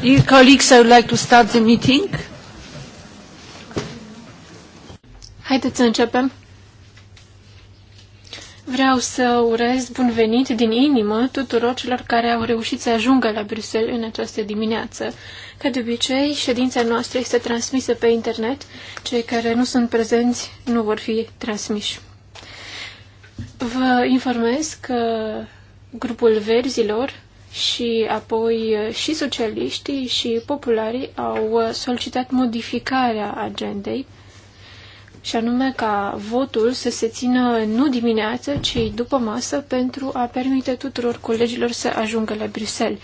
Dear colleagues, I would like to start the meeting. Haideți să începem. Vreau să urez bun venit din inimă tuturor celor care au reușit să ajungă la Bruxelles în această dimineață. Ca de obicei, ședința noastră este transmisă pe internet. Cei care nu sunt prezenți nu vor fi transmiși. Vă informez că grupul verzilor și apoi uh, și socialiștii și popularii au uh, solicitat modificarea agendei și anume ca votul să se țină nu dimineață, ci după masă pentru a permite tuturor colegilor să ajungă la Bruxelles.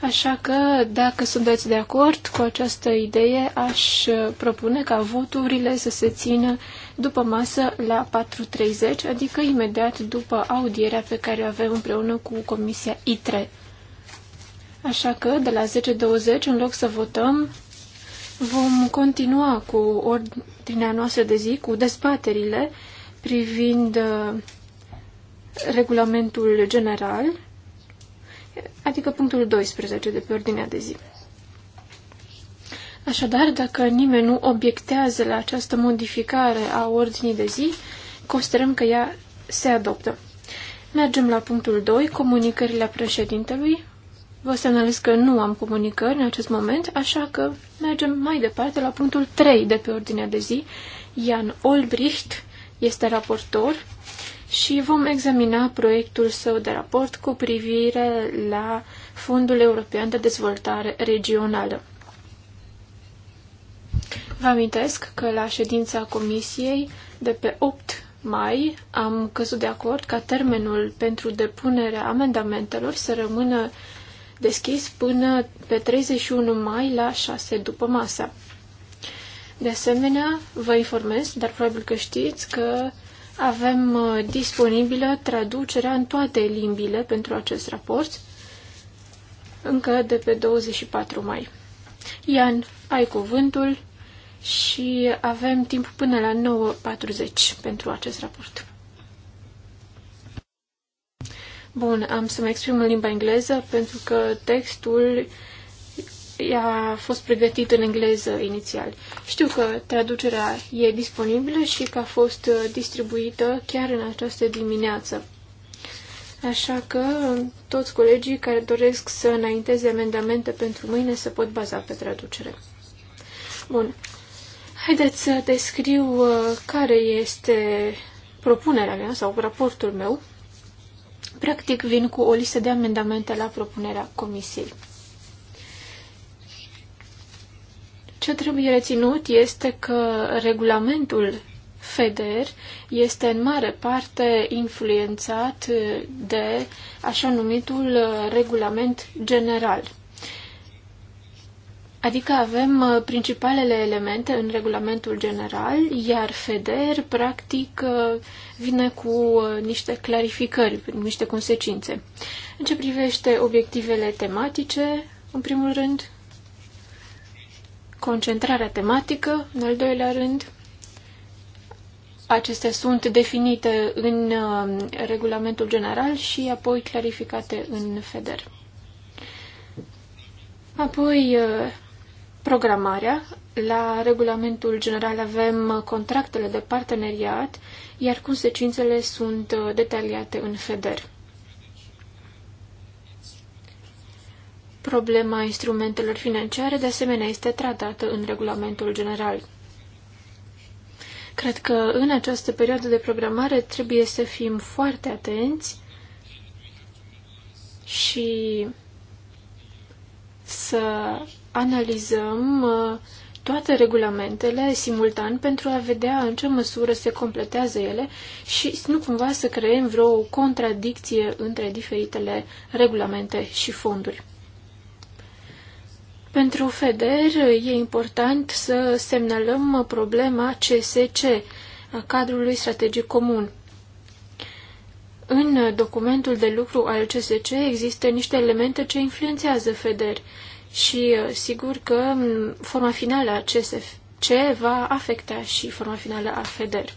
Așa că, dacă sunteți de acord cu această idee, aș uh, propune ca voturile să se țină după masă la 4.30, adică imediat după audierea pe care o avem împreună cu Comisia ITRE. Așa că de la 10.20, în loc să votăm, vom continua cu ordinea noastră de zi, cu dezbaterile privind uh, regulamentul general, adică punctul 12 de pe ordinea de zi. Așadar, dacă nimeni nu obiectează la această modificare a ordinii de zi, considerăm că ea se adoptă. Mergem la punctul 2, comunicările președintelui. Vă semnalez că nu am comunicări în acest moment, așa că mergem mai departe la punctul 3 de pe ordinea de zi. Ian Olbricht este raportor și vom examina proiectul său de raport cu privire la Fondul European de Dezvoltare Regională. Vă amintesc că la ședința comisiei de pe 8 mai am căzut de acord ca termenul pentru depunerea amendamentelor să rămână deschis până pe 31 mai la 6 după masa. De asemenea, vă informez, dar probabil că știți că avem uh, disponibilă traducerea în toate limbile pentru acest raport, încă de pe 24 mai. Ian, ai cuvântul și avem timp până la 9.40 pentru acest raport. Bun, am să mă exprim în limba engleză pentru că textul a fost pregătit în engleză inițial. Știu că traducerea e disponibilă și că a fost uh, distribuită chiar în această dimineață. Așa că um, toți colegii care doresc să înainteze amendamente pentru mâine se pot baza pe traducere. Bun. Haideți să descriu uh, care este propunerea mea sau raportul meu Practic vin cu o listă de amendamente la propunerea comisiei. Ce trebuie reținut este că regulamentul FEDER este în mare parte influențat de așa numitul regulament general Adică avem uh, principalele elemente în regulamentul general, iar FEDER, practic, uh, vine cu uh, niște clarificări, niște consecințe. În ce privește obiectivele tematice, în primul rând, concentrarea tematică, în al doilea rând, acestea sunt definite în regulamentul general și apoi clarificate în FEDER. Apoi, programarea. La regulamentul general avem contractele de parteneriat, iar consecințele sunt detaliate în FEDER. Problema instrumentelor financiare, de asemenea, este tratată în regulamentul general. Cred că în această perioadă de programare trebuie să fim foarte atenți și să analizăm uh, toate regulamentele simultan pentru a vedea în ce măsură se completează ele și nu cumva să creăm vreo contradicție între diferitele regulamente și fonduri. Pentru FEDER e important să semnalăm problema CSC, a cadrului strategic comun. În documentul de lucru al CSC există niște elemente ce influențează FEDER, și uh, sigur că mm, forma finală a CSFC va afecta și forma finală a FEDER.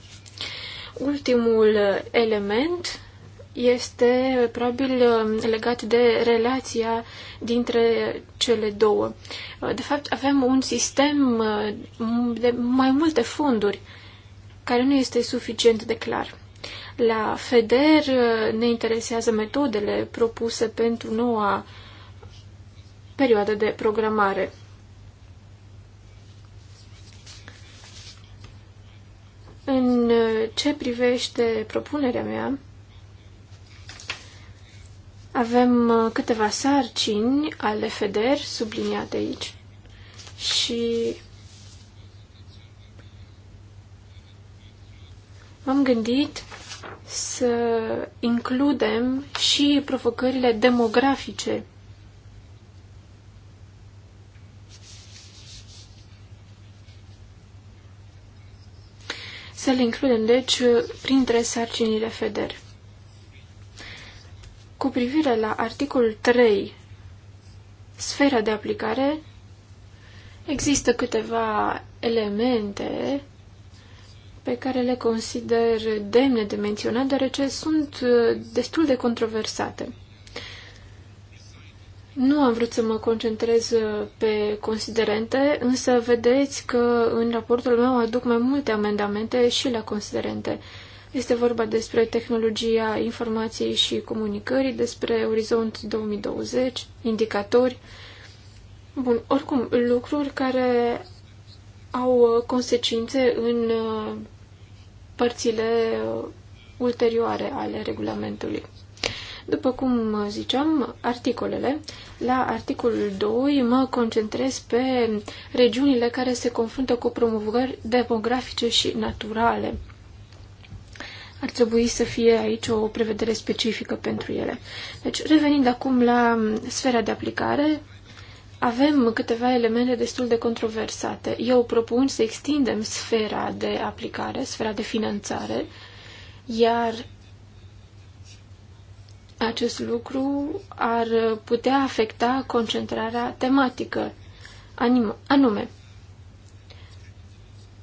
Ultimul uh, element este uh, probabil legat de relația dintre cele două. De fapt, avem un sistem de mai multe fonduri care nu este suficient de clar. La FEDER ne interesează metodele propuse pentru noua uh, perioadă de programare. În uh, ce privește propunerea mea, avem uh, câteva sarcini ale FEDER subliniate aici și m-am gândit să includem și provocările demografice să le includem, deci, printre sarcinile FEDER. Cu privire la articolul 3, sfera de aplicare, există câteva elemente pe care le consider demne de menționat, deoarece sunt uh, destul de controversate. Nu am vrut să mă concentrez uh, pe considerente, însă vedeți că în raportul meu aduc mai multe amendamente și la considerente. Este vorba despre tehnologia informației și comunicării, despre Orizont 2020, indicatori. Bun, oricum, lucruri care au uh, consecințe în uh, părțile ulterioare ale regulamentului. După cum ziceam, articolele. La articolul 2 mă concentrez pe regiunile care se confruntă cu promovări demografice și naturale. Ar trebui să fie aici o prevedere specifică pentru ele. Deci, revenind acum la sfera de aplicare, avem câteva elemente destul de controversate. Eu propun să extindem sfera de aplicare, sfera de finanțare, iar acest lucru ar putea afecta concentrarea tematică, anume.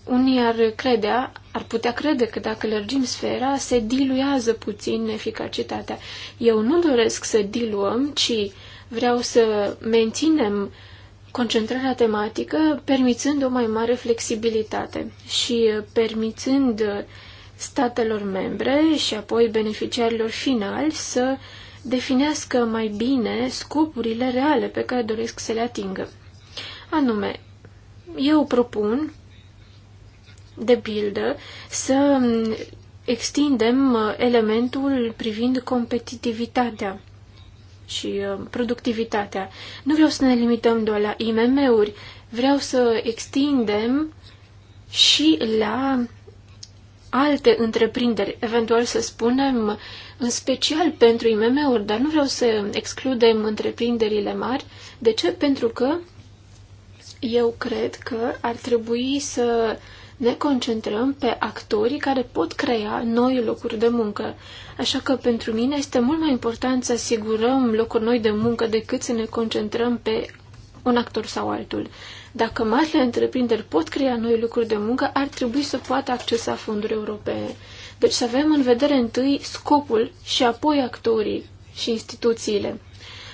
Unii ar credea, ar putea crede că dacă lărgim sfera, se diluează puțin eficacitatea. Eu nu doresc să diluăm, ci vreau să menținem concentrarea tematică, permițând o mai mare flexibilitate și permițând statelor membre și apoi beneficiarilor finali să definească mai bine scopurile reale pe care doresc să le atingă. Anume, eu propun, de pildă, să extindem uh, elementul privind competitivitatea și uh, productivitatea. Nu vreau să ne limităm doar la IMM-uri, vreau să extindem și la alte întreprinderi, eventual să spunem, în special pentru IMM-uri, dar nu vreau să excludem întreprinderile mari. De ce? Pentru că eu cred că ar trebui să ne concentrăm pe actorii care pot crea noi locuri de muncă. Așa că pentru mine este mult mai important să asigurăm locuri noi de muncă decât să ne concentrăm pe un actor sau altul. Dacă marile întreprinderi pot crea noi lucruri de muncă, ar trebui să poată accesa fonduri europene. Deci să avem în vedere întâi scopul și apoi actorii și instituțiile.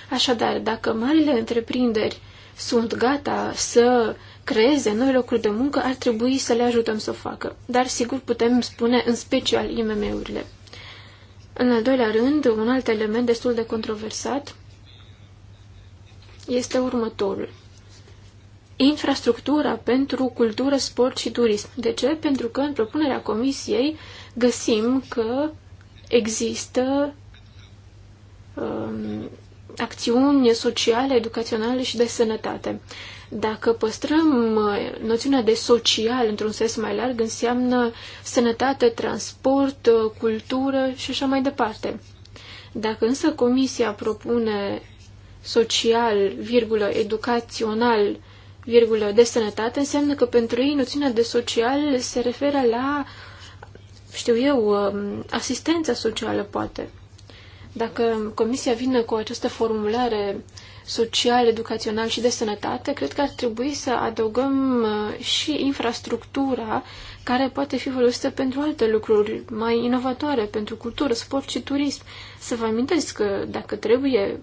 Așadar, dacă marile întreprinderi sunt gata să creeze noi locuri de muncă, ar trebui să le ajutăm să o facă. Dar, sigur, putem spune în special IMM-urile. În al doilea rând, un alt element destul de controversat este următorul infrastructura pentru cultură, sport și turism. De ce? Pentru că în propunerea comisiei găsim că există um, acțiuni sociale, educaționale și de sănătate. Dacă păstrăm uh, noțiunea de social într-un sens mai larg, înseamnă sănătate, transport, uh, cultură și așa mai departe. Dacă însă comisia propune social, virgulă, educațional virgulă, de sănătate, înseamnă că pentru ei noțiunea de social se referă la, știu eu, um, asistența socială, poate. Dacă comisia vine cu această formulare social, educațional și de sănătate, cred că ar trebui să adăugăm uh, și infrastructura care poate fi folosită pentru alte lucruri mai inovatoare, pentru cultură, sport și turism. Să vă amintesc că dacă trebuie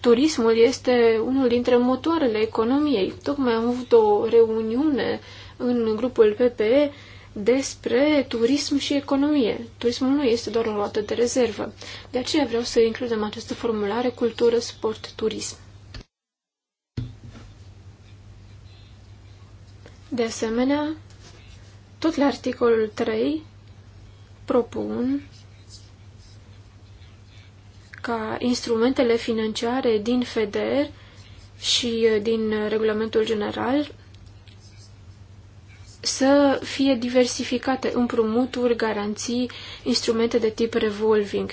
turismul este unul dintre motoarele economiei. Tocmai am avut o reuniune în grupul PPE despre turism și economie. Turismul nu este doar o roată de rezervă. De aceea vreau să includem această formulare cultură, sport, turism. De asemenea, tot la articolul 3 propun ca instrumentele financiare din FEDER și uh, din regulamentul general să fie diversificate împrumuturi, garanții, instrumente de tip revolving.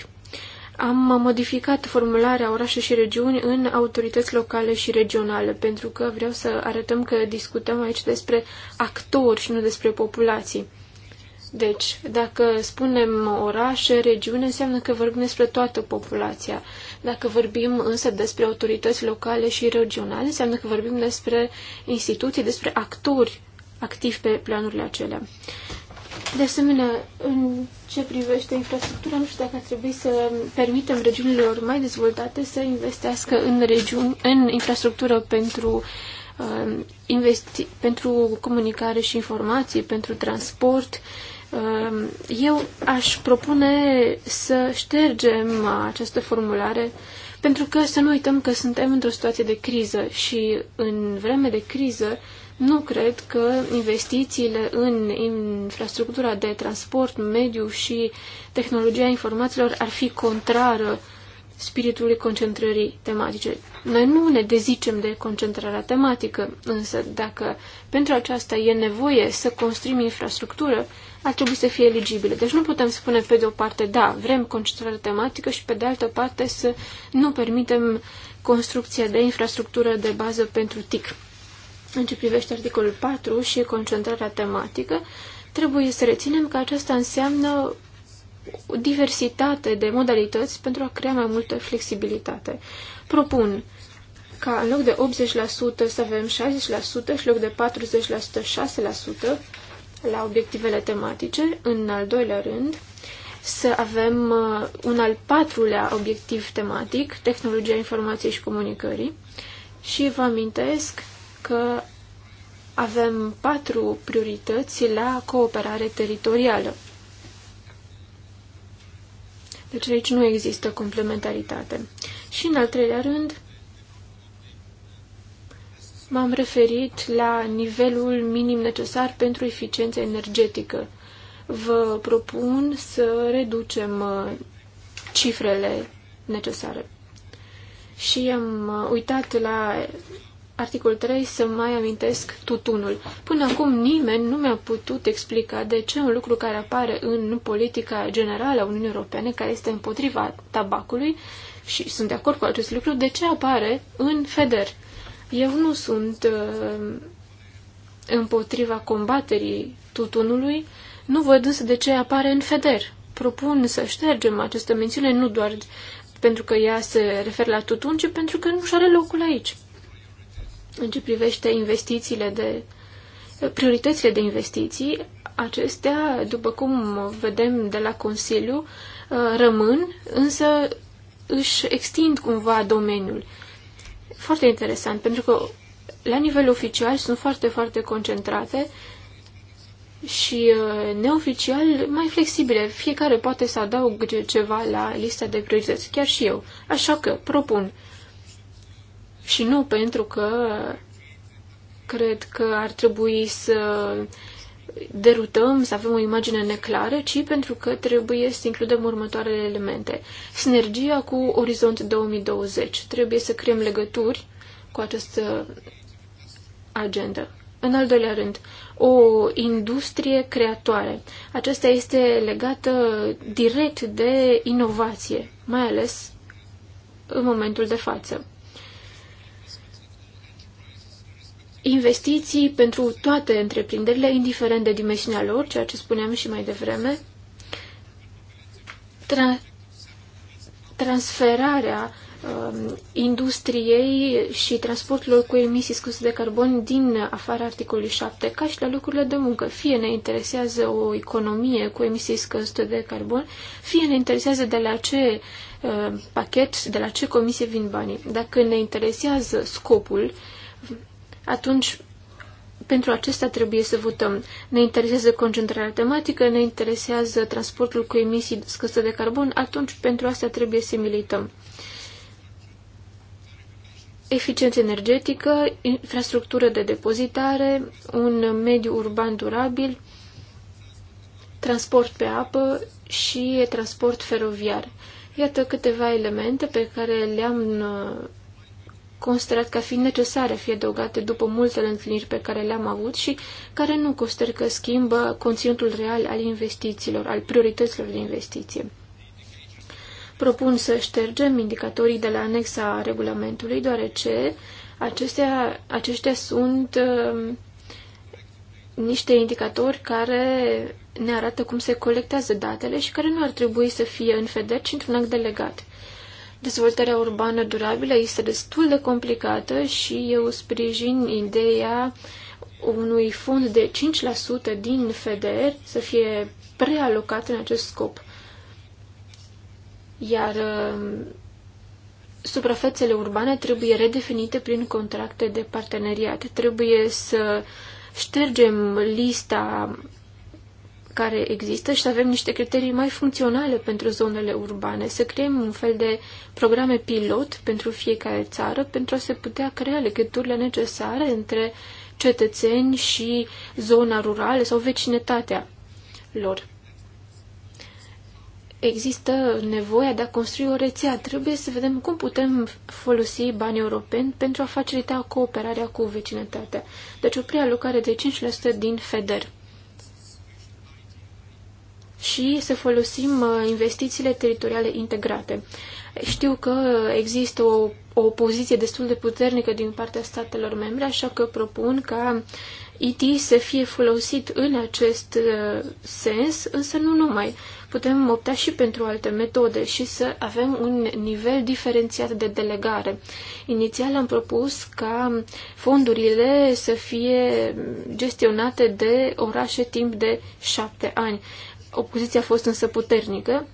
Am modificat formularea orașe și regiuni în autorități locale și regionale, pentru că vreau să arătăm că discutăm aici despre actori și nu despre populații. Deci, dacă spunem oraș, regiune, înseamnă că vorbim despre toată populația. Dacă vorbim însă despre autorități locale și regionale, înseamnă că vorbim despre instituții, despre actori activi pe planurile acelea. De asemenea, în ce privește infrastructura, nu știu dacă ar trebui să permitem regiunilor mai dezvoltate să investească în, regiuni, în infrastructură pentru, uh, investi- pentru comunicare și informații, pentru transport, uh, Ehm, eu aș propune să ștergem această formulare pentru că să nu uităm că suntem într-o situație de criză și în vreme de criză nu cred că investițiile în infrastructura de transport, mediu și tehnologia informațiilor ar fi contrară spiritului concentrării tematice. Noi nu ne dezicem de concentrarea tematică, însă dacă pentru aceasta e nevoie să construim infrastructură, ar trebui să fie eligibile. Deci nu putem spune pe de o parte, da, vrem concentrare tematică și pe de altă parte să nu permitem construcția de infrastructură de bază pentru TIC. În ce privește articolul 4 și concentrarea tematică, trebuie să reținem că aceasta înseamnă o diversitate de modalități pentru a crea mai multă flexibilitate. Propun ca în loc de 80% să avem 60% și în loc de 40% 6%, la obiectivele tematice, în al doilea rând, să avem uh, un al patrulea obiectiv tematic, tehnologia informației și comunicării. Și vă amintesc că avem patru priorități la cooperare teritorială. Deci aici nu există complementaritate. Și în al treilea rând, m-am referit la nivelul minim necesar pentru eficiență energetică. Vă propun să reducem uh, cifrele necesare. Și am uh, uitat la articol 3 să mai amintesc tutunul. Până acum nimeni nu mi-a putut explica de ce un lucru care apare în politica generală a Uniunii Europene, care este împotriva tabacului, și sunt de acord cu acest lucru, de ce apare în FEDER. Eu nu sunt uh, împotriva combaterii tutunului, nu văd însă de ce apare în FEDER. Propun să ștergem această mențiune nu doar pentru că ea se referă la tutun, ci pentru că nu și are locul aici. În ce privește investițiile de prioritățile de investiții, acestea, după cum vedem de la Consiliu, uh, rămân, însă își extind cumva domeniul foarte interesant, pentru că la nivel oficial sunt foarte, foarte concentrate și uh, neoficial mai flexibile. Fiecare poate să adaugă ceva la lista de priorități, chiar și eu. Așa că propun. Și nu pentru că cred că ar trebui să derutăm, să avem o imagine neclară, ci pentru că trebuie să includem următoarele elemente. Sinergia cu Orizont 2020. Trebuie să creăm legături cu această agendă. În al doilea rând, o industrie creatoare. Aceasta este legată direct de inovație, mai ales în momentul de față. investiții pentru toate întreprinderile, indiferent de dimensiunea lor, ceea ce spuneam și mai devreme, tra- transferarea uh, industriei și transportului cu emisii scuse de carbon din afara articolului 7, ca și la lucrurile de muncă. Fie ne interesează o economie cu emisii scăzute de carbon, fie ne interesează de la ce uh, pachet, de la ce comisie vin banii. Dacă ne interesează scopul, uh, atunci pentru acesta trebuie să votăm. Ne interesează concentrarea tematică, ne interesează transportul cu emisii scăzute de carbon, atunci pentru asta trebuie să milităm. Eficiență energetică, infrastructură de depozitare, un mediu urban durabil, transport pe apă și transport feroviar. Iată câteva elemente pe care le-am considerat ca fiind necesare, fie adăugate după multele întâlniri pe care le-am avut și care nu consider că schimbă conținutul real al investițiilor, al priorităților de investiție. Propun să ștergem indicatorii de la anexa regulamentului, deoarece acestea, aceștia sunt uh, niște indicatori care ne arată cum se colectează datele și care nu ar trebui să fie în FEDER, ci într-un act delegat dezvoltarea urbană durabilă este destul de complicată și eu sprijin ideea unui fond de 5% din FEDER să fie prealocat în acest scop. Iar um, suprafețele urbane trebuie redefinite prin contracte de parteneriat. Trebuie să ștergem lista care există și să avem niște criterii mai funcționale pentru zonele urbane, să creăm un fel de programe pilot pentru fiecare țară pentru a se putea crea legăturile necesare între cetățeni și zona rurală sau vecinătatea lor. Există nevoia de a construi o rețea. Trebuie să vedem cum putem folosi banii europeni pentru a facilita cooperarea cu vecinătatea. Deci o prealocare de 5% din FEDER și să folosim uh, investițiile teritoriale integrate. Știu că există o, o poziție destul de puternică din partea statelor membre, așa că propun ca IT să fie folosit în acest uh, sens, însă nu numai. Putem opta și pentru alte metode și să avem un nivel diferențiat de delegare. Inițial am propus ca fondurile să fie gestionate de orașe timp de șapte ani, Opoziția a fost însă puternică.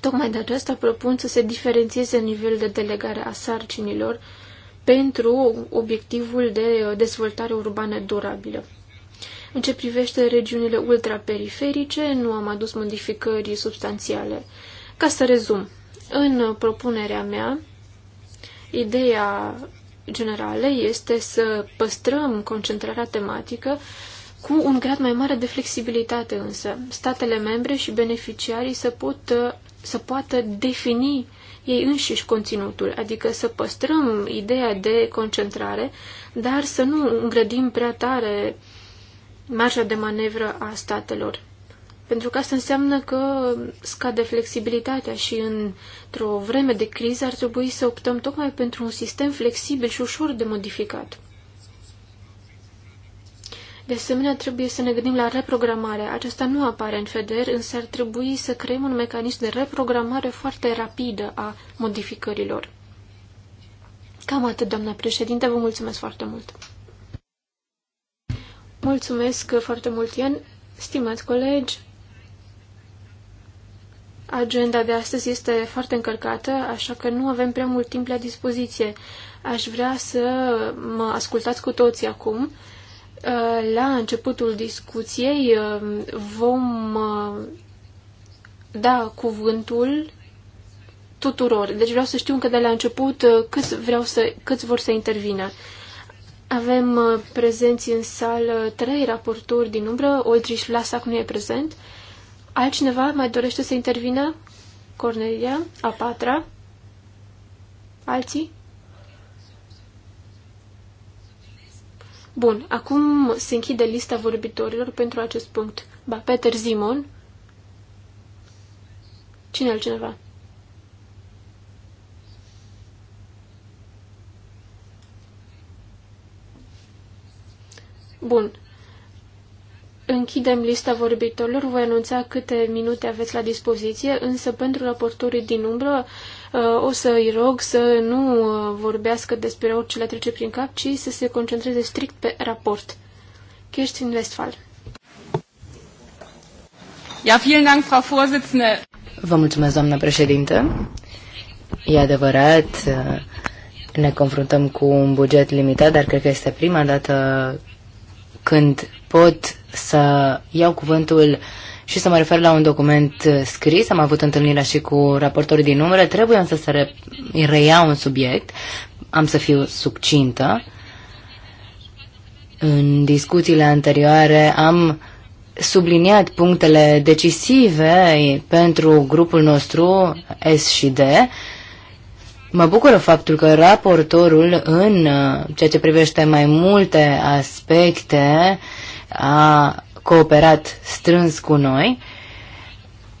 Tocmai de aceasta propun să se diferențieze nivelul de delegare a sarcinilor pentru obiectivul de dezvoltare urbană durabilă. În ce privește regiunile ultraperiferice, nu am adus modificări substanțiale. Ca să rezum, în propunerea mea, ideea generală este să păstrăm concentrarea tematică, cu un grad mai mare de flexibilitate însă. Statele membre și beneficiarii să, pot, uh, să poată defini ei înșiși conținutul, adică să păstrăm ideea de concentrare, dar să nu îngrădim prea tare marja de manevră a statelor. Pentru că asta înseamnă că scade flexibilitatea și într-o vreme de criză ar trebui să optăm tocmai pentru un sistem flexibil și ușor de modificat. De asemenea, trebuie să ne gândim la reprogramare. Aceasta nu apare în FEDER, însă ar trebui să creăm un mecanism de reprogramare foarte rapidă a modificărilor. Cam atât, doamna președinte, vă mulțumesc foarte mult. Mulțumesc foarte mult, Ian. Stimați colegi, agenda de astăzi este foarte încărcată, așa că nu avem prea mult timp la dispoziție. Aș vrea să mă ascultați cu toții acum Uh, la începutul discuției uh, vom uh, da cuvântul tuturor. Deci vreau să știu încă de la început câți, vreau să, câți vor să intervină. Avem prezenți în sală trei raporturi din umbră. Oldrich Vlasac nu e prezent. Altcineva mai dorește să intervină? Cornelia, a patra. Alții? Bun, acum se închide lista vorbitorilor pentru acest punct. Ba, Peter Zimon. Cine altcineva? Bun. Închidem lista vorbitorilor. Voi anunța câte minute aveți la dispoziție, însă pentru raportorii din umbră Uh, o să îi rog să nu uh, vorbească despre orice le trece prin cap, ci să se concentreze strict pe raport. Kerstin Westphal. Ja, vielen Dank, Frau Vorsitzende. Vă mulțumesc, doamnă președinte. E adevărat, uh, ne confruntăm cu un buget limitat, dar cred că este prima dată când pot să iau cuvântul și să mă refer la un document uh, scris, am avut întâlnirea și cu raportorii din numere, trebuie însă să re- reia un subiect, am să fiu succintă. În discuțiile anterioare am subliniat punctele decisive pentru grupul nostru S și D. Mă bucură faptul că raportorul în uh, ceea ce privește mai multe aspecte a cooperat strâns cu noi.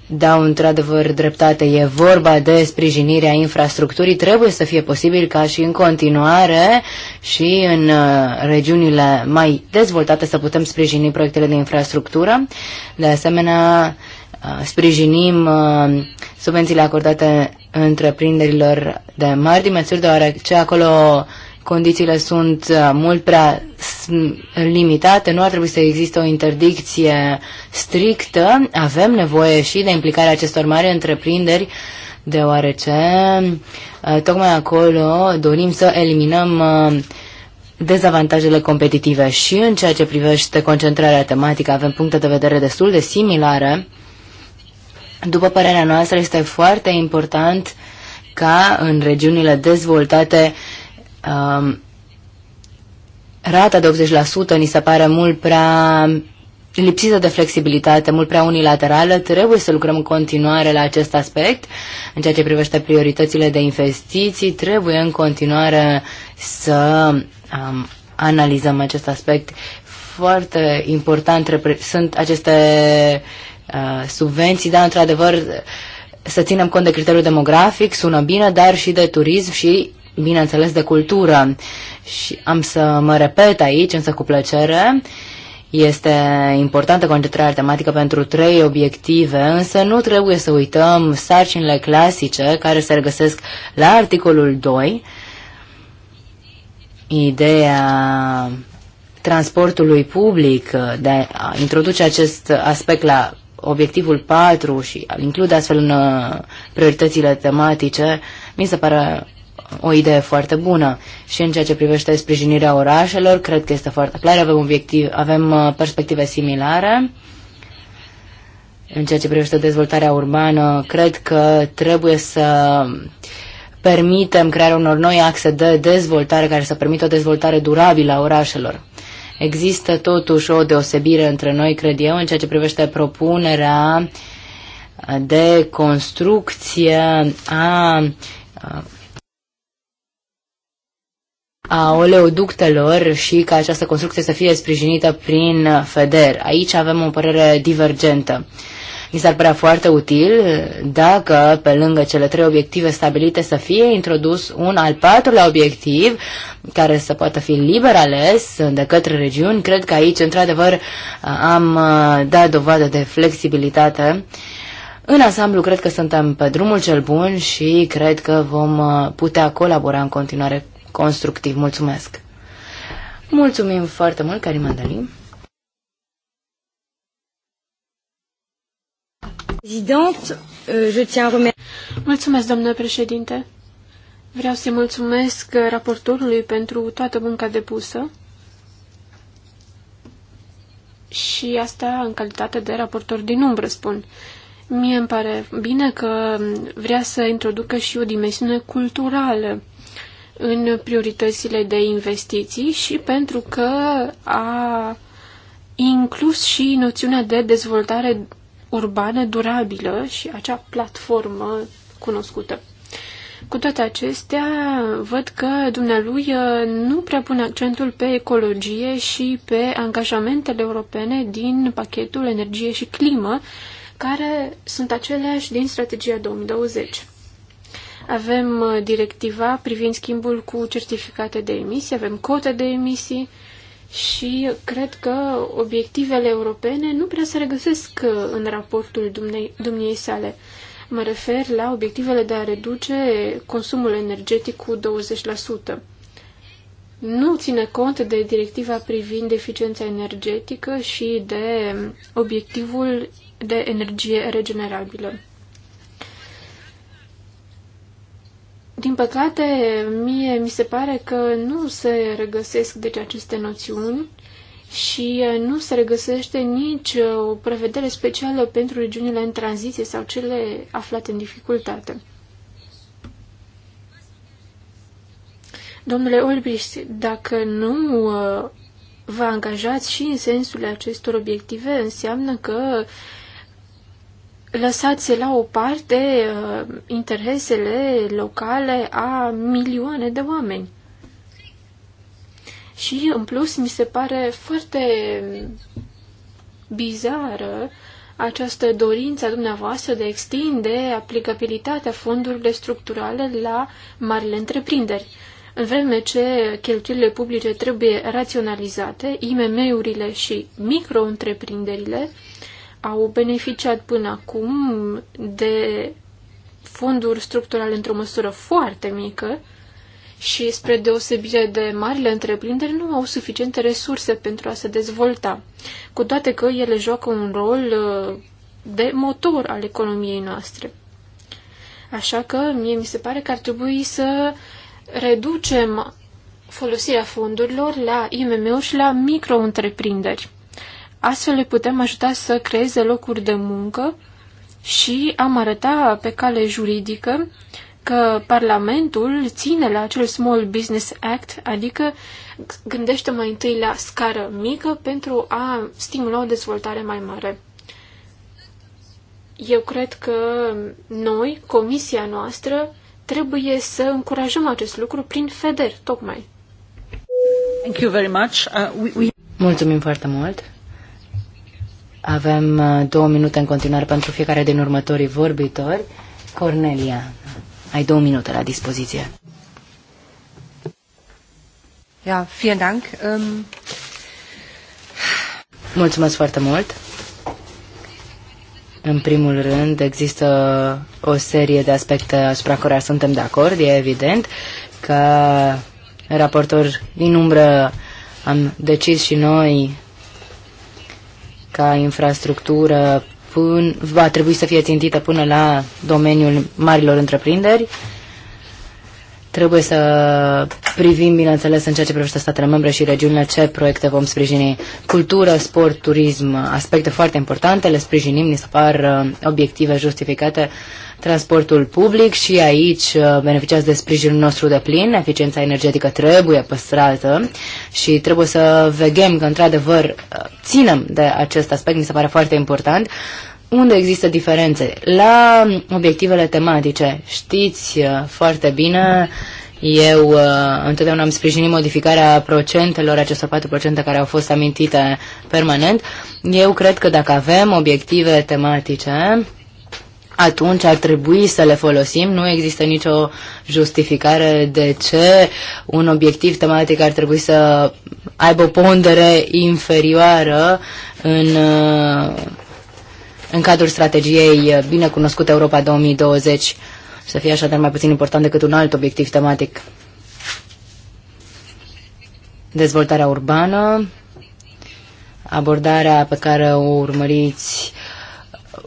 Dau într-adevăr dreptate, e vorba de sprijinirea infrastructurii. Trebuie să fie posibil ca și în continuare și în uh, regiunile mai dezvoltate să putem sprijini proiectele de infrastructură. De asemenea, uh, sprijinim uh, subvențiile acordate întreprinderilor de mari dimensiuni, deoarece acolo condițiile sunt uh, mult prea limitate, nu ar trebui să existe o interdicție strictă. Avem nevoie și de implicarea acestor mari întreprinderi, deoarece uh, tocmai acolo dorim să eliminăm uh, dezavantajele competitive și în ceea ce privește concentrarea tematică avem puncte de vedere destul de similare. După părerea noastră, este foarte important ca în regiunile dezvoltate Um, rata de 80% ni se pare mult prea lipsită de flexibilitate, mult prea unilaterală, trebuie să lucrăm în continuare la acest aspect. În ceea ce privește prioritățile de investiții, trebuie în continuare să um, analizăm acest aspect. Foarte important sunt aceste uh, subvenții, dar într-adevăr să ținem cont de criteriul demografic, sună bine, dar și de turism și bineînțeles, de cultură. Și am să mă repet aici, însă cu plăcere, este importantă concentrarea tematică pentru trei obiective, însă nu trebuie să uităm sarcinile clasice care se regăsesc la articolul 2, ideea transportului public, de a introduce acest aspect la obiectivul 4 și a include astfel în uh, prioritățile tematice, mi se pare o idee foarte bună. Și în ceea ce privește sprijinirea orașelor, cred că este foarte clar, avem, obiectiv, avem uh, perspective similare. În ceea ce privește dezvoltarea urbană, cred că trebuie să permitem crearea unor noi axe de dezvoltare care să permită o dezvoltare durabilă a orașelor. Există totuși o deosebire între noi, cred eu, în ceea ce privește propunerea de construcție a a oleoductelor și ca această construcție să fie sprijinită prin FEDER. Aici avem o părere divergentă. Mi s-ar părea foarte util dacă, pe lângă cele trei obiective stabilite, să fie introdus un al patrulea obiectiv care să poată fi liber ales de către regiuni. Cred că aici, într-adevăr, am dat dovadă de flexibilitate. În ansamblu, cred că suntem pe drumul cel bun și cred că vom putea colabora în continuare constructiv. Mulțumesc! Mulțumim foarte mult, Karim Andali. Uh, mulțumesc, domnule președinte. Vreau să-i mulțumesc raportorului pentru toată munca depusă și asta în calitate de raportor din umbră, spun. Mie îmi pare bine că vrea să introducă și o dimensiune culturală în prioritățile de investiții și pentru că a inclus și noțiunea de dezvoltare urbană durabilă și acea platformă cunoscută. Cu toate acestea, văd că dumnealui uh, nu prea pune accentul pe ecologie și pe angajamentele europene din pachetul energie și climă, care sunt aceleași din strategia 2020. Avem uh, directiva privind schimbul cu certificate de emisii, avem cote de emisii și cred că obiectivele europene nu prea se regăsesc uh, în raportul dumnei sale. Mă refer la obiectivele de a reduce consumul energetic cu 20%. Nu ține cont de directiva privind eficiența energetică și de obiectivul de energie regenerabilă. Din păcate, mie mi se pare că nu se regăsesc deci aceste noțiuni și uh, nu se regăsește nici uh, o prevedere specială pentru regiunile în tranziție sau cele aflate în dificultate. Domnule Olbricht, dacă nu uh, vă angajați și în sensul acestor obiective, înseamnă că uh, lăsați la o parte uh, interesele locale a milioane de oameni. Și, în plus, mi se pare foarte bizară această dorință a dumneavoastră de a extinde aplicabilitatea fondurilor structurale la marile întreprinderi. În vreme ce cheltuielile publice trebuie raționalizate, IMM-urile și micro-întreprinderile au beneficiat până acum de fonduri structurale într-o măsură foarte mică și, spre deosebire de marile întreprinderi, nu au suficiente resurse pentru a se dezvolta, cu toate că ele joacă un rol uh, de motor al economiei noastre. Așa că mie mi se pare că ar trebui să reducem folosirea fondurilor la IMM-uri și la micro-întreprinderi. Astfel le putem ajuta să creeze locuri de muncă și am arăta pe cale juridică că Parlamentul ține la acel Small Business Act, adică gândește mai întâi la scară mică pentru a stimula o dezvoltare mai mare. Eu cred că noi, comisia noastră, trebuie să încurajăm acest lucru prin FEDER, tocmai. Thank you very much. Uh, we, we... Mulțumim foarte mult. Avem uh, două minute în continuare pentru fiecare din următorii vorbitori. Cornelia, ai două minute la dispoziție. Ja, vielen Dank. Um... Mulțumesc foarte mult. În primul rând, există o serie de aspecte asupra care suntem de acord, e evident. că raportor din umbră am decis și noi ca infrastructură până, va trebui să fie țintită până la domeniul marilor întreprinderi Trebuie să privim, bineînțeles, în ceea ce privește statele membre și regiunile, ce proiecte vom sprijini. Cultură, sport, turism, aspecte foarte importante, le sprijinim, ni se par uh, obiective justificate. Transportul public și aici uh, beneficiați de sprijinul nostru de plin, eficiența energetică trebuie păstrată și trebuie să vegem că, într-adevăr, uh, ținem de acest aspect, mi se pare foarte important unde există diferențe. La obiectivele tematice, știți uh, foarte bine, eu uh, întotdeauna am sprijinit modificarea procentelor, acestor 4% care au fost amintite permanent. Eu cred că dacă avem obiective tematice, atunci ar trebui să le folosim. Nu există nicio justificare de ce un obiectiv tematic ar trebui să aibă o pondere inferioară în uh, în cadrul strategiei eh, bine cunoscută Europa 2020 să fie așadar mai puțin important decât un alt obiectiv tematic. Dezvoltarea urbană, abordarea pe care o urmăriți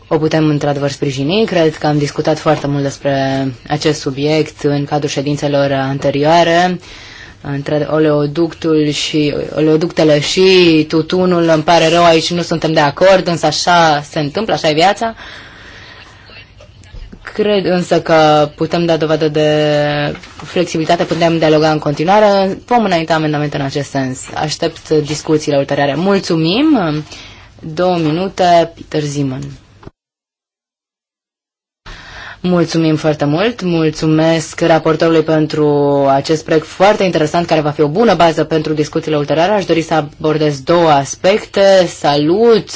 o putem într-adevăr sprijini. Cred că am discutat foarte mult despre acest subiect în cadrul ședințelor anterioare. Uh, între oleoductul și oleoductele și tutunul, îmi pare rău, aici nu suntem de acord, însă așa se întâmplă, așa e viața. Cred însă că putem da dovadă de flexibilitate, putem dialoga în continuare. Vom înainte amendamente în acest sens. Aștept discuțiile ulterioare. Mulțumim! Două minute, Peter Zimăn. Mulțumim foarte mult, mulțumesc raportorului pentru acest proiect foarte interesant care va fi o bună bază pentru discuțiile ulterioare. Aș dori să abordez două aspecte. Salut!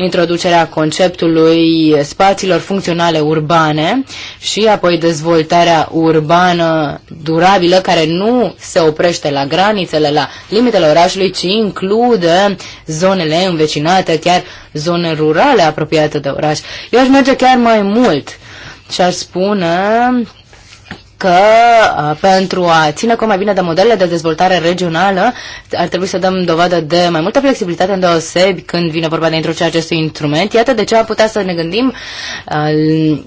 introducerea conceptului spațiilor funcționale urbane și apoi dezvoltarea urbană durabilă care nu se oprește la granițele, la limitele orașului, ci include zonele învecinate, chiar zone rurale apropiate de oraș. Eu aș merge chiar mai mult și ar spune că uh, pentru a ține cum mai bine de modelele de dezvoltare regională ar trebui să dăm dovadă de mai multă flexibilitate în deosebi când vine vorba de introducerea acestui instrument. Iată de ce am putea să ne gândim uh,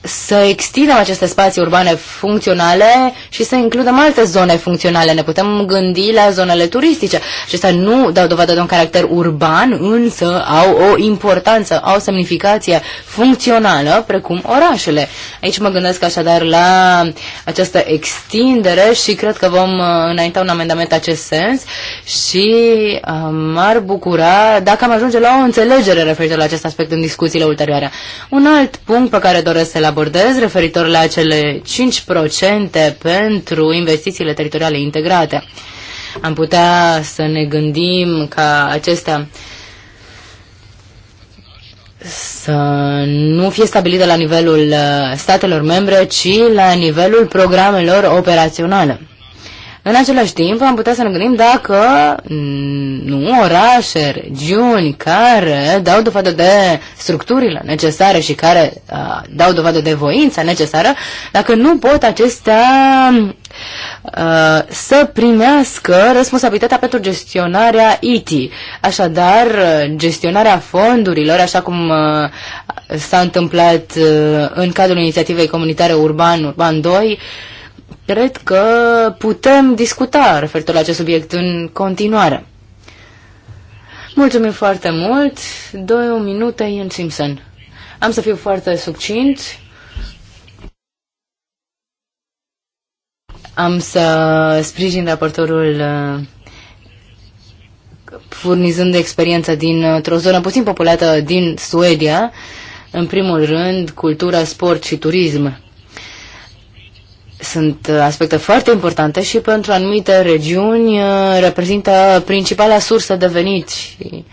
să extindem aceste spații urbane funcționale și să includem alte zone funcționale. Ne putem gândi la zonele turistice. Acestea nu dau dovadă de un caracter urban, însă au o importanță, au o semnificație funcțională, precum orașele. Aici mă gândesc așadar la această extindere și cred că vom uh, înainta un amendament acest sens și uh, m-ar bucura dacă am ajunge la o înțelegere referitor la acest aspect în discuțiile ulterioare. Un alt punct pe care doresc să-l abordez referitor la cele 5% pentru investițiile teritoriale integrate. Am putea să ne gândim ca acestea să nu fie stabilită la nivelul uh, statelor membre, ci la nivelul programelor operaționale. În același timp, am putea să ne gândim dacă nu orașe, regiuni care dau dovadă de structurile necesare și care uh, dau dovadă de voința necesară, dacă nu pot acestea uh, să primească responsabilitatea pentru gestionarea IT. Așadar, gestionarea fondurilor, așa cum uh, s-a întâmplat uh, în cadrul inițiativei comunitare Urban, Urban 2, uh, cred că putem discuta referitor la acest subiect în continuare. Mulțumim foarte mult. Două minute, Ian Simpson. Am să fiu foarte succint. Am să sprijin raportorul uh, furnizând experiență dintr-o zonă puțin populată din Suedia, în primul rând cultura, sport și turism sunt uh, aspecte foarte importante și pentru anumite regiuni uh, reprezintă principala sursă de venit și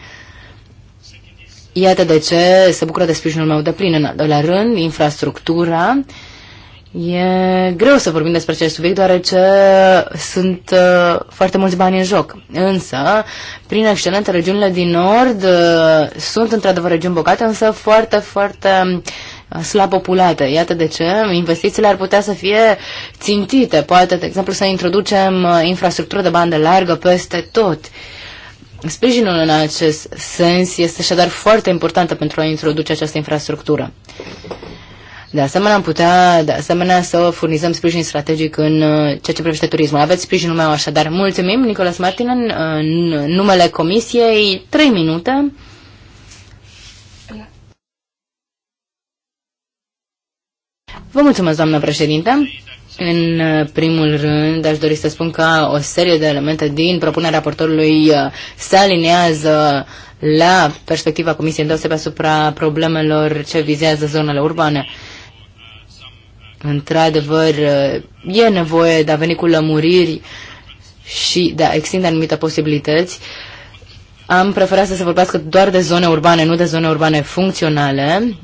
iată de ce se bucură de sprijinul meu de plin. În al doilea rând, infrastructura. E greu să vorbim despre acest subiect deoarece sunt uh, foarte mulți bani în joc. Însă, prin excelente, regiunile din nord uh, sunt într-adevăr regiuni bogate, însă foarte, foarte uh, Uh, slab populate. Iată de ce investițiile ar putea să fie țintite. Poate, de exemplu, să introducem uh, infrastructură de bandă largă peste tot. Sprijinul în acest sens este așadar foarte importantă pentru a introduce această infrastructură. De asemenea, am putea, de asemenea, să furnizăm sprijin strategic în uh, ceea ce privește turismul. Aveți sprijinul meu așadar. Mulțumim, Nicolas Martin, în numele Comisiei, trei minute. Vă mulțumesc, doamnă președinte. În uh, primul rând, aș dori să spun că o serie de elemente din propunerea raportorului uh, se alinează la perspectiva Comisiei îndeosebe asupra problemelor ce vizează zonele urbane. Într-adevăr, uh, e nevoie de a veni cu lămuriri și de a extinde anumite posibilități. Am preferat să se vorbească doar de zone urbane, nu de zone urbane funcționale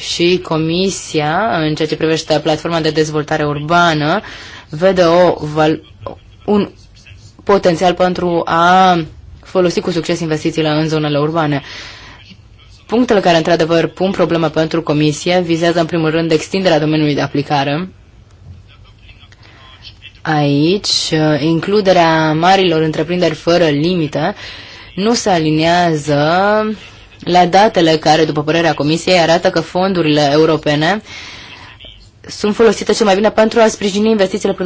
și Comisia, în ceea ce privește platforma de dezvoltare urbană, vede o, un potențial pentru a folosi cu succes investițiile în zonele urbane. Punctele care, într-adevăr, pun probleme pentru Comisie vizează, în primul rând, extinderea domeniului de aplicare. Aici, includerea marilor întreprinderi fără limite nu se aliniază la datele care, după părerea Comisiei, arată că fondurile europene sunt folosite cel mai bine pentru a sprijini investițiile.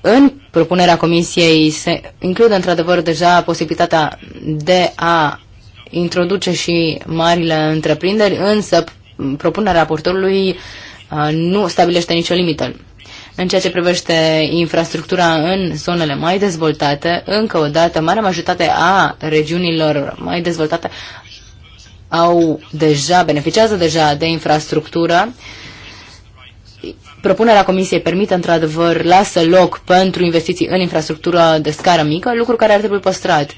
În propunerea Comisiei se include într-adevăr deja posibilitatea de a introduce și marile întreprinderi, însă propunerea raportorului uh, nu stabilește nicio limită. În ceea ce privește infrastructura în zonele mai dezvoltate, încă o dată, marea majoritate a regiunilor mai dezvoltate au deja, beneficiază deja de infrastructură. Propunerea Comisiei permite într-adevăr, lasă loc pentru investiții în infrastructură de scară mică, lucru care ar trebui păstrat.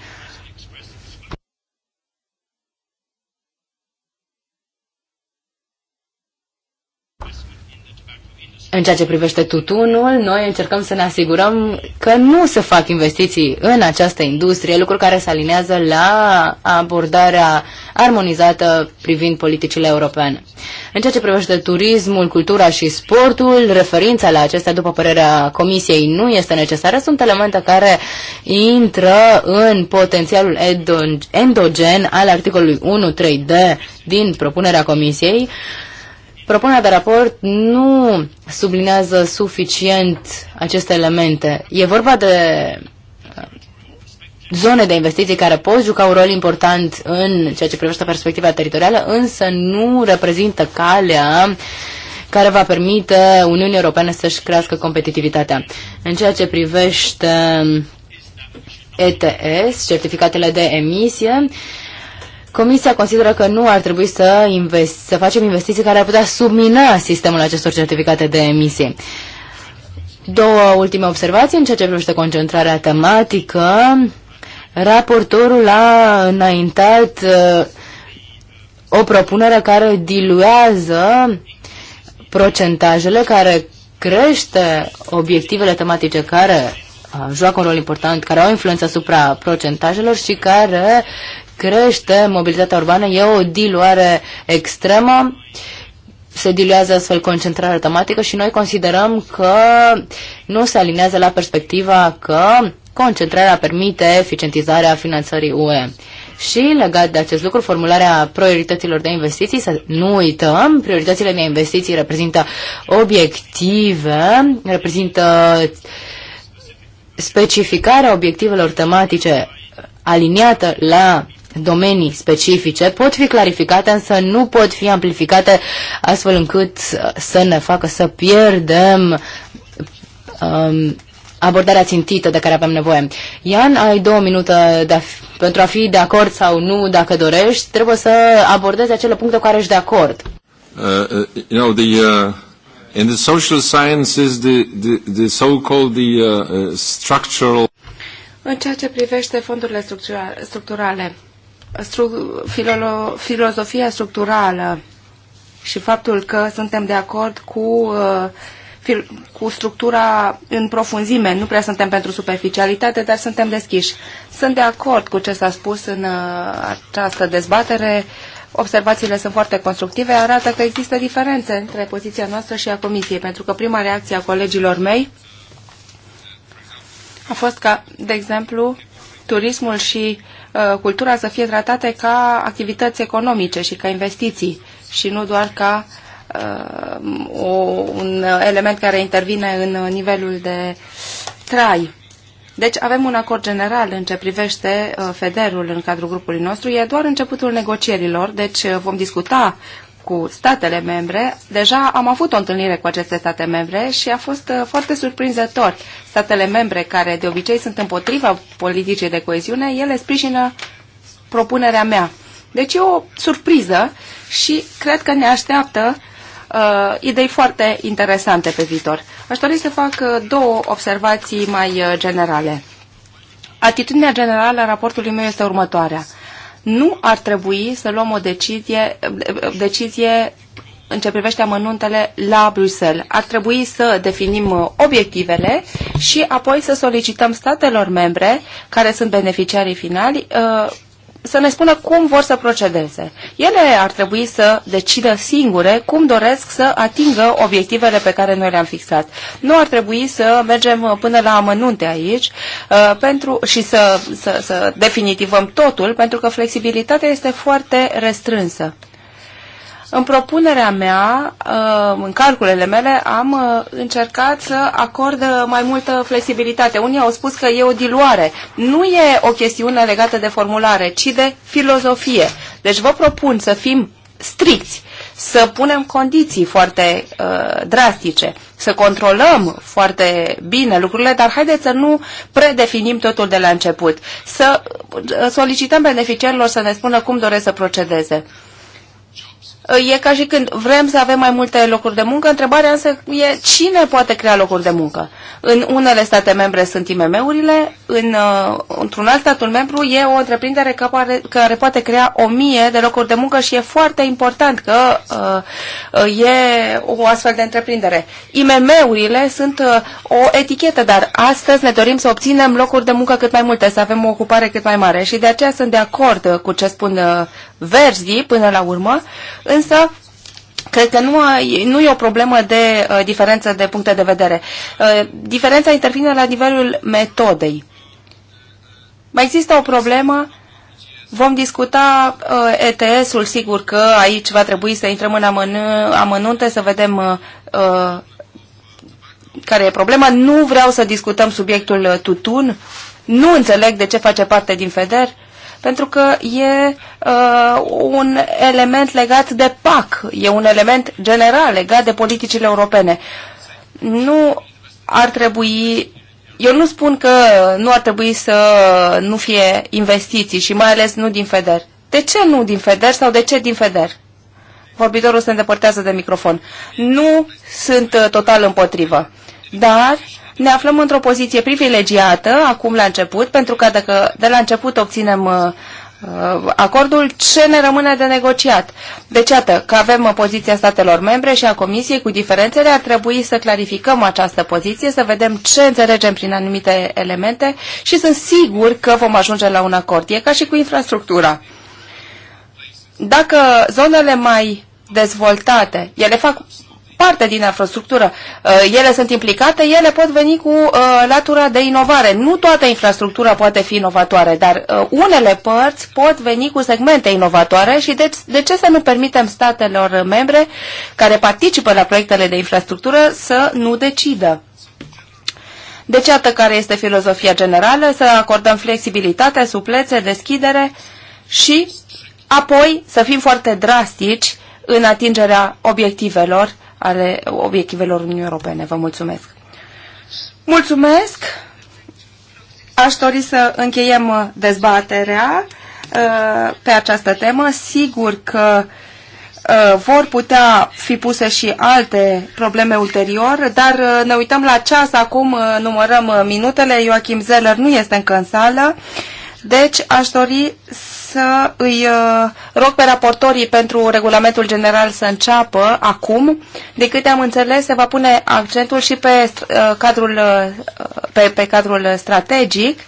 În ceea ce privește tutunul, noi încercăm să ne asigurăm că nu se fac investiții în această industrie, lucru care se alinează la abordarea armonizată privind politicile europene. În ceea ce privește turismul, cultura și sportul, referința la acestea, după părerea Comisiei, nu este necesară. Sunt elemente care intră în potențialul endogen al articolului 1.3d din propunerea Comisiei Propunerea de raport nu sublinează suficient aceste elemente. E vorba de uh, zone de investiții care pot juca un rol important în ceea ce privește perspectiva teritorială, însă nu reprezintă calea care va permite Uniunii Europene să-și crească competitivitatea. În ceea ce privește ETS, certificatele de emisie, Comisia consideră că nu ar trebui să, invest, să facem investiții care ar putea submina sistemul acestor certificate de emisie. Două ultime observații în ceea ce privește concentrarea tematică. Raportorul a înaintat uh, o propunere care diluează procentajele, care crește obiectivele tematice care uh, joacă un rol important, care au influență asupra procentajelor și care crește mobilitatea urbană, e o diluare extremă, se diluează astfel concentrarea tematică și noi considerăm că nu se alinează la perspectiva că concentrarea permite eficientizarea finanțării UE. Și legat de acest lucru, formularea priorităților de investiții, să nu uităm, prioritățile de investiții reprezintă obiective, reprezintă specificarea obiectivelor tematice aliniată la domenii specifice pot fi clarificate, însă nu pot fi amplificate astfel încât uh, să ne facă să pierdem um, abordarea țintită de care avem nevoie. Ian, ai două minute de a fi, pentru a fi de acord sau nu, dacă dorești, trebuie să abordezi acele puncte cu care ești de acord. Uh, uh, you know, the, uh, in the social sciences, the, the, the so-called the, uh, uh structural... În ceea ce privește fondurile structurale, stru filolo, filozofia structurală și faptul că suntem de acord cu, uh, cu structura în profunzime. Nu prea suntem pentru superficialitate, dar suntem deschiși. Sunt de acord cu ce s-a spus în uh, această dezbatere. Observațiile sunt foarte constructive, arată că există diferențe între poziția noastră și a Comisiei, pentru că prima reacție a colegilor mei a fost ca, de exemplu, turismul și uh, Uh, cultura să fie tratate ca activități economice și ca investiții și nu doar ca uh, o, un element care intervine în nivelul de trai. Deci avem un acord general în ce privește uh, federul în cadrul grupului nostru. E doar începutul negocierilor, deci uh, vom discuta cu statele membre. Deja am avut o întâlnire cu aceste state membre și a fost uh, foarte surprinzător. Statele membre, care de obicei sunt împotriva politicii de coeziune, ele sprijină propunerea mea. Deci e o surpriză și cred că ne așteaptă uh, idei foarte interesante pe viitor. Aș dori să fac uh, două observații mai uh, generale. Atitudinea generală a raportului meu este următoarea nu ar trebui să luăm o decizie, decizie în ce privește amănuntele la Bruxelles. Ar trebui să definim uh, obiectivele și apoi să solicităm statelor membre care sunt beneficiarii finali uh, să ne spună cum vor să procedeze. Ele ar trebui să decidă singure cum doresc să atingă obiectivele pe care noi le-am fixat. Nu ar trebui să mergem uh, până la amănunte aici uh, pentru, și să, să, să definitivăm totul, pentru că flexibilitatea este foarte restrânsă. În propunerea mea, uh, în calculele mele, am uh, încercat să acord uh, mai multă flexibilitate. Unii au spus că e o diluare. Nu e o chestiune legată de formulare, ci de filozofie. Deci vă propun să fim stricți, să punem condiții foarte uh, drastice, să controlăm foarte bine lucrurile, dar haideți să nu predefinim totul de la început, să solicităm beneficiarilor să ne spună cum doresc să procedeze e ca și când vrem să avem mai multe locuri de muncă, întrebarea însă e cine poate crea locuri de muncă. În unele state membre sunt IMM-urile, în, uh, într-un alt statul membru e o întreprindere care, care poate crea o mie de locuri de muncă și e foarte important că uh, uh, e o astfel de întreprindere. IMM-urile sunt uh, o etichetă, dar astăzi ne dorim să obținem locuri de muncă cât mai multe, să avem o ocupare cât mai mare și de aceea sunt de acord cu ce spun uh, Verzi, până la urmă, însă Cred că nu, nu e o problemă de uh, diferență de puncte de vedere. Uh, diferența intervine la nivelul metodei. Mai există o problemă Vom discuta uh, ETS-ul, sigur că aici va trebui să intrăm în amân amănunte, să vedem uh, uh, care e problema. Nu vreau să discutăm subiectul tutun, nu înțeleg de ce face parte din FEDER pentru că e uh, un element legat de PAC, e un element general legat de politicile europene. Nu ar trebui eu nu spun că nu ar trebui să nu fie investiții și mai ales nu din FEDER. De ce nu din FEDER sau de ce din FEDER? Vorbitorul se îndepărtează de microfon. Nu sunt uh, total împotrivă, dar ne aflăm într-o poziție privilegiată acum la început, pentru că dacă de la început obținem uh, uh, acordul, ce ne rămâne de negociat? Deci, iată, că avem uh, poziția statelor membre și a Comisiei cu diferențele, ar trebui să clarificăm această poziție, să vedem ce înțelegem prin anumite elemente și sunt sigur că vom ajunge la un acord. E ca și cu infrastructura. Dacă zonele mai dezvoltate, ele fac parte din infrastructură. Uh, ele sunt implicate, ele pot veni cu uh, latura de inovare. Nu toată infrastructura poate fi inovatoare, dar uh, unele părți pot veni cu segmente inovatoare și de, de ce să nu permitem statelor membre care participă la proiectele de infrastructură să nu decidă? Deci, atât care este filozofia generală, să acordăm flexibilitate, suplețe, deschidere și apoi să fim foarte drastici în atingerea obiectivelor ale obiectivelor Uniunii Europene. Vă mulțumesc! Mulțumesc! Aș dori să încheiem dezbaterea uh, pe această temă. Sigur că uh, vor putea fi puse și alte probleme ulterior, dar uh, ne uităm la ceas acum, numărăm minutele, Joachim Zeller nu este încă în sală, deci aș dori să îi uh, rog pe raportorii pentru regulamentul general să înceapă acum. De câte am înțeles, se va pune accentul și pe uh, cadrul, uh, pe, pe cadrul strategic.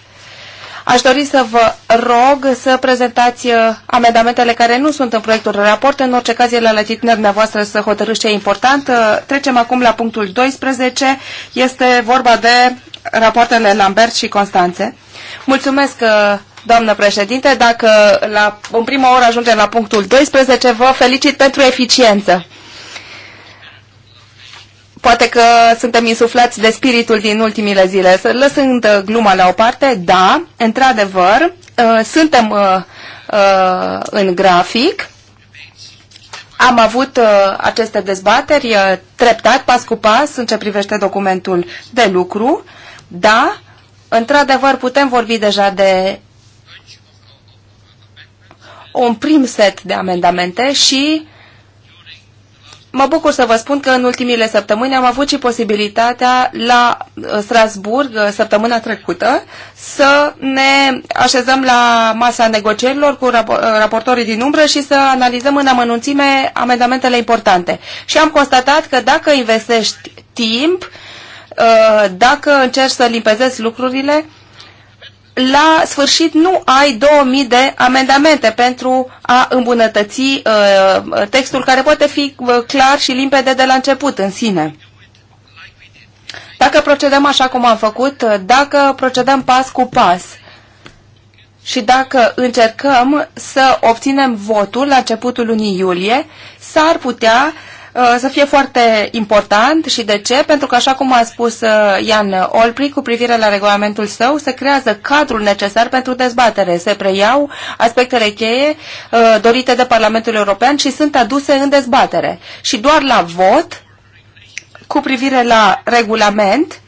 Aș dori să vă rog să prezentați amendamentele care nu sunt în proiectul de raport. În orice caz, ele la latitudinea dumneavoastră să hotărâți ce e important. Trecem acum la punctul 12. Este vorba de rapoartele Lambert și Constanțe. Mulțumesc doamnă președinte, dacă la, în prima oră ajungem la punctul 12, vă felicit pentru eficiență. Poate că suntem insuflați de spiritul din ultimile zile. Lăsând uh, gluma la o parte, da, într-adevăr, uh, suntem uh, în grafic. Am avut aceste dezbateri treptat, pas cu pas, în ce privește documentul de lucru. Da, într-adevăr, putem vorbi deja de un prim set de amendamente și mă bucur să vă spun că în ultimile săptămâni am avut și posibilitatea la uh, Strasburg, uh, săptămâna trecută, să ne așezăm la masa negocierilor cu uh, raportorii din umbră și să analizăm în amănunțime amendamentele importante. Și am constatat că dacă investești timp, dacă încerci să limpezezi lucrurile, la sfârșit nu ai 2000 de amendamente pentru a îmbunătăți uh, textul care poate fi uh, clar și limpede de la început în sine. Dacă procedăm așa cum am făcut, uh, dacă procedăm pas cu pas și dacă încercăm să obținem votul la începutul lunii iulie, s-ar putea uh, Uh, să fie foarte important și de ce? Pentru că, așa cum a spus uh, Ian Olpri cu privire la regulamentul său, se creează cadrul necesar pentru dezbatere. Se preiau aspectele cheie uh, dorite de Parlamentul European și sunt aduse în dezbatere. Și doar la vot, cu privire la regulament,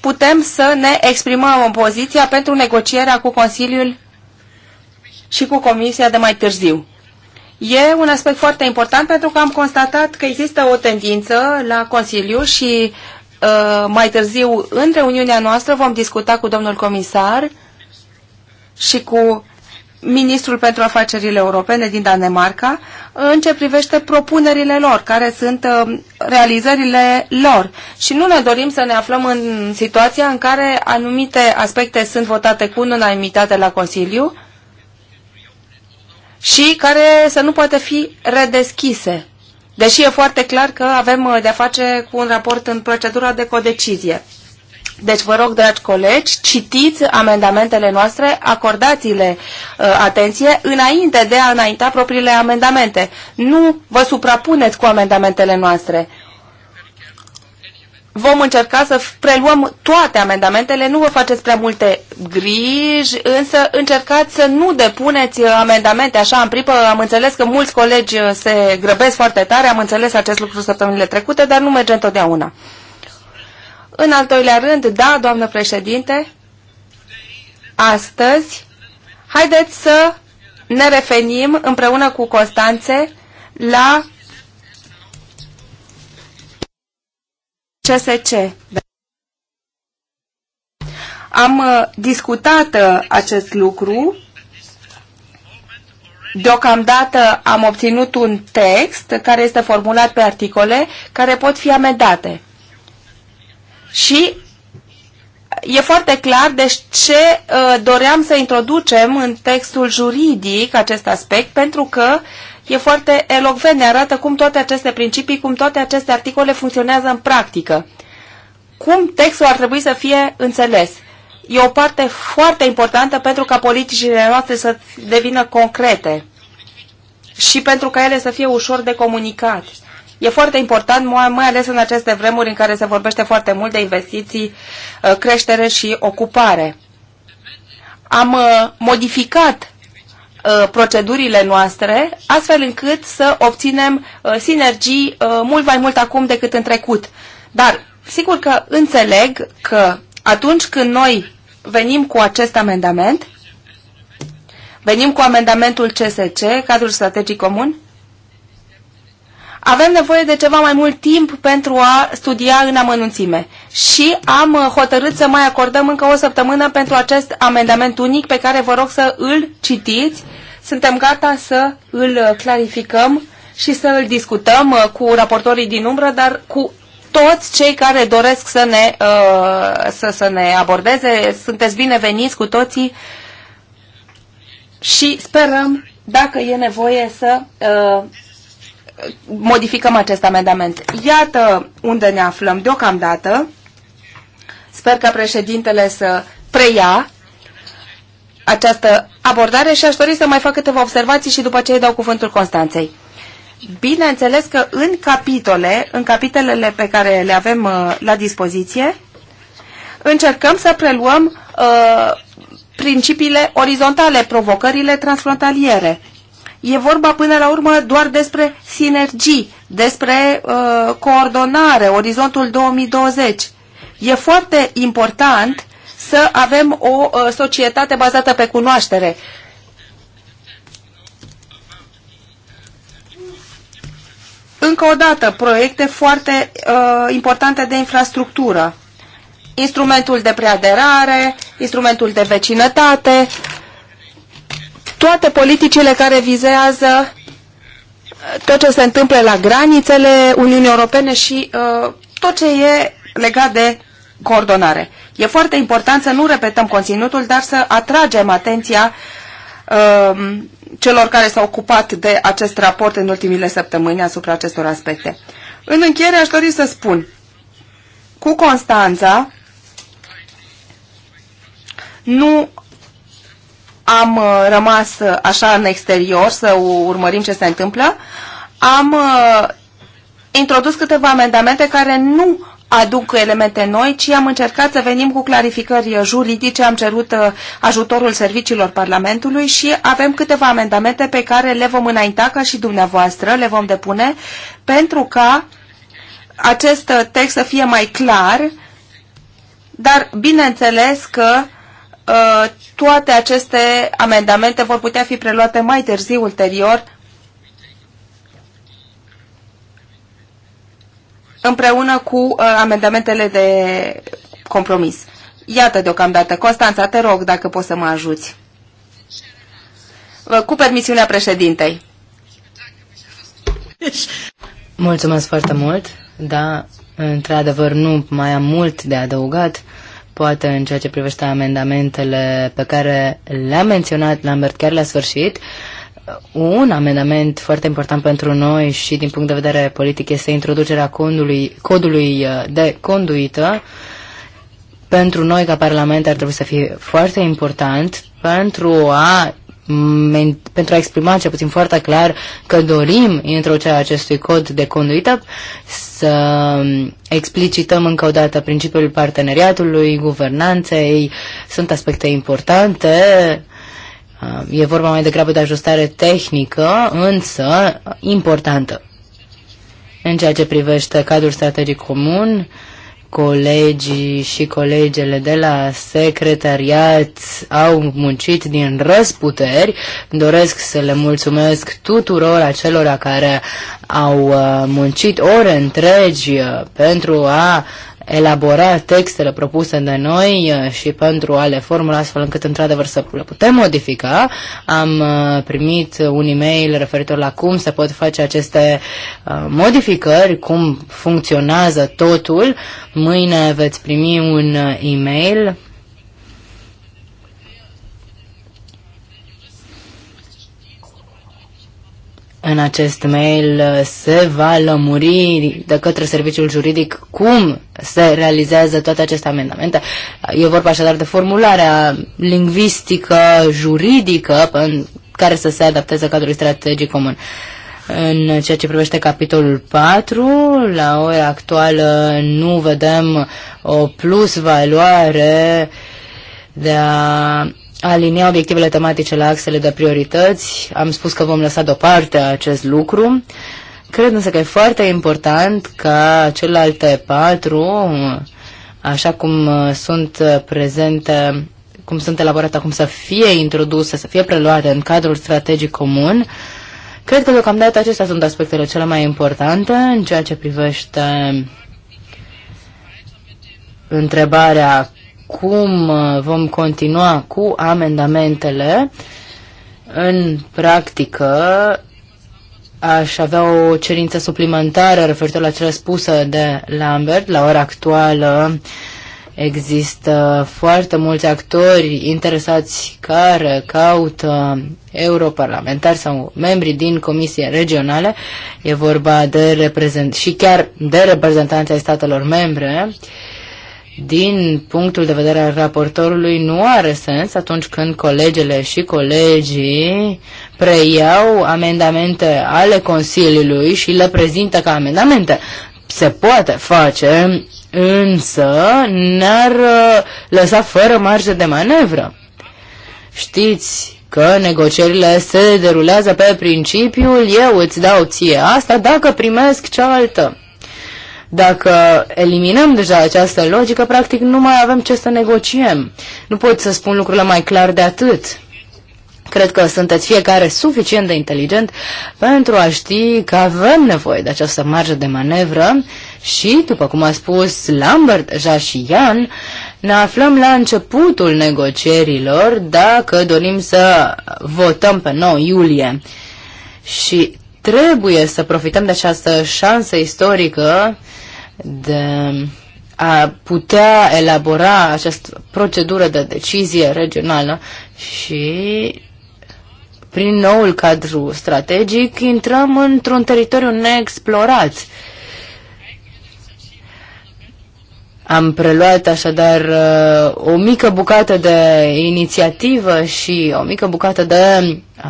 putem să ne exprimăm poziția pentru negocierea cu Consiliul și cu Comisia de mai târziu. E un aspect foarte important pentru că am constatat că există o tendință la Consiliu și uh, mai târziu în reuniunea noastră vom discuta cu domnul comisar și cu ministrul pentru afacerile europene din Danemarca uh, în ce privește propunerile lor, care sunt uh, realizările lor. Și nu ne dorim să ne aflăm în situația în care anumite aspecte sunt votate cu unanimitate la Consiliu, și care să nu poate fi redeschise. Deși e foarte clar că avem uh, de-a face cu un raport în procedura de codecizie. Deci vă rog, dragi colegi, citiți amendamentele noastre, acordați-le uh, atenție înainte de a înainta propriile amendamente. Nu vă suprapuneți cu amendamentele noastre. Vom încerca să preluăm toate amendamentele, nu vă faceți prea multe griji, însă încercați să nu depuneți amendamente așa în pripă. Am înțeles că mulți colegi se grăbesc foarte tare, am înțeles acest lucru săptămânile trecute, dar nu merge întotdeauna. În al doilea rând, da, doamnă președinte, astăzi, haideți să ne referim împreună cu Constanțe la CSC. Am uh, discutat uh, acest lucru. Deocamdată am obținut un text care este formulat pe articole care pot fi amendate. Și e foarte clar deci ce uh, doream să introducem în textul juridic acest aspect, pentru că uh, e foarte elocvent, ne arată cum toate aceste principii, cum toate aceste articole funcționează în practică. Cum textul ar trebui să fie înțeles. E o parte foarte importantă pentru ca politicile noastre să devină concrete și pentru ca ele să fie ușor de comunicat. E foarte important, mai ales în aceste vremuri în care se vorbește foarte mult de investiții, uh, creștere și ocupare. Am uh, modificat Uh, procedurile noastre, astfel încât să obținem uh, sinergii uh, mult mai mult acum decât în trecut. Dar sigur că înțeleg că atunci când noi venim cu acest amendament, venim cu amendamentul CSC, cadrul strategic comun, avem nevoie de ceva mai mult timp pentru a studia în amănunțime și am uh, hotărât să mai acordăm încă o săptămână pentru acest amendament unic pe care vă rog să îl citiți. Suntem gata să îl uh, clarificăm și să îl discutăm uh, cu raportorii din umbră, dar cu toți cei care doresc să ne, să, să ne abordeze. Sunteți bineveniți cu toții și sperăm, dacă e nevoie, să modificăm acest amendament. Iată unde ne aflăm deocamdată. Sper ca președintele să preia această abordare și aș dori să mai fac câteva observații și după ce îi dau cuvântul Constanței. Bineînțeles că în capitole, în capitolele pe care le avem uh, la dispoziție, încercăm să preluăm uh, principiile orizontale, provocările transfrontaliere E vorba până la urmă doar despre sinergii, despre uh, coordonare, orizontul 2020. E foarte important să avem o uh, societate bazată pe cunoaștere. Încă o dată, proiecte foarte uh, importante de infrastructură. Instrumentul de preaderare, instrumentul de vecinătate, uh, toate politicile care vizează uh, tot ce se întâmplă la granițele Uniunii Europene și uh, tot ce e legat de coordonare. E foarte important să nu repetăm conținutul, dar să atragem atenția uh, celor care s-au ocupat de acest raport în ultimile săptămâni asupra acestor aspecte. În încheiere aș dori să spun, cu Constanța nu am uh, rămas uh, așa în exterior să urmărim ce se întâmplă, am uh, introdus câteva amendamente care nu aduc elemente noi, ci am încercat să venim cu clarificări juridice, am cerut ajutorul serviciilor Parlamentului și avem câteva amendamente pe care le vom înainta ca și dumneavoastră, le vom depune, pentru ca acest text să fie mai clar, dar bineînțeles că uh, Uh, toate aceste amendamente vor putea fi preluate mai târziu, ulterior, împreună cu uh, amendamentele de compromis. Iată deocamdată. Constanța, te rog dacă poți să mă ajuți. Uh, cu permisiunea președintei. Mulțumesc foarte mult, da, într-adevăr nu mai am mult de adăugat poate în ceea ce privește amendamentele pe care le-a menționat Lambert chiar la sfârșit, un amendament foarte important pentru noi și din punct de vedere politic este introducerea codului, codului uh, de conduită. Pentru noi ca Parlament ar trebui să fie foarte important pentru a pentru a exprima cel puțin foarte clar că dorim introducerea acestui cod de conduită, să explicităm încă o dată principiul parteneriatului, guvernanței, sunt aspecte importante, uh, e vorba mai degrabă de ajustare tehnică, însă importantă. În ceea ce privește cadrul strategic comun, colegii și colegele de la secretariat au muncit din răsputeri. Doresc să le mulțumesc tuturor acelora care au uh, muncit ore întregi uh, pentru a elabora textele propuse de noi uh, și pentru a le formula astfel încât într-adevăr să le putem modifica. Am uh, primit un e-mail referitor la cum se pot face aceste uh, modificări, cum funcționează totul. Mâine veți primi un e-mail În acest mail uh, se va lămuri de către serviciul juridic cum se realizează toate aceste amendamente. E vorba așadar de formularea lingvistică, juridică, în care să se adapteze cadrului strategic comun. În ceea ce privește capitolul 4, la ora actuală nu vedem o plus valoare de a alinea obiectivele tematice la axele de priorități. Am spus că vom lăsa deoparte acest lucru. Cred însă că e foarte important ca celelalte patru, așa cum uh, sunt uh, prezente, cum sunt elaborate acum, să fie introduse, să fie preluate în cadrul strategic comun. Cred că deocamdată acestea sunt aspectele cele mai importante în ceea ce privește întrebarea cum uh, vom continua cu amendamentele. În practică, aș avea o cerință suplimentară referitor la cele spuse de Lambert. La ora actuală există foarte mulți actori interesați care caută europarlamentari sau membri din comisie regionale. E vorba de reprezent și chiar de reprezentanții statelor membre. Uh, din punctul de vedere al raportorului, nu are sens atunci când colegele și colegii preiau amendamente ale Consiliului și le prezintă ca amendamente. Se poate face, însă n ar uh, lăsa fără marge de manevră. Știți că negocierile se derulează pe principiul eu îți dau ție asta dacă primesc cealaltă. Dacă eliminăm deja această logică, practic nu mai avem ce să negociem. Nu pot să spun lucrurile mai clar de atât. Cred că sunteți fiecare suficient de inteligent pentru a ști că avem nevoie de această marjă de manevră și, după cum a spus Lambert deja și Ian, ne aflăm la începutul negocierilor dacă dorim să votăm pe 9 iulie. Și Trebuie să profităm de această șansă istorică de a putea elabora această procedură de decizie regională și prin noul cadru strategic intrăm într-un teritoriu neexplorat Am preluat așadar uh, o mică bucată de inițiativă și o mică bucată de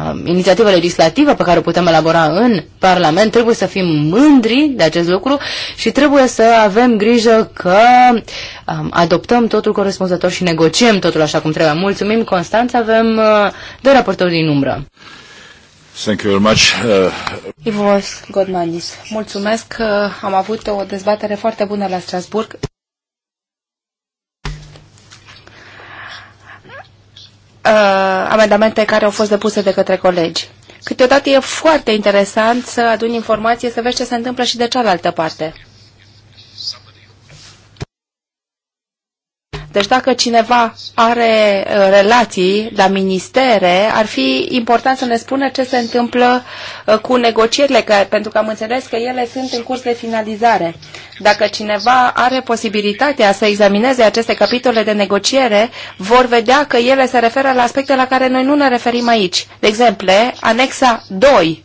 um, inițiativă legislativă pe care o putem elabora în Parlament. Trebuie să fim mândri de acest lucru și trebuie să avem grijă că um, adoptăm totul corespunzător și negociem totul așa cum trebuie. Mulțumim, Constanța, avem uh, doi raportori din umbră. Thank you very much. Uh... Godmanis, mulțumesc că am avut o dezbatere foarte bună la Strasburg. Uh, amendamente care au fost depuse de către colegi. Câteodată e foarte interesant să aduni informații, să vezi ce se întâmplă și de cealaltă parte. Deci dacă cineva are uh, relații la ministere, ar fi important să ne spună ce se întâmplă uh, cu negocierile, că, pentru că am înțeles că ele sunt în curs de finalizare. Dacă cineva are posibilitatea să examineze aceste capitole de negociere, vor vedea că ele se referă la aspecte la care noi nu ne referim aici. De exemplu, anexa 2.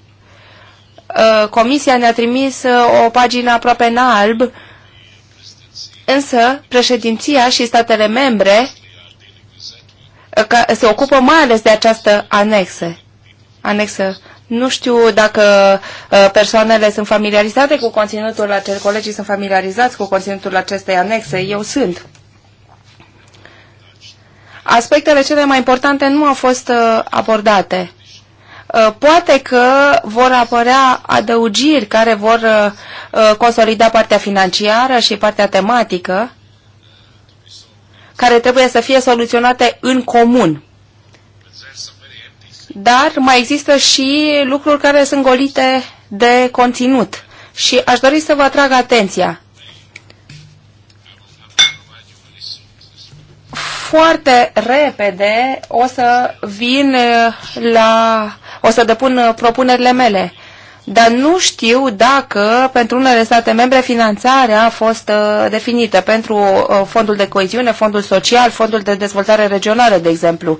Uh, comisia ne-a trimis o pagină aproape în alb Însă, președinția și statele membre uh, se ocupă mai ales de această anexă. anexă. Nu știu dacă uh, persoanele sunt familiarizate cu conținutul acestei, colegii sunt familiarizați cu conținutul acestei anexe. Eu sunt. Aspectele cele mai importante nu au fost uh, abordate. Uh, poate că vor apărea adăugiri care vor uh, uh, consolida partea financiară și partea tematică, care trebuie să fie soluționate în comun. Dar mai există și lucruri care sunt golite de conținut. Și aș dori să vă atrag atenția foarte repede o să vin uh, la... o să depun uh, propunerile mele. Dar nu știu dacă pentru unele state membre finanțarea a fost uh, definită pentru fondul de coeziune, fondul social, fondul de dezvoltare regională, de exemplu.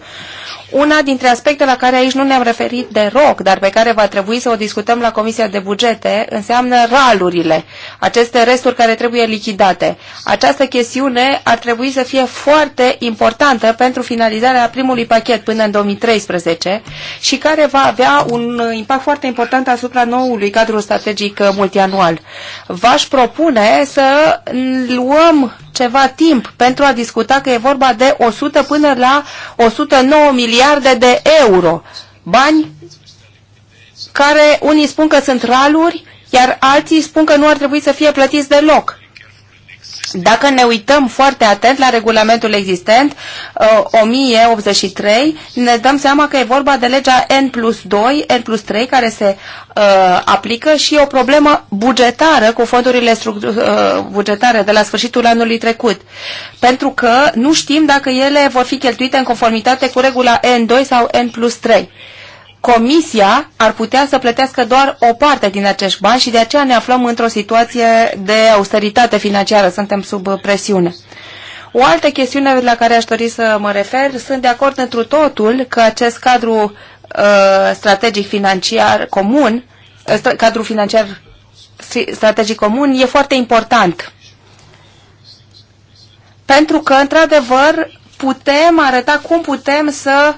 Una dintre aspectele la care aici nu ne-am referit de deloc, dar pe care va trebui să o discutăm la Comisia de Bugete, înseamnă ralurile, aceste resturi care trebuie lichidate. Această chestiune ar trebui să fie foarte importantă pentru finalizarea primului pachet până în 2013 și care va avea un impact foarte important asupra noului cadru strategic multianual. V-aș propune să luăm ceva timp pentru a discuta că e vorba de 100 până la 109 miliarde miliarde de euro. Bani care unii spun că sunt raluri, iar alții spun că nu ar trebui să fie plătiți deloc. Dacă ne uităm foarte atent la regulamentul existent, 1083, uh, ne dăm seama că e vorba de legea N plus 2, N plus 3, care se uh, aplică și e o problemă bugetară cu fondurile uh, bugetare de la sfârșitul anului trecut. Pentru că nu știm dacă ele vor fi cheltuite în conformitate cu regula N2 sau N plus 3. Comisia ar putea să plătească doar o parte din acești bani și de aceea ne aflăm într-o situație de austeritate financiară, suntem sub presiune. O altă chestiune la care aș dori să mă refer, sunt de acord întru totul că acest cadru uh, strategic financiar comun, uh, st cadru financiar strategic comun e foarte important. Pentru că, într-adevăr, putem arăta cum putem să uh,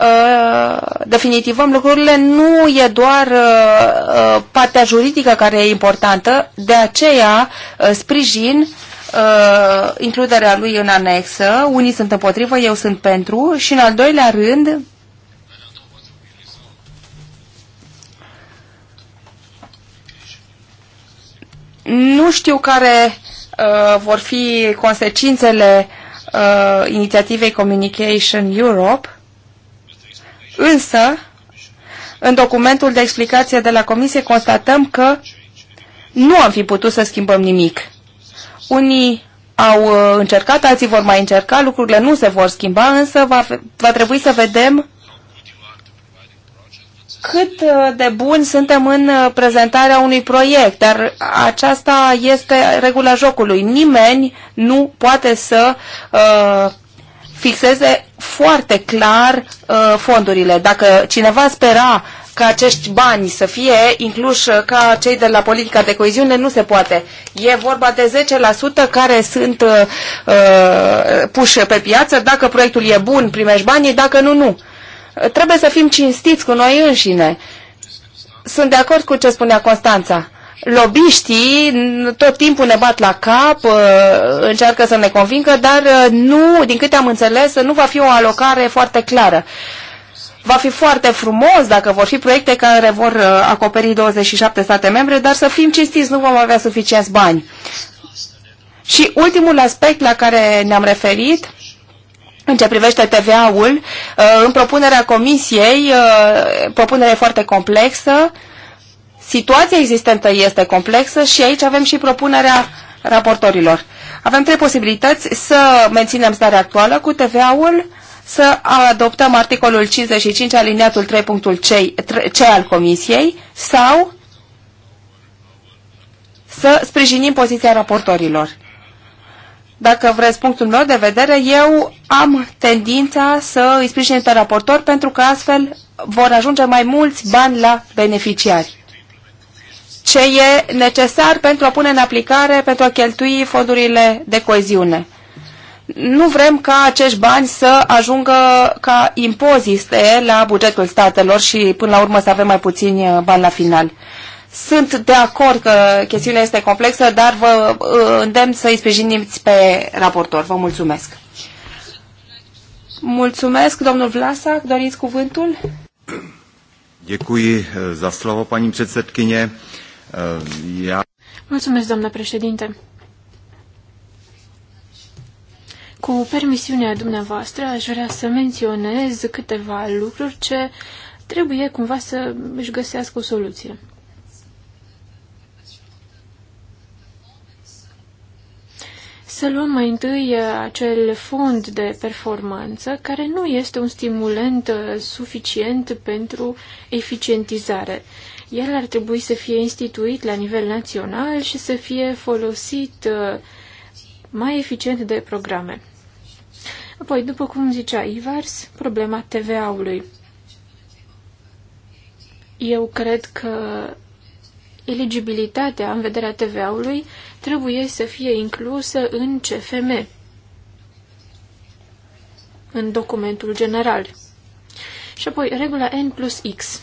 Uh, definitivăm lucrurile, nu e doar uh, uh, partea juridică care e importantă, de aceea sprijin includerea lui în anexă, unii sunt împotrivă, eu sunt pentru și în al doilea rând nu știu care uh, vor fi consecințele uh, inițiativei Communication Europe, Însă, în documentul de explicație de la Comisie constatăm că nu am fi putut să schimbăm nimic. Unii au uh, încercat, alții vor mai încerca, lucrurile nu se vor schimba, însă va, va trebui să vedem cât uh, de bun suntem în uh, prezentarea unui proiect, dar aceasta este regula jocului. Nimeni nu poate să uh, fixeze foarte clar uh, fondurile. Dacă cineva spera ca acești bani să fie incluși uh, ca cei de la politica de coeziune, nu se poate. E vorba de 10% care sunt uh, uh, puși pe piață. Dacă proiectul e bun, primești banii, dacă nu, nu. Trebuie să fim cinstiți cu noi înșine. Sunt de acord cu ce spunea Constanța. Uh, lobiștii tot timpul ne bat la cap, uh, încearcă să ne convingă, dar uh, nu, din câte am înțeles, nu va fi o alocare foarte clară. Va fi foarte frumos dacă vor fi proiecte care vor uh, acoperi 27 state membre, dar să fim cinstiți, nu vom avea suficienți bani. Și ultimul aspect la care ne-am referit, în ce privește TVA-ul, în propunerea comisiei, propunerea foarte complexă, Situația existentă este complexă și aici avem și propunerea raportorilor. Avem trei posibilități să menținem starea actuală cu TVA-ul, să adoptăm articolul 55 aliniatul 3 punctul C, C al Comisiei sau să sprijinim poziția raportorilor. Dacă vreți punctul meu de vedere, eu am tendința să îi sprijin pe raportor pentru că astfel vor ajunge mai mulți bani la beneficiari ce e necesar pentru a pune în aplicare, pentru a cheltui fondurile de coeziune. Nu vrem ca acești bani să ajungă ca impozite la bugetul statelor și până la urmă să avem mai puțini uh, bani la final. Sunt de acord că chestiunea este complexă, dar vă uh, îndemn să-i sprijiniți pe raportor. Vă mulțumesc. Mulțumesc, domnul Vlasac. Doriți cuvântul? Děkuji eh, za slovo, paní předsedkyně. Uh, ia... Mulțumesc, doamnă președinte. Cu permisiunea dumneavoastră, aș vrea să menționez câteva lucruri ce trebuie cumva să își găsească o soluție. Să luăm mai întâi acel fond de performanță care nu este un stimulant suficient pentru eficientizare. El ar trebui să fie instituit la nivel național și să fie folosit uh, mai eficient de programe. Apoi, după cum zicea Ivars, problema TVA-ului. Eu cred că eligibilitatea în vederea TVA-ului trebuie să fie inclusă în CFM, în documentul general. Și apoi, regula N plus X.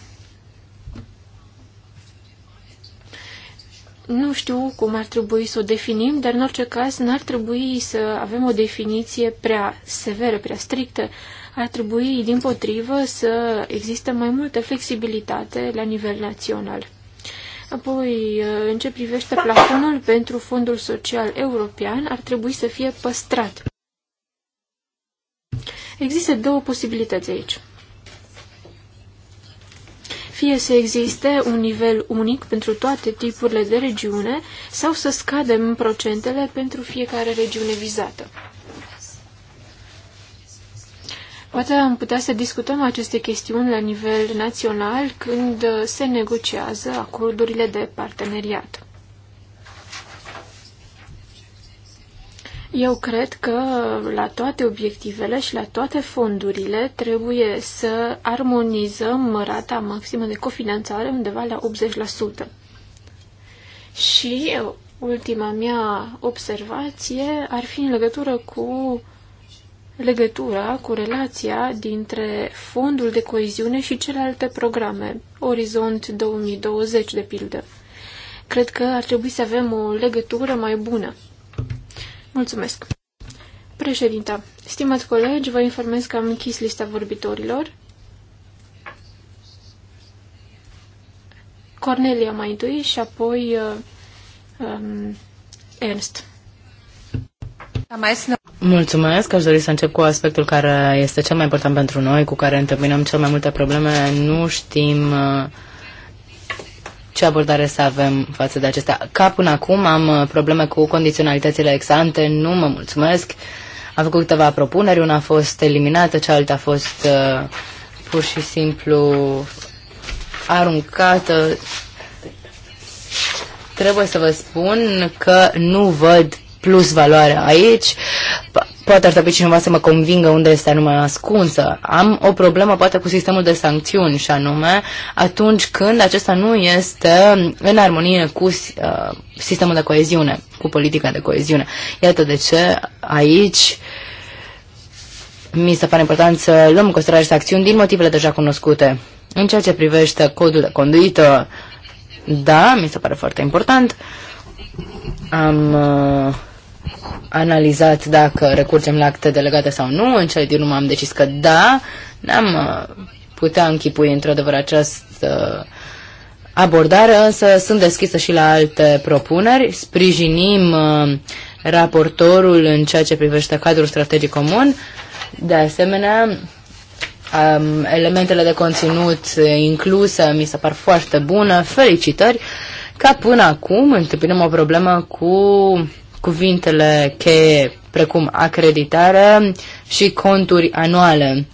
Nu știu cum ar trebui să o definim, dar în orice caz n-ar trebui să avem o definiție prea severă, prea strictă. Ar trebui, din potrivă, să existe mai multă flexibilitate la nivel național. Apoi, în ce privește plafonul pentru Fondul Social European, ar trebui să fie păstrat. Există două posibilități aici fie să existe un nivel unic pentru toate tipurile de regiune sau să scadem procentele pentru fiecare regiune vizată. Poate am putea să discutăm aceste chestiuni la nivel național când se negociază acordurile de parteneriat. Eu cred că la toate obiectivele și la toate fondurile trebuie să armonizăm rata maximă de cofinanțare undeva la 80%. Și ultima mea observație ar fi în legătură cu legătura, cu relația dintre fondul de coeziune și celelalte programe, Orizont 2020 de pildă. Cred că ar trebui să avem o legătură mai bună Mulțumesc! Președinta, stimați colegi, vă informez că am închis lista vorbitorilor. Cornelia mai întâi și apoi uh, um, Ernst. Mulțumesc, aș dori să încep cu aspectul care este cel mai important pentru noi, cu care întâmpinăm cel mai multe probleme. Nu știm uh, ce abordare să avem față de acestea. Ca până acum am uh, probleme cu condiționalitățile exante, nu mă mulțumesc. Am făcut câteva propuneri, una a fost eliminată, cealaltă a fost uh, pur și simplu aruncată. Trebuie să vă spun că nu văd plus valoare aici. Poate ar trebui cineva să mă convingă unde este anume ascunsă. Am o problemă poate cu sistemul de sancțiuni și anume atunci când acesta nu este în armonie cu uh, sistemul de coeziune, cu politica de coeziune. Iată de ce aici mi se pare important să luăm în considerare acțiuni din motivele deja cunoscute. În ceea ce privește codul de conduită, da, mi se pare foarte important. Am uh, analizat dacă recurgem la acte delegate sau nu. În cele din urmă am decis că da, n-am uh, putea închipui într-adevăr această uh, abordare, însă sunt deschisă și la alte propuneri. Sprijinim uh, raportorul în ceea ce privește cadrul strategic comun. De asemenea, um, elementele de conținut incluse mi se par foarte bună. Felicitări! Ca până acum întâmpinăm o problemă cu cuvintele cheie precum acreditare și conturi anuale.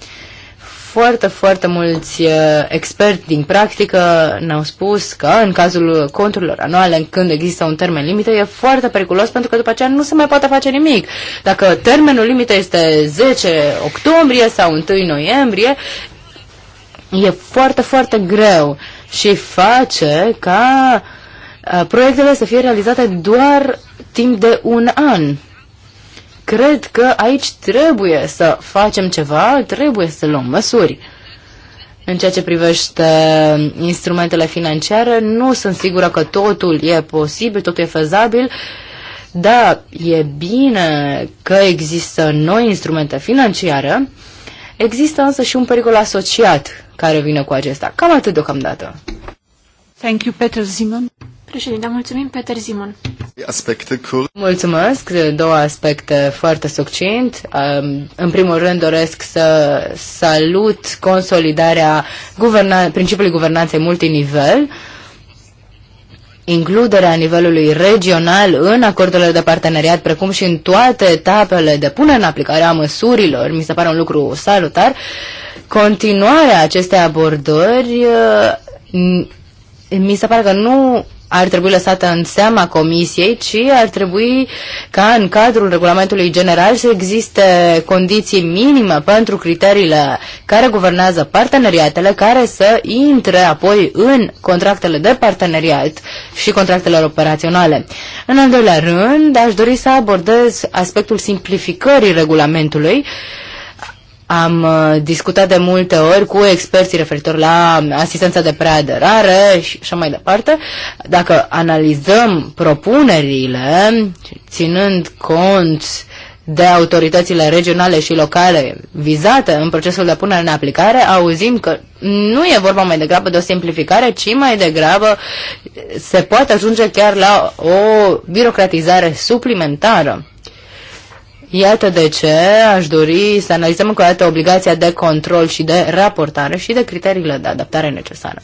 Foarte, foarte mulți uh, experți din practică ne-au spus că în cazul conturilor anuale, când există un termen limită, e foarte periculos pentru că după aceea nu se mai poate face nimic. Dacă termenul limită este 10 octombrie sau 1 noiembrie, e foarte, foarte greu și face ca uh, Uh, proiectele să fie realizate doar timp de un an. Cred că aici trebuie să facem ceva, trebuie să luăm măsuri. În ceea ce privește instrumentele financiare, nu sunt sigură că totul e posibil, totul e fezabil. dar e bine că există noi instrumente financiare, există însă și un pericol asociat care vine cu acesta. Cam atât deocamdată. Thank you, Peter Simon. Președinte, mulțumim, Peter Zimon. Aspecte cool. Mulțumesc, două aspecte foarte succint. Um, în primul rând doresc să salut consolidarea guverna- principiului guvernanței multinivel, includerea nivelului regional în acordurile de parteneriat, precum și în toate etapele de punere în aplicare a măsurilor, mi se pare un lucru salutar, continuarea acestei abordări uh, mi se pare că nu ar trebui lăsată în seama comisiei, ci ar trebui ca în cadrul regulamentului general să existe condiții minime pentru criteriile care guvernează parteneriatele, care să intre apoi în contractele de parteneriat și contractele operaționale. În al doilea rând, aș dori să abordez aspectul simplificării regulamentului, uh, am uh, discutat de multe ori cu experții referitor la asistența de preaderare și așa mai departe. Dacă analizăm propunerile, ținând cont de autoritățile regionale și locale vizate în procesul de punere în aplicare, auzim că nu e vorba mai degrabă de o simplificare, ci mai degrabă se poate ajunge chiar la o birocratizare suplimentară. Iată de ce aș dori să analizăm încă o dată obligația de control și de raportare și de criteriile de adaptare necesară.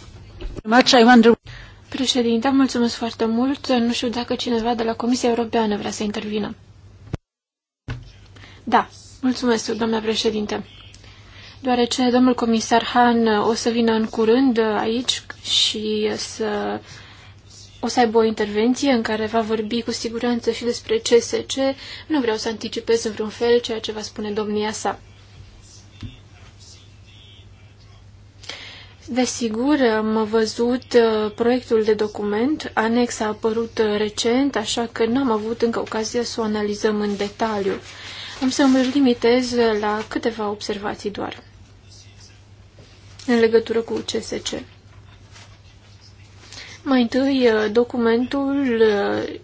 Președinte, mulțumesc foarte mult. Nu știu dacă cineva de la Comisia Europeană vrea să intervină. Da, mulțumesc, doamna președinte. Deoarece domnul comisar Han o să vină în curând aici și să o să aibă o intervenție în care va vorbi cu siguranță și despre CSC. Nu vreau să anticipez în vreun fel ceea ce va spune domnia sa. Desigur, am văzut uh, proiectul de document. Anexa a apărut uh, recent, așa că nu am avut încă ocazia să o analizăm în detaliu. Am să mă limitez uh, la câteva observații doar în legătură cu CSC. Mai întâi, uh, documentul uh,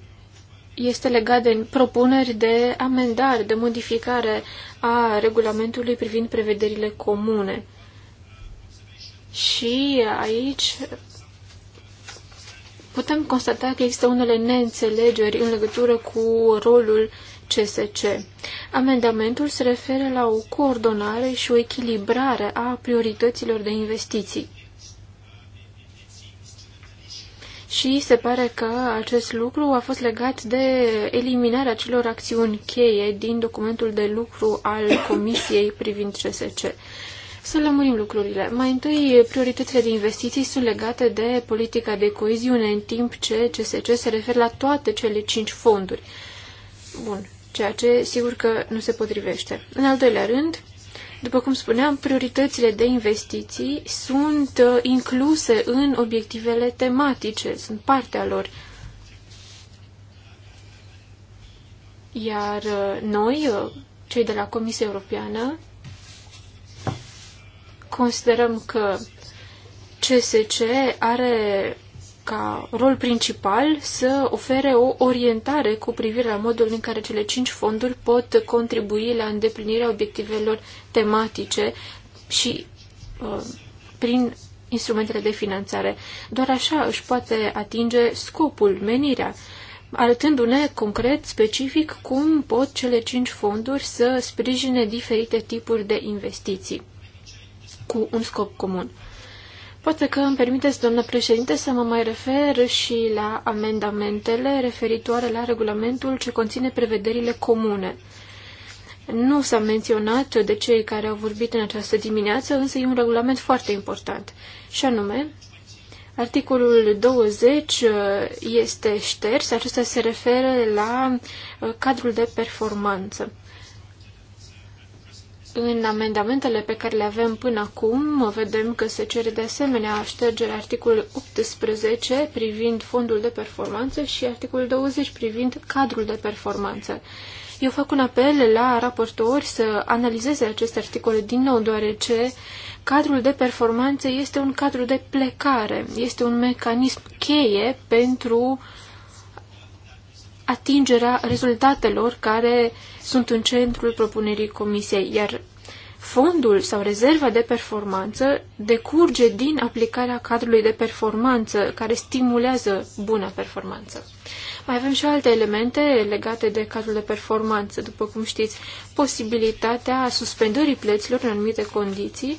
este legat de propuneri de amendare, de modificare a regulamentului privind prevederile comune. Și aici putem constata că există unele neînțelegeri în legătură cu rolul CSC. Amendamentul se referă la o coordonare și o echilibrare a priorităților de investiții. și se pare că acest lucru a fost legat de eliminarea celor acțiuni cheie din documentul de lucru al Comisiei privind CSC. Să lămurim lucrurile. Mai întâi, prioritățile de investiții sunt legate de politica de coeziune, în timp ce CSC se referă la toate cele cinci fonduri. Bun, ceea ce sigur că nu se potrivește. În al doilea rând, după cum spuneam, prioritățile de investiții sunt uh, incluse în obiectivele tematice, sunt partea lor. Iar uh, noi, uh, cei de la Comisia Europeană, considerăm că CSC are ca rol principal să ofere o orientare cu privire la modul în care cele cinci fonduri pot contribui la îndeplinirea obiectivelor tematice și uh, prin instrumentele de finanțare. Doar așa își poate atinge scopul, menirea, arătându-ne concret, specific, cum pot cele cinci fonduri să sprijine diferite tipuri de investiții cu un scop comun. Poate că îmi permiteți, doamnă președinte, să mă mai refer și la amendamentele referitoare la regulamentul ce conține prevederile comune. Nu s-a menționat de cei care au vorbit în această dimineață, însă e un regulament foarte important. Și anume, articolul 20 uh, este șters, acesta se referă la uh, cadrul de performanță. În amendamentele pe care le avem până acum, vedem că se cere de asemenea ștergerea articolului 18 privind fondul de performanță și articolul 20 privind cadrul de performanță. Eu fac un apel la raportori să analizeze aceste articole din nou, deoarece cadrul de performanță este un cadru de plecare, este un mecanism cheie pentru uh, atingerea rezultatelor care sunt în centrul propunerii comisiei, iar fondul sau rezerva de performanță decurge din aplicarea cadrului de performanță care stimulează buna performanță. Mai avem și alte elemente legate de cadrul de performanță, după cum știți, posibilitatea suspendării plăților în anumite condiții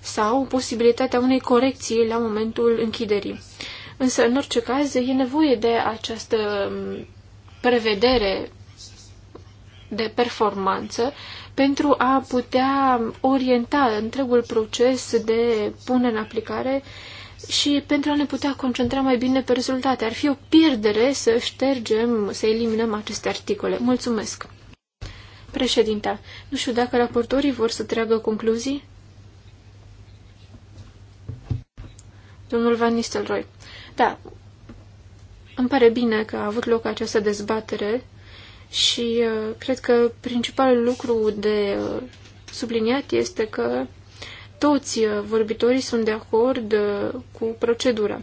sau posibilitatea unei corecții la momentul închiderii. Însă, în orice caz, e nevoie de această um, prevedere de performanță pentru a putea orienta întregul proces de punere în aplicare și pentru a ne putea concentra mai bine pe rezultate. Ar fi o pierdere să ștergem, să eliminăm aceste articole. Mulțumesc! Președinta, nu știu dacă raportorii vor să treagă concluzii? Domnul Van Nistelrooy. Da, îmi pare bine că a avut loc această dezbatere și uh, cred că principalul lucru de uh, subliniat este că toți uh, vorbitorii sunt de acord uh, cu procedura.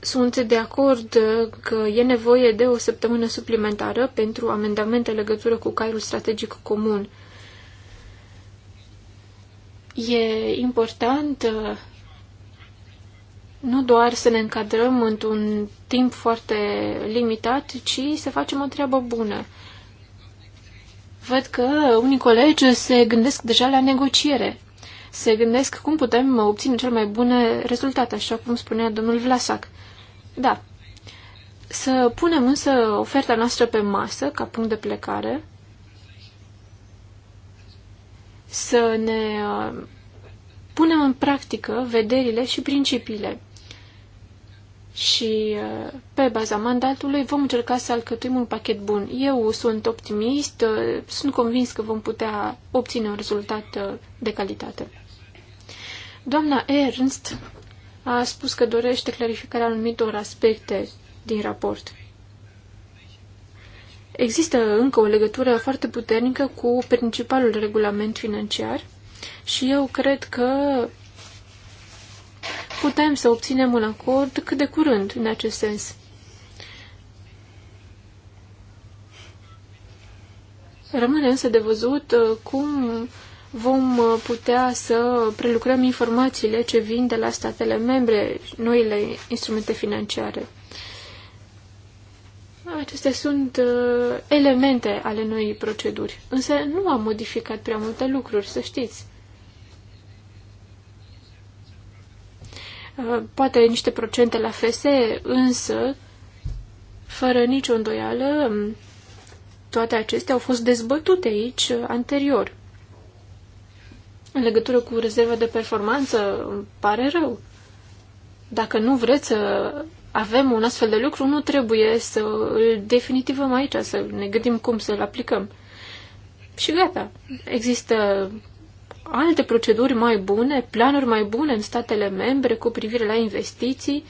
Sunt de acord uh, că e nevoie de o săptămână suplimentară pentru amendamente legătură cu cairul strategic comun. Uh, E important uh, nu doar să ne încadrăm într-un timp foarte limitat, ci să facem o treabă bună. Văd că unii colegi se gândesc deja la negociere. Se gândesc cum putem obține cel mai bune rezultat, așa cum spunea domnul Vlasac. Da. Să punem însă oferta noastră pe masă, ca punct de plecare, să ne uh, punem în practică vederile și principiile. Și uh, pe baza mandatului vom încerca să alcătuim un pachet bun. Eu sunt optimist, uh, sunt convins că vom putea obține un rezultat de calitate. Doamna Ernst a spus că dorește clarificarea anumitor aspecte din raport. Există încă o legătură foarte puternică cu principalul regulament financiar și eu cred că putem să obținem un acord cât de curând în acest sens. Rămâne însă de văzut uh, cum vom uh, putea să prelucrăm informațiile ce vin de la statele membre, noile instrumente financiare acestea sunt uh, elemente ale noii proceduri, însă nu am modificat prea multe lucruri, să știți. Uh, poate niște procente la FSE, însă, fără nicio îndoială, um, toate acestea au fost dezbătute aici uh, anterior. În legătură cu rezerva de performanță, îmi pare rău. Dacă nu vreți să avem un astfel de lucru, nu trebuie să îl definitivăm aici, să ne gândim cum să-l aplicăm. Și gata. Există alte proceduri mai bune, planuri mai bune în statele membre cu privire la investiții.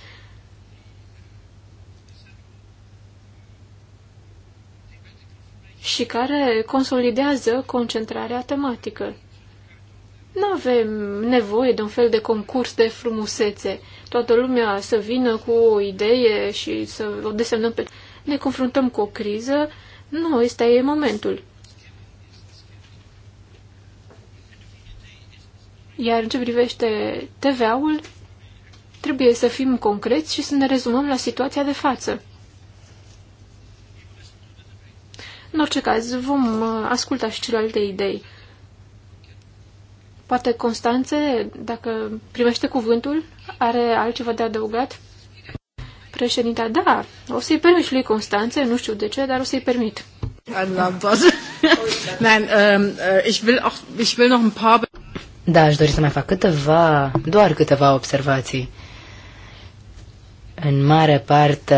și care consolidează concentrarea tematică. Nu avem nevoie de un fel de concurs de frumusețe toată lumea să vină cu o idee și să o desemnăm pe... Ne confruntăm cu o criză? Nu, ăsta e momentul. Iar în ce privește TVA-ul, trebuie să fim concreți și să ne rezumăm la situația de față. În orice caz, vom uh, asculta și celelalte idei. Poate Constanțe, dacă primește cuvântul, are altceva de adăugat? Președinta, da, o să-i permit și lui Constanțe, nu știu de ce, dar o să-i permit. Ähm, äh, ich will auch, ich will noch ein paar... Da, aș dori să mai fac câteva, doar câteva observații. În mare parte,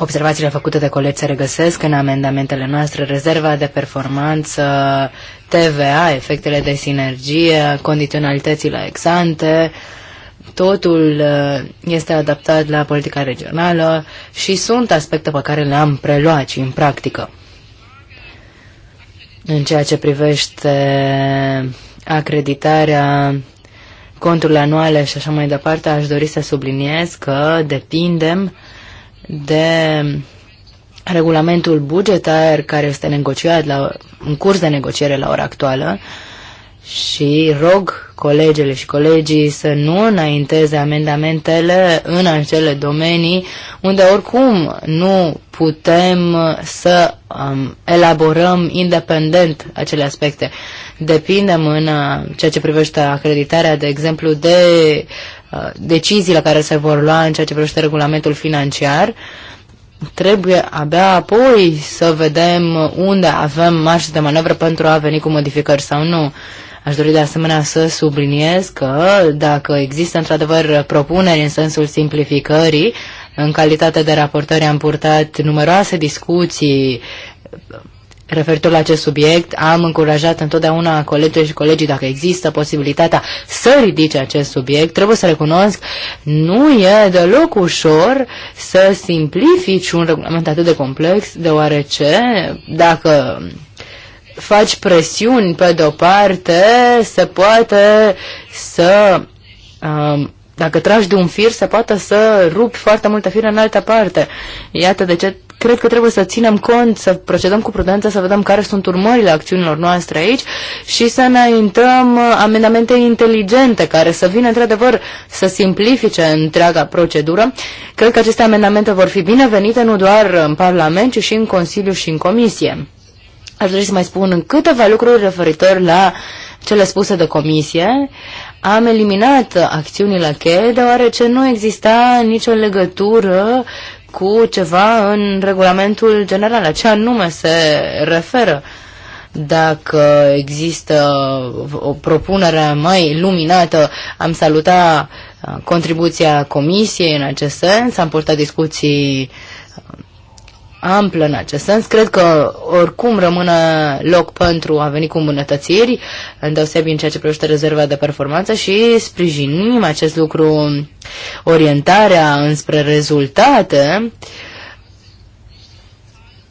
Observațiile făcute de colegi se regăsesc în amendamentele noastre, rezerva de performanță, TVA, efectele de sinergie, condiționalitățile exante, totul uh, este adaptat la politica regională și sunt aspecte pe care le-am preluat și în practică. În ceea ce privește acreditarea conturile anuale și așa mai departe, aș dori să subliniez că depindem de regulamentul bugetar care este negociat la, în curs de negociere la ora actuală și rog colegele și colegii să nu înainteze amendamentele în acele domenii unde oricum nu putem să um, elaborăm independent acele aspecte. Depindem în ceea ce privește acreditarea, de exemplu, de Uh, deciziile care se vor lua în ceea ce privește regulamentul financiar, trebuie abia apoi să vedem unde avem marge de manevră pentru a veni cu modificări sau nu. Aș dori de asemenea să subliniez că dacă există într-adevăr propuneri în sensul simplificării, în calitate de raportări am purtat numeroase discuții referitor la acest subiect, am încurajat întotdeauna colegii și colegii, dacă există posibilitatea să ridice acest subiect, trebuie să recunosc, nu e deloc ușor să simplifici un regulament atât de complex, deoarece dacă faci presiuni pe de-o parte, se poate să... Um, dacă tragi de un fir, se poate să rupi foarte multe fire în altă parte. Iată de ce cred că trebuie să ținem cont, să procedăm cu prudență, să vedem care sunt urmările acțiunilor noastre aici și să înaintăm uh, amendamente inteligente care să vină într-adevăr să simplifice întreaga procedură. Cred că aceste amendamente vor fi binevenite nu doar în Parlament, ci și în Consiliu și în Comisie. Aș dori să mai spun câteva lucruri referitor la cele spuse de comisie. Am eliminat acțiunile cheie deoarece nu exista nicio legătură cu ceva în regulamentul general, la ce anume se referă. Dacă există o propunere mai luminată, am salutat uh, contribuția comisiei în acest sens, am purtat discuții uh, amplă în acest sens. Cred că oricum rămâne loc pentru a veni cu îmbunătățiri, îndeosebi în ceea ce privește rezerva de performanță și sprijinim acest lucru, orientarea înspre rezultate.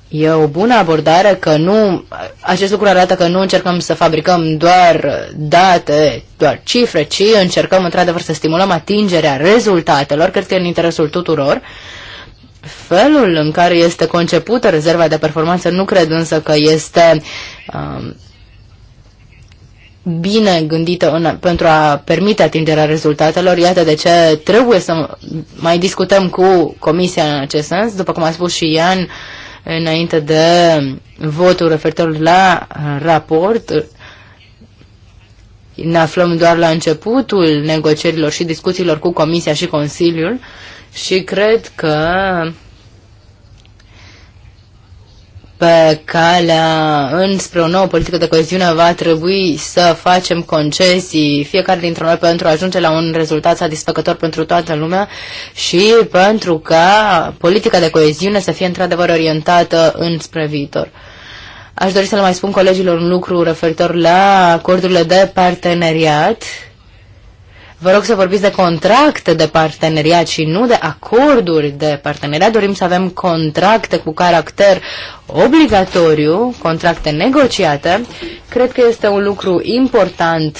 E o bună abordare că nu, acest lucru arată că nu încercăm să fabricăm doar date, doar cifre, ci încercăm într-adevăr să stimulăm atingerea rezultatelor, cred că e în interesul tuturor. Uh, felul în care este concepută rezerva de performanță nu cred însă că este um, bine gândită în, pentru a permite atingerea rezultatelor. Iată de ce trebuie să mai discutăm cu Comisia în acest sens. După cum a spus și Ian înainte de votul referitor la raport, ne aflăm doar la începutul negocierilor și discuțiilor cu Comisia și Consiliul. Uh, și cred că pe calea înspre o nouă politică de coeziune va trebui să facem concesii fiecare dintre noi pentru a ajunge la un rezultat satisfăcător pentru toată lumea și pentru ca politica de coeziune să fie într-adevăr orientată înspre viitor. Aș dori să le mai spun colegilor un lucru referitor la acordurile de parteneriat Vă rog să vorbiți de contracte de parteneriat și nu de acorduri de parteneriat. Dorim să avem contracte cu caracter obligatoriu, contracte negociate. Cred că este un lucru important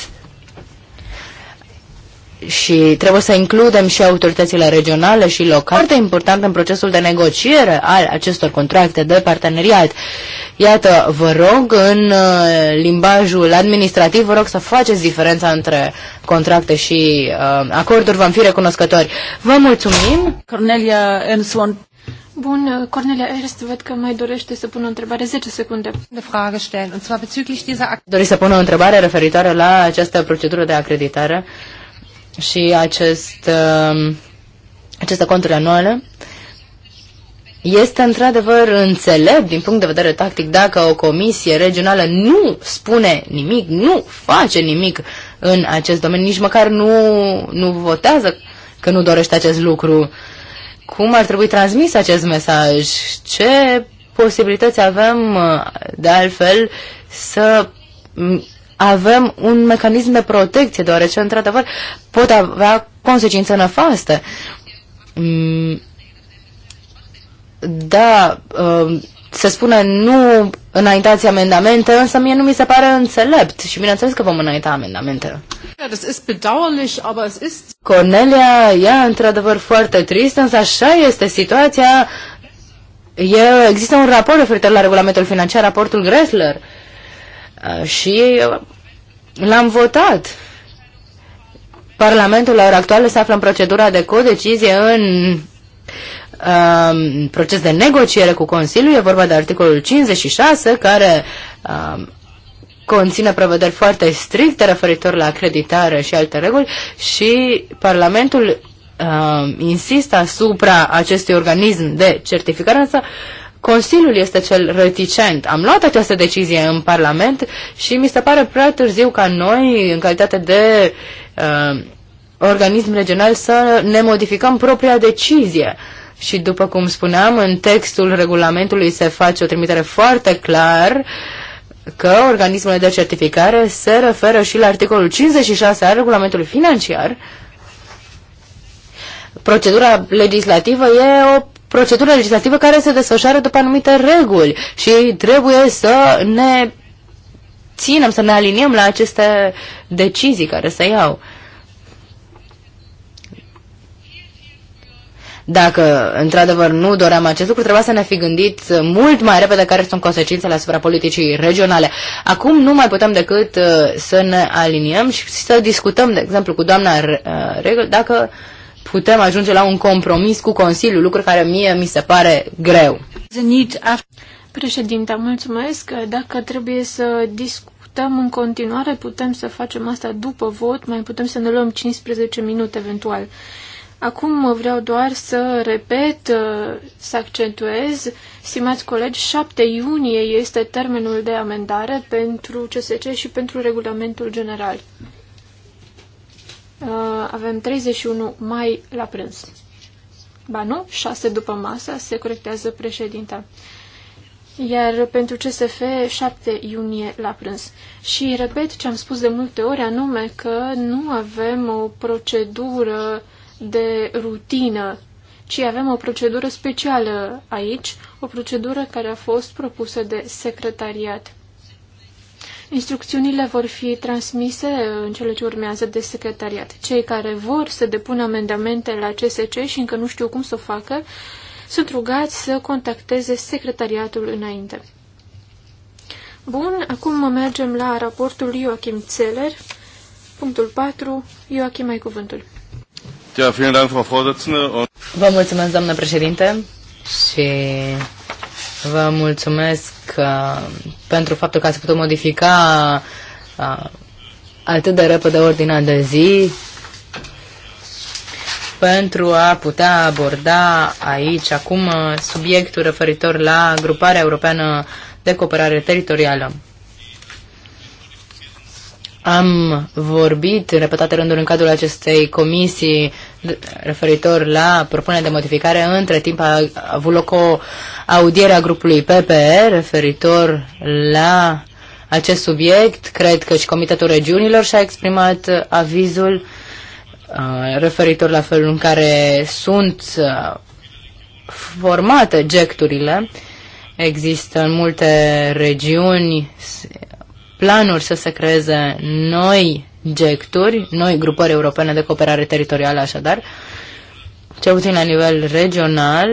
și trebuie să includem și autoritățile regionale și locale. Foarte important în procesul de negociere al acestor contracte de parteneriat. Iată, vă rog, în uh, limbajul administrativ, vă rog să faceți diferența între contracte și uh, acorduri, vom fi recunoscători. Vă mulțumim! Cornelia Enson. Bun, uh, Cornelia Ernst, văd că mai dorește să pună o întrebare 10 secunde. De frage stellen, und zwar bezüglich dieser Dori să pună o întrebare referitoare la această procedură de acreditare și acest, um, aceste conturi anuale, este într-adevăr înțelept din punct de vedere tactic dacă o comisie regională nu spune nimic, nu face nimic în acest domeniu, nici măcar nu, nu votează că nu dorește acest lucru. Cum ar trebui transmis acest mesaj? Ce posibilități avem uh, de altfel să avem un mecanism de protecție, deoarece, într-adevăr, pot avea consecințe nefaste. Mm. Da, uh, se spune nu înaintați amendamente, însă mie nu mi se pare înțelept și bineînțeles că vom înainta amendamente. Cornelia, ea într-adevăr foarte tristă, însă așa este situația. E, există un raport referitor la regulamentul financiar, raportul Gressler. Uh, Uh, și uh, l-am votat. Parlamentul la ora actuală se află în procedura de codecizie în um, proces de negociere cu Consiliul. E vorba de articolul 56 care um, conține prevederi foarte stricte referitor la acreditare și alte reguli și Parlamentul uh, insistă asupra acestui organism de certificare, însă Consiliul este cel reticent. Am luat această decizie în Parlament și mi se pare prea târziu ca noi, în calitate de uh, organism regional, să ne modificăm propria decizie. Și după cum spuneam, în textul regulamentului se face o trimitere foarte clar că organismele de certificare se referă și la articolul 56 al regulamentului financiar, procedura legislativă e o procedură legislativă care se desfășoară după anumite reguli și trebuie să ne ținem, să ne aliniem la aceste decizii care se iau. Dacă, într-adevăr, nu doream acest lucru, trebuia să ne fi gândit mult mai repede care sunt consecințele asupra politicii regionale. Acum nu mai putem decât uh, să ne aliniem și să discutăm, de exemplu, cu doamna uh, Regul, dacă uh, putem ajunge la un compromis cu Consiliul, lucru care mie mi se pare greu. Președinte, mulțumesc. Dacă trebuie să discutăm în continuare, putem să facem asta după vot, mai putem să ne luăm 15 minute eventual. Acum vreau doar să repet, să accentuez, stimați colegi, 7 iunie este termenul de amendare pentru CSC și pentru regulamentul general. Uh, avem 31 mai la prânz. Ba nu, 6 după masă se corectează președinta. Iar pentru CSF 7 iunie la prânz. Și repet ce am spus de multe ori, anume că nu avem o procedură de rutină, ci avem o procedură specială aici, o procedură care a fost propusă de secretariat. Instrucțiunile vor fi transmise în cele ce urmează de secretariat. Cei care vor să depună amendamente la CSC și încă nu știu cum să o facă, sunt rugați să contacteze secretariatul înainte. Bun, acum mergem la raportul Joachim Zeller. Punctul 4. Joachim, ai cuvântul. Vă mulțumesc, doamnă președinte, și Vă mulțumesc uh, pentru faptul că ați putut modifica uh, atât de repede ordinea de zi pentru a putea aborda aici acum uh, subiectul referitor la Gruparea Europeană de Cooperare Teritorială. Am vorbit în repetate rânduri în cadrul acestei comisii referitor la propunerea de modificare. Între timp a avut loc o audiere a grupului PPE referitor la acest subiect. Cred că și Comitetul Regiunilor și-a exprimat avizul uh, referitor la felul în care sunt uh, formate gecturile. Există în multe regiuni planuri să se creeze noi gecturi, noi grupări europene de cooperare teritorială, așadar, cel puțin la nivel regional,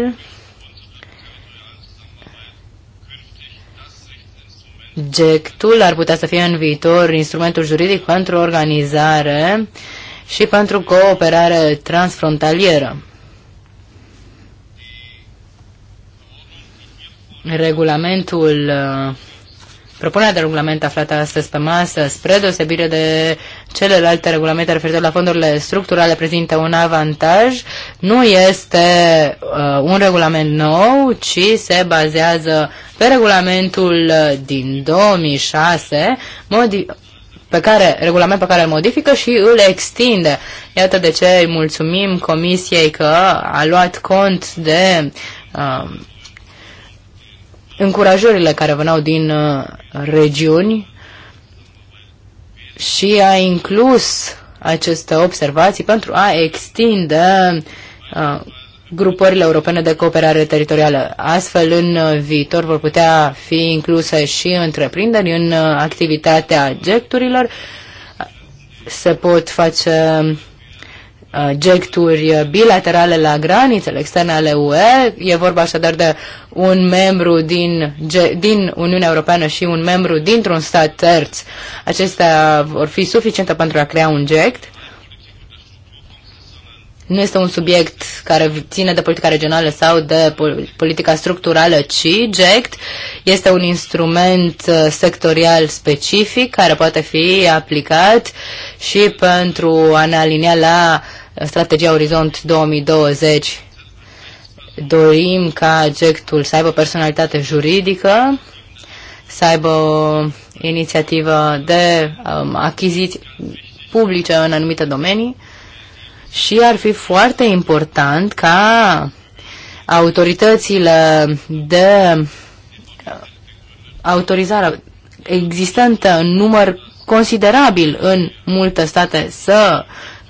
Gectul ar putea să fie în viitor instrumentul juridic pentru organizare și pentru cooperare transfrontalieră. Regulamentul uh, Propunerea de regulament aflată astăzi pe masă, spre deosebire de celelalte regulamente referitoare la fondurile structurale, prezintă un avantaj. Nu este uh, un regulament nou, ci se bazează pe regulamentul uh, din 2006, modi- pe care, regulament pe care îl modifică și îl extinde. Iată de ce îi mulțumim Comisiei că a luat cont de uh, încurajările care veneau din uh, regiuni și a inclus aceste observații pentru a extinde uh, grupările europene de cooperare teritorială. Astfel, în uh, viitor vor putea fi incluse și întreprinderi în activitatea gecturilor. Se pot face Uh, gesturi bilaterale la granițele externe ale UE. E vorba așadar de un membru din, din Uniunea Europeană și un membru dintr-un stat terț. Acestea vor fi suficiente pentru a crea un gect. Nu este un subiect care ține de politica regională sau de politica structurală, ci GECT este un instrument uh, sectorial specific care poate fi aplicat și pentru a ne alinia la uh, strategia Orizont 2020 dorim ca GECT-ul să aibă personalitate juridică, să aibă o inițiativă de um, achiziții publice în anumite domenii și ar fi foarte important ca autoritățile de uh, autorizare existentă în număr considerabil în multe state să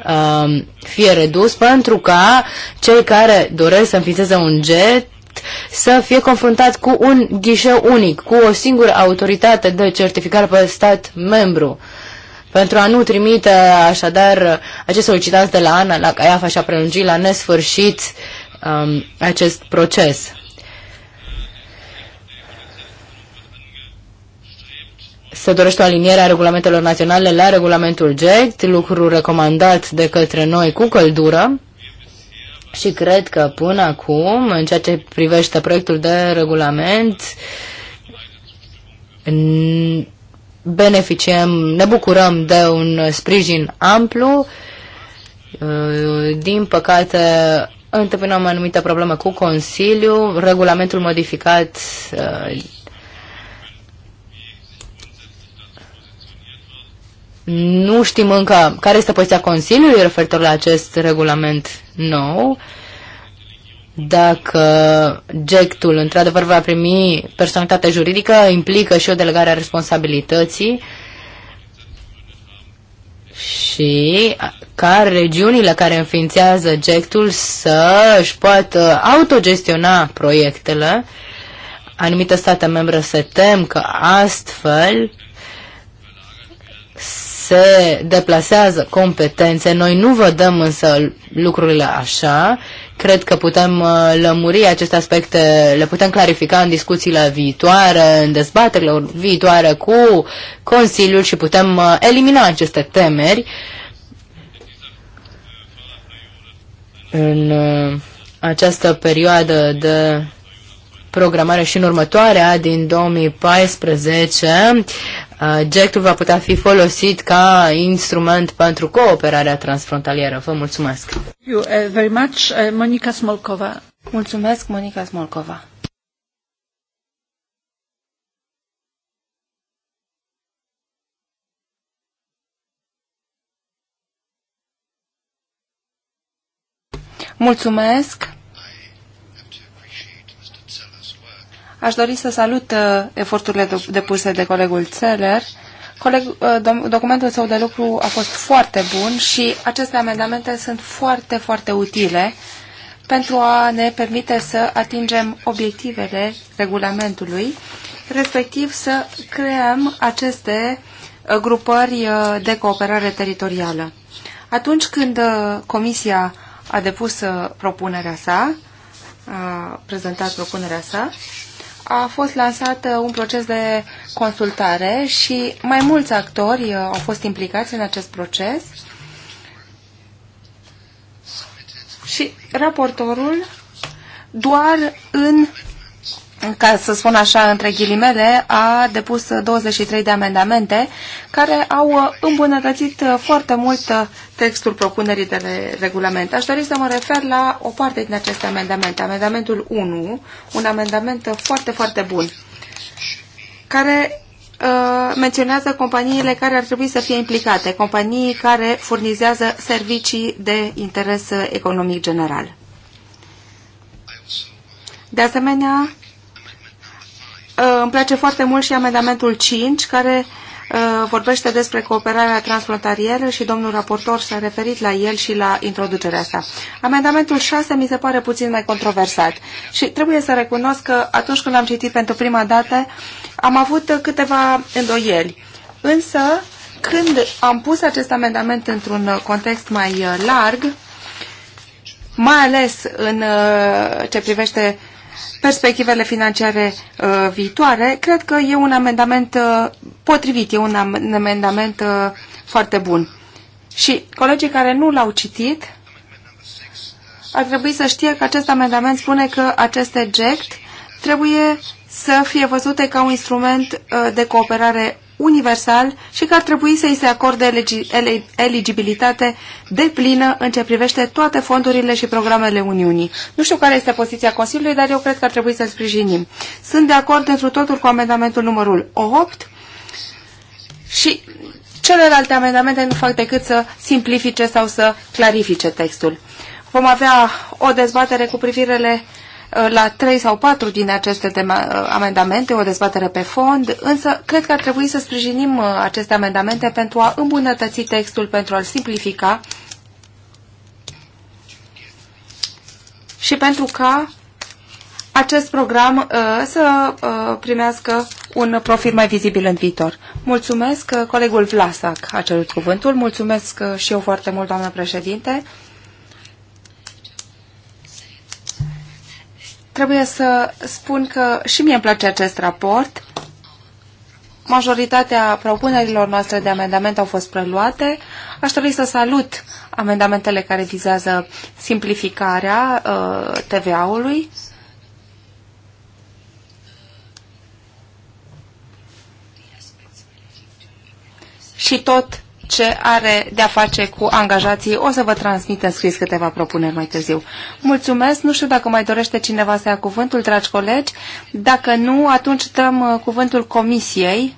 Um, fie redus pentru ca cei care doresc să înființeze un jet să fie confruntați cu un ghișeu unic, cu o singură autoritate de certificare pe stat membru. Pentru a nu trimite așadar acest solicitanți de la ANA, la CAIAFA și a prelungi la nesfârșit um, acest proces. se dorește o aliniere a regulamentelor naționale la regulamentul GECT, lucru recomandat de către noi cu căldură. Și cred că până acum, în ceea ce privește proiectul de regulament, beneficiem, ne bucurăm de un sprijin amplu. Uh, din păcate, întâmpinăm anumite probleme cu Consiliu. Regulamentul modificat uh, Nu știm încă care este poziția Consiliului referitor la acest regulament nou, dacă GECT-ul într-adevăr va primi personalitate juridică, implică și o delegare a responsabilității și ca regiunile care înființează GECT-ul să își poată autogestiona proiectele. Anumite state membre se tem că astfel se deplasează competențe. Noi nu vă dăm însă lucrurile așa. Cred că putem uh, lămuri aceste aspecte, le putem clarifica în discuțiile viitoare, în dezbaterile viitoare cu Consiliul și putem uh, elimina aceste temeri. În uh, această perioadă de programare și în următoarea din 2014 Uh, Jack-ul va putea fi folosit ca instrument pentru cooperarea transfrontalieră. Vă mulțumesc! You, uh, very much, uh, Monica Smolkova. Mulțumesc, Monica Smolkova. Mulțumesc! Aș dori să salut uh, eforturile depuse de colegul Țeler. Coleg, uh, documentul său de lucru a fost foarte bun și aceste amendamente sunt foarte, foarte utile pentru a ne permite să atingem obiectivele regulamentului, respectiv să creăm aceste uh, grupări de cooperare teritorială. Atunci când Comisia a depus propunerea sa, a prezentat propunerea sa, a fost lansat uh, un proces de consultare și mai mulți actori uh, au fost implicați în acest proces și raportorul doar în ca să spun așa, între ghilimele, a depus 23 de amendamente care au îmbunătățit foarte mult textul propunerii de regulament. Aș dori să mă refer la o parte din aceste amendamente, amendamentul 1, un amendament foarte, foarte bun, care uh, menționează companiile care ar trebui să fie implicate, companii care furnizează servicii de interes economic general. De asemenea, Uh, îmi place foarte mult și amendamentul 5, care uh, vorbește despre cooperarea transfrontalieră și domnul raportor s-a referit la el și la introducerea sa. Amendamentul 6 mi se pare puțin mai controversat și trebuie să recunosc că atunci când l-am citit pentru prima dată am avut câteva îndoieli. Însă, când am pus acest amendament într-un context mai uh, larg, mai ales în ce privește perspectivele financiare uh, viitoare, cred că e un amendament uh, potrivit, e un amendament uh, foarte bun. Și colegii care nu l-au citit ar trebui să știe că acest amendament spune că acest eject trebuie să fie văzute ca un instrument uh, de cooperare universal și că ar trebui să îi se acorde eligibilitate de plină în ce privește toate fondurile și programele Uniunii. Nu știu care este poziția Consiliului, dar eu cred că ar trebui să-l sprijinim. Sunt de acord întru totul cu amendamentul numărul 8 și celelalte amendamente nu fac decât să simplifice sau să clarifice textul. Vom avea o dezbatere cu privirele Uh, la trei sau patru din aceste uh, amendamente, o dezbatere pe fond, însă cred că ar trebui să sprijinim uh, aceste amendamente pentru a îmbunătăți textul, pentru a-l simplifica și pentru ca acest program să primească un profil mai vizibil în viitor. Mulțumesc, colegul Vlasac a cerut cuvântul. Mulțumesc și eu foarte mult, doamnă președinte. Trebuie să spun că și mie îmi place acest raport. Majoritatea propunerilor noastre de amendament au fost preluate. Aș dori să salut amendamentele care vizează simplificarea uh, TVA-ului. Și tot ce are de-a face cu angajații. O să vă transmit în scris câteva propuneri mai târziu. Mulțumesc. Nu știu dacă mai dorește cineva să ia cuvântul, dragi colegi. Dacă nu, atunci dăm uh, cuvântul comisiei,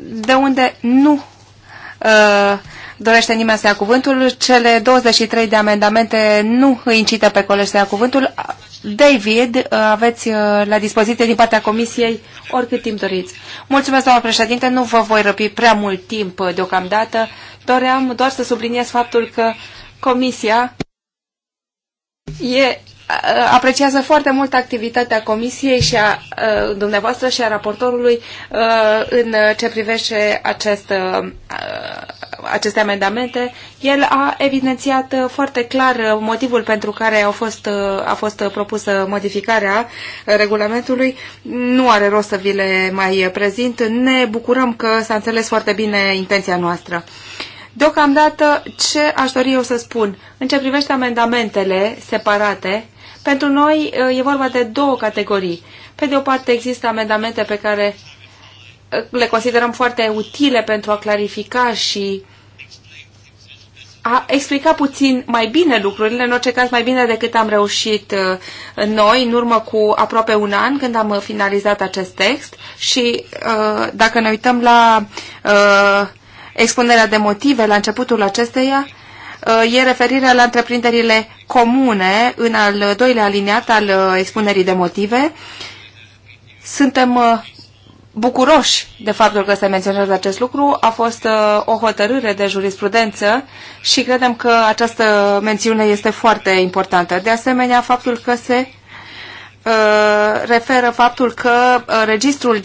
de unde nu uh, dorește nimeni să ia cuvântul. Cele 23 de amendamente nu îi incită pe colegi să ia cuvântul. David, uh, aveți uh, la dispoziție din partea comisiei oricât timp doriți. Mulțumesc, doamnă președinte, nu vă voi răpi prea mult timp uh, deocamdată. Doream doar să subliniez faptul că comisia e, apreciază foarte mult activitatea comisiei și a dumneavoastră și a raportorului în ce privește acest aceste amendamente, el a evidențiat uh, foarte clar uh, motivul pentru care a fost, uh, a fost propusă modificarea regulamentului. Nu are rost să vi le mai prezint. Ne bucurăm că s-a înțeles foarte bine intenția noastră. Deocamdată, ce aș dori eu să spun? În ce privește amendamentele separate, pentru noi e vorba de două categorii. Pe de o parte există amendamente pe care le considerăm foarte utile pentru a clarifica și a explica puțin mai bine lucrurile, în orice caz mai bine decât am reușit uh, noi în urmă cu aproape un an când am uh, finalizat acest text și uh, dacă ne uităm la expunerea de motive la începutul acesteia, e referirea la întreprinderile comune în al doilea aliniat al expunerii de motive. Suntem bucuroși de faptul că se menționează acest lucru. A fost uh, o hotărâre de jurisprudență și credem că această mențiune este foarte importantă. De asemenea, faptul că se uh, referă faptul că uh, registrul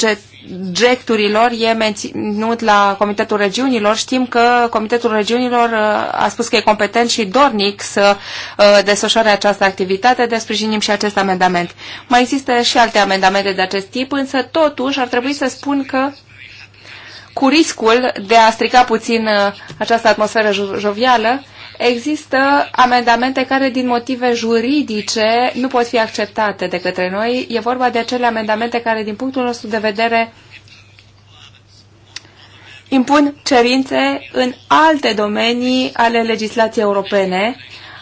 rejecturilor e menținut la Comitetul Regiunilor. Știm că Comitetul Regiunilor uh, a spus că e competent și dornic să uh, desfășoare această activitate, de sprijinim și acest amendament. Mai există și alte amendamente de acest tip, însă totuși ar trebui să spun că cu riscul de a strica puțin uh, această atmosferă jovială, Există amendamente care din motive juridice nu pot fi acceptate de către noi. E vorba de acele amendamente care din punctul nostru de vedere impun cerințe în alte domenii ale legislației europene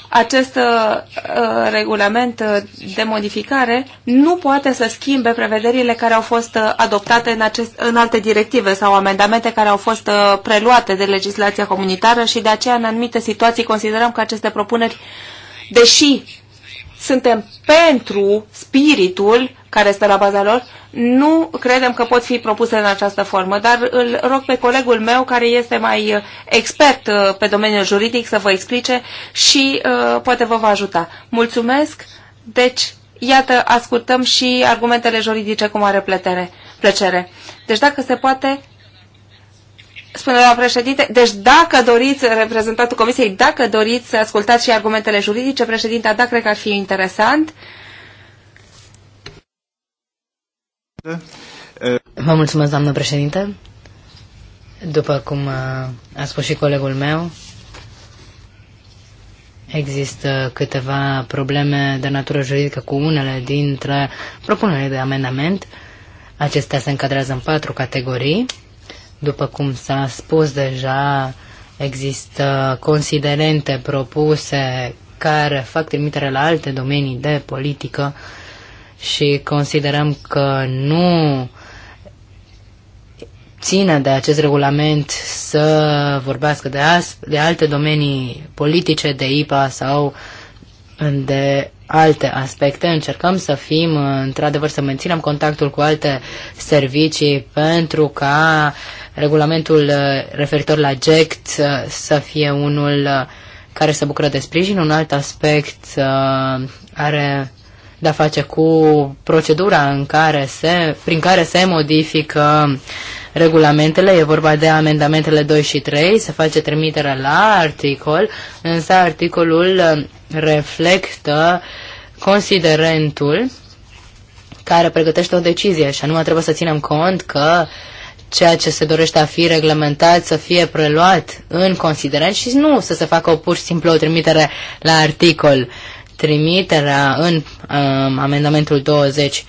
acest uh, uh regulament uh, de modificare nu poate să schimbe prevederile care au fost uh, adoptate în, acest, în alte directive sau amendamente care au fost preluate de legislația comunitară și de aceea în anumite situații considerăm că aceste propuneri, deși suntem pentru spiritul care stă la baza lor, nu credem că pot fi propuse în această formă, dar îl rog pe colegul meu, care este mai uh, expert uh, pe domeniul juridic, să vă explice și uh, poate vă va ajuta. Mulțumesc! Deci, iată, ascultăm și argumentele juridice cu mare plăcere. Deci, dacă se poate, Spune la președinte, deci dacă doriți, reprezentantul comisiei, dacă doriți să ascultați și argumentele juridice, președinta, da, cred că ar fi interesant. Vă mulțumesc, doamnă președinte. După cum uh, a spus și colegul meu, există câteva probleme de natură juridică cu unele dintre propunerile de amendament. Acestea se încadrează în patru categorii. După cum s-a spus deja, există considerente propuse care fac trimitere la alte domenii de politică și considerăm că nu ține de acest regulament să vorbească de, as- de alte domenii politice, de IPA sau de alte aspecte. Încercăm să fim, într-adevăr, să menținem contactul cu alte servicii pentru ca regulamentul uh, referitor la GECT să fie unul uh, care se bucură de sprijin. Un alt aspect uh, are de-a face cu procedura în care se, prin care se modifică regulamentele, e vorba de amendamentele 2 și 3, se face trimiterea la articol, însă articolul uh, reflectă considerentul care pregătește o decizie și anume trebuie să ținem cont că ceea ce se dorește a fi reglementat să fie preluat în considerent și nu să se facă o pur și simplu o trimitere la articol. Trimiterea în um, amendamentul 20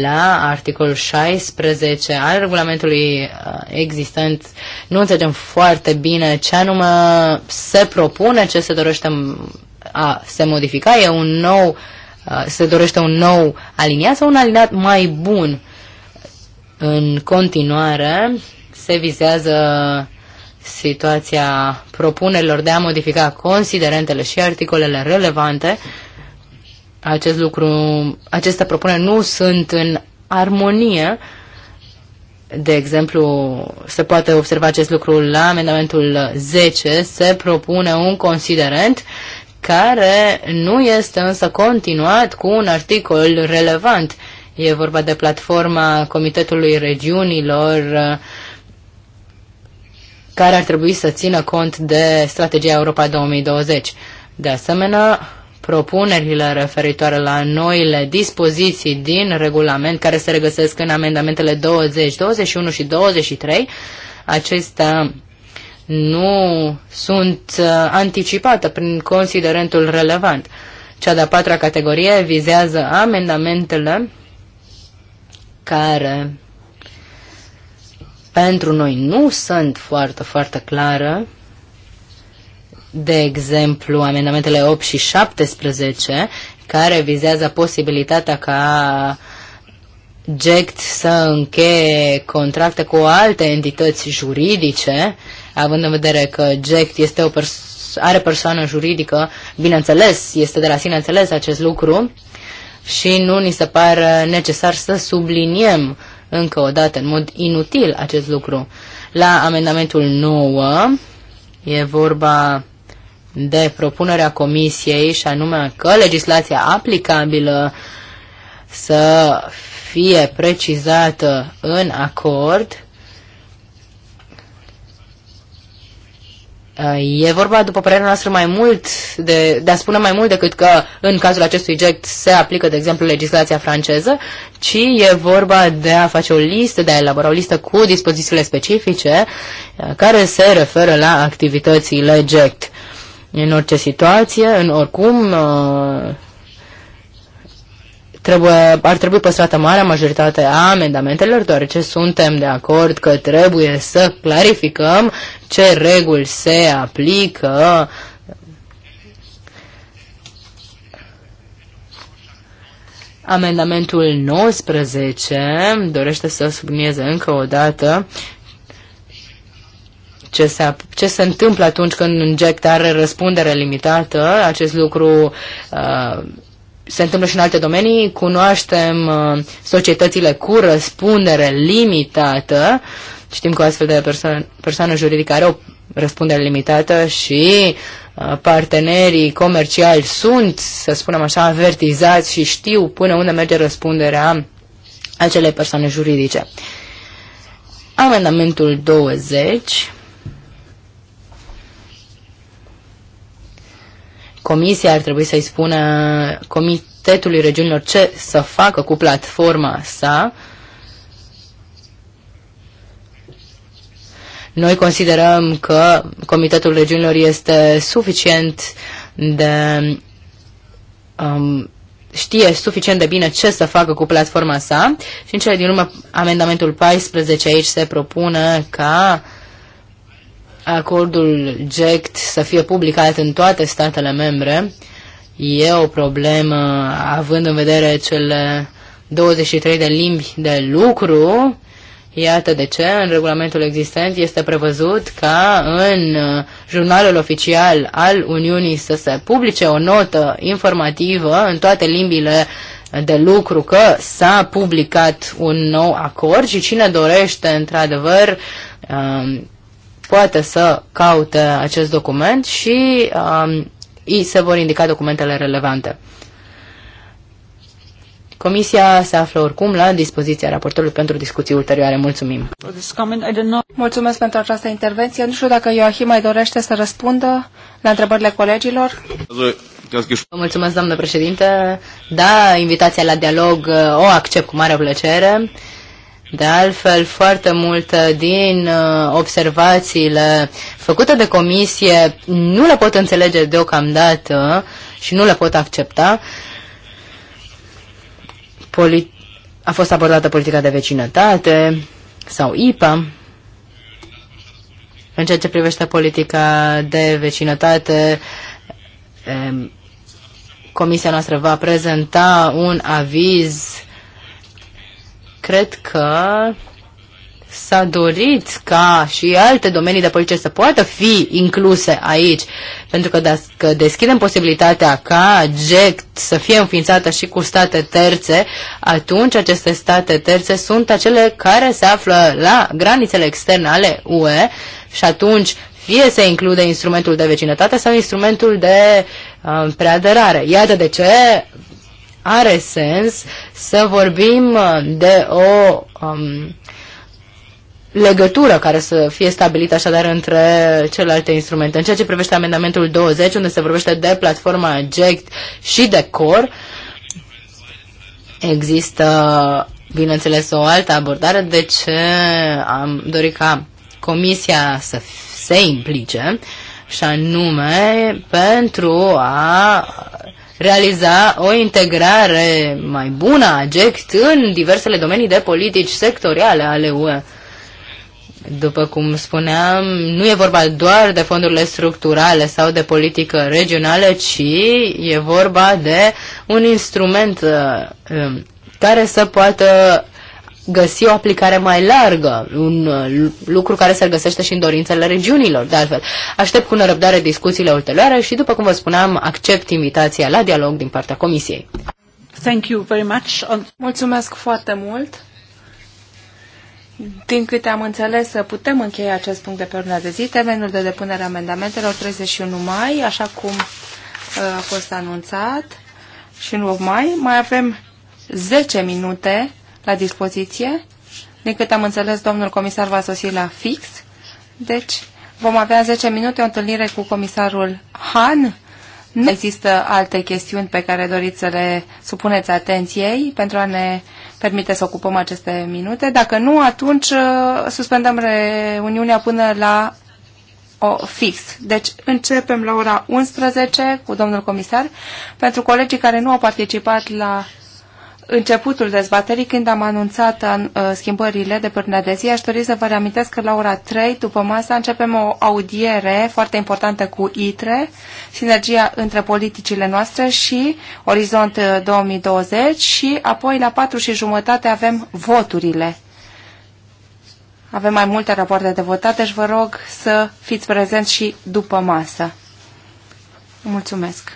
la articolul 16 al regulamentului uh, existent, nu înțelegem foarte bine ce anume se propune, ce se dorește a se modifica. E un nou, uh, se dorește un nou aliniat sau un aliniat mai bun. În continuare, se vizează situația propunerilor de a modifica considerentele și articolele relevante acest lucru, aceste propuneri nu sunt în armonie. De exemplu, se poate observa acest lucru la amendamentul 10, se propune un considerent care nu este însă continuat cu un articol relevant. E vorba de platforma Comitetului Regiunilor care ar trebui să țină cont de strategia Europa 2020. De asemenea, propunerile referitoare la noile dispoziții din regulament care se regăsesc în amendamentele 20, 21 și 23. Acestea nu sunt uh, anticipate prin considerentul relevant. Cea de-a patra categorie vizează amendamentele care pentru noi nu sunt foarte, foarte clare, de exemplu, amendamentele 8 și 17, care vizează posibilitatea ca GECT să încheie contracte cu alte entități juridice, având în vedere că GECT este o perso- are persoană juridică, bineînțeles, este de la sine înțeles acest lucru și nu ni se pare necesar să subliniem încă o dată, în mod inutil, acest lucru. La amendamentul 9 e vorba de propunerea comisiei și anume că legislația aplicabilă să fie precizată în acord. E vorba, după părerea noastră, mai mult de, de a spune mai mult decât că în cazul acestui eject se aplică, de exemplu, legislația franceză, ci e vorba de a face o listă, de a elabora o listă cu dispozițiile specifice uh, care se referă la activitățile eject în orice situație, în oricum, uh, trebuie, ar trebui păstrată marea majoritate a amendamentelor, deoarece suntem de acord că trebuie să clarificăm ce reguli se aplică Amendamentul 19 dorește să sublinieze încă o dată ce se, ce se întâmplă atunci când un GECT are răspundere limitată. Acest lucru uh, se întâmplă și în alte domenii. Cunoaștem uh, societățile cu răspundere limitată. Știm că o astfel de persoană, persoană juridică are o răspundere limitată și uh, partenerii comerciali sunt, să spunem așa, avertizați și știu până unde merge răspunderea acelei persoane juridice. Amendamentul 20 Comisia ar trebui să-i spună Comitetului Regiunilor ce să facă cu platforma sa. Noi considerăm că Comitetul Regiunilor este suficient de um, știe suficient de bine ce să facă cu platforma sa și în cele din urmă amendamentul 14 aici se propune ca acordul GECT să fie publicat în toate statele membre e o problemă având în vedere cele 23 de limbi de lucru. Iată de ce în regulamentul existent este prevăzut ca în jurnalul oficial al Uniunii să se publice o notă informativă în toate limbile de lucru că s-a publicat un nou acord și cine dorește într-adevăr um, poate să caute acest document și um, îi se vor indica documentele relevante. Comisia se află oricum la dispoziția raportorului pentru discuții ulterioare. Mulțumim! Mulțumesc pentru această intervenție. Nu știu dacă Ioachim mai dorește să răspundă la întrebările colegilor. Vă mulțumesc, doamnă președinte. Da, invitația la dialog uh, o accept cu mare plăcere. De altfel, foarte mult din uh, observațiile făcute de comisie nu le pot înțelege deocamdată și nu le pot accepta. Poli a fost abordată politica de vecinătate sau IPA. În ceea ce privește politica de vecinătate, comisia noastră va prezenta un aviz Cred că s-a dorit ca și alte domenii de politice să poată fi incluse aici, pentru că dacă deschidem posibilitatea ca GECT să fie înființată și cu state terțe, atunci aceste state terțe sunt acele care se află la granițele externe ale UE și atunci fie se include instrumentul de vecinătate sau instrumentul de uh, preaderare. Iată de ce are sens să vorbim uh, de o um, legătură care să fie stabilită așadar între celelalte instrumente. În ceea ce privește amendamentul 20, unde se vorbește de platforma JECT și de CORE, există, bineînțeles, o altă abordare de ce am dorit ca Comisia să se implice și anume pentru a realiza o integrare mai bună a GECT în diversele domenii de politici sectoriale ale UE. După cum spuneam, nu e vorba doar de fondurile structurale sau de politică regională, ci e vorba de un instrument uh, um, care să poată găsi o aplicare mai largă, un uh, lucru care se găsește și în dorințele regiunilor, de altfel. Aștept cu nerăbdare discuțiile ulterioare și, după cum vă spuneam, accept invitația la dialog din partea Comisiei. Thank you very much. Mulțumesc foarte mult. Din câte am înțeles, putem încheia acest punct de pe ordinea de zi. Termenul de depunere a amendamentelor 31 mai, așa cum uh, a fost anunțat și în 8 mai. Mai avem 10 minute la dispoziție. Din cât am înțeles, domnul comisar va sosi la fix. Deci, vom avea 10 minute o întâlnire cu comisarul Han. Nu există alte chestiuni pe care doriți să le supuneți atenției pentru a ne permite să ocupăm aceste minute. Dacă nu, atunci uh, suspendăm reuniunea până la o fix. Deci începem la ora 11 cu domnul comisar. Pentru colegii care nu au participat la începutul dezbaterii, când am anunțat uh, schimbările de până de zi, aș dori să vă reamintesc că la ora 3, după masa, începem o audiere foarte importantă cu ITRE, sinergia între politicile noastre și Orizont 2020 uh, și apoi la 4 și jumătate avem voturile. Avem mai multe rapoarte de votate și deci vă rog să fiți prezenți și după masă. Mulțumesc!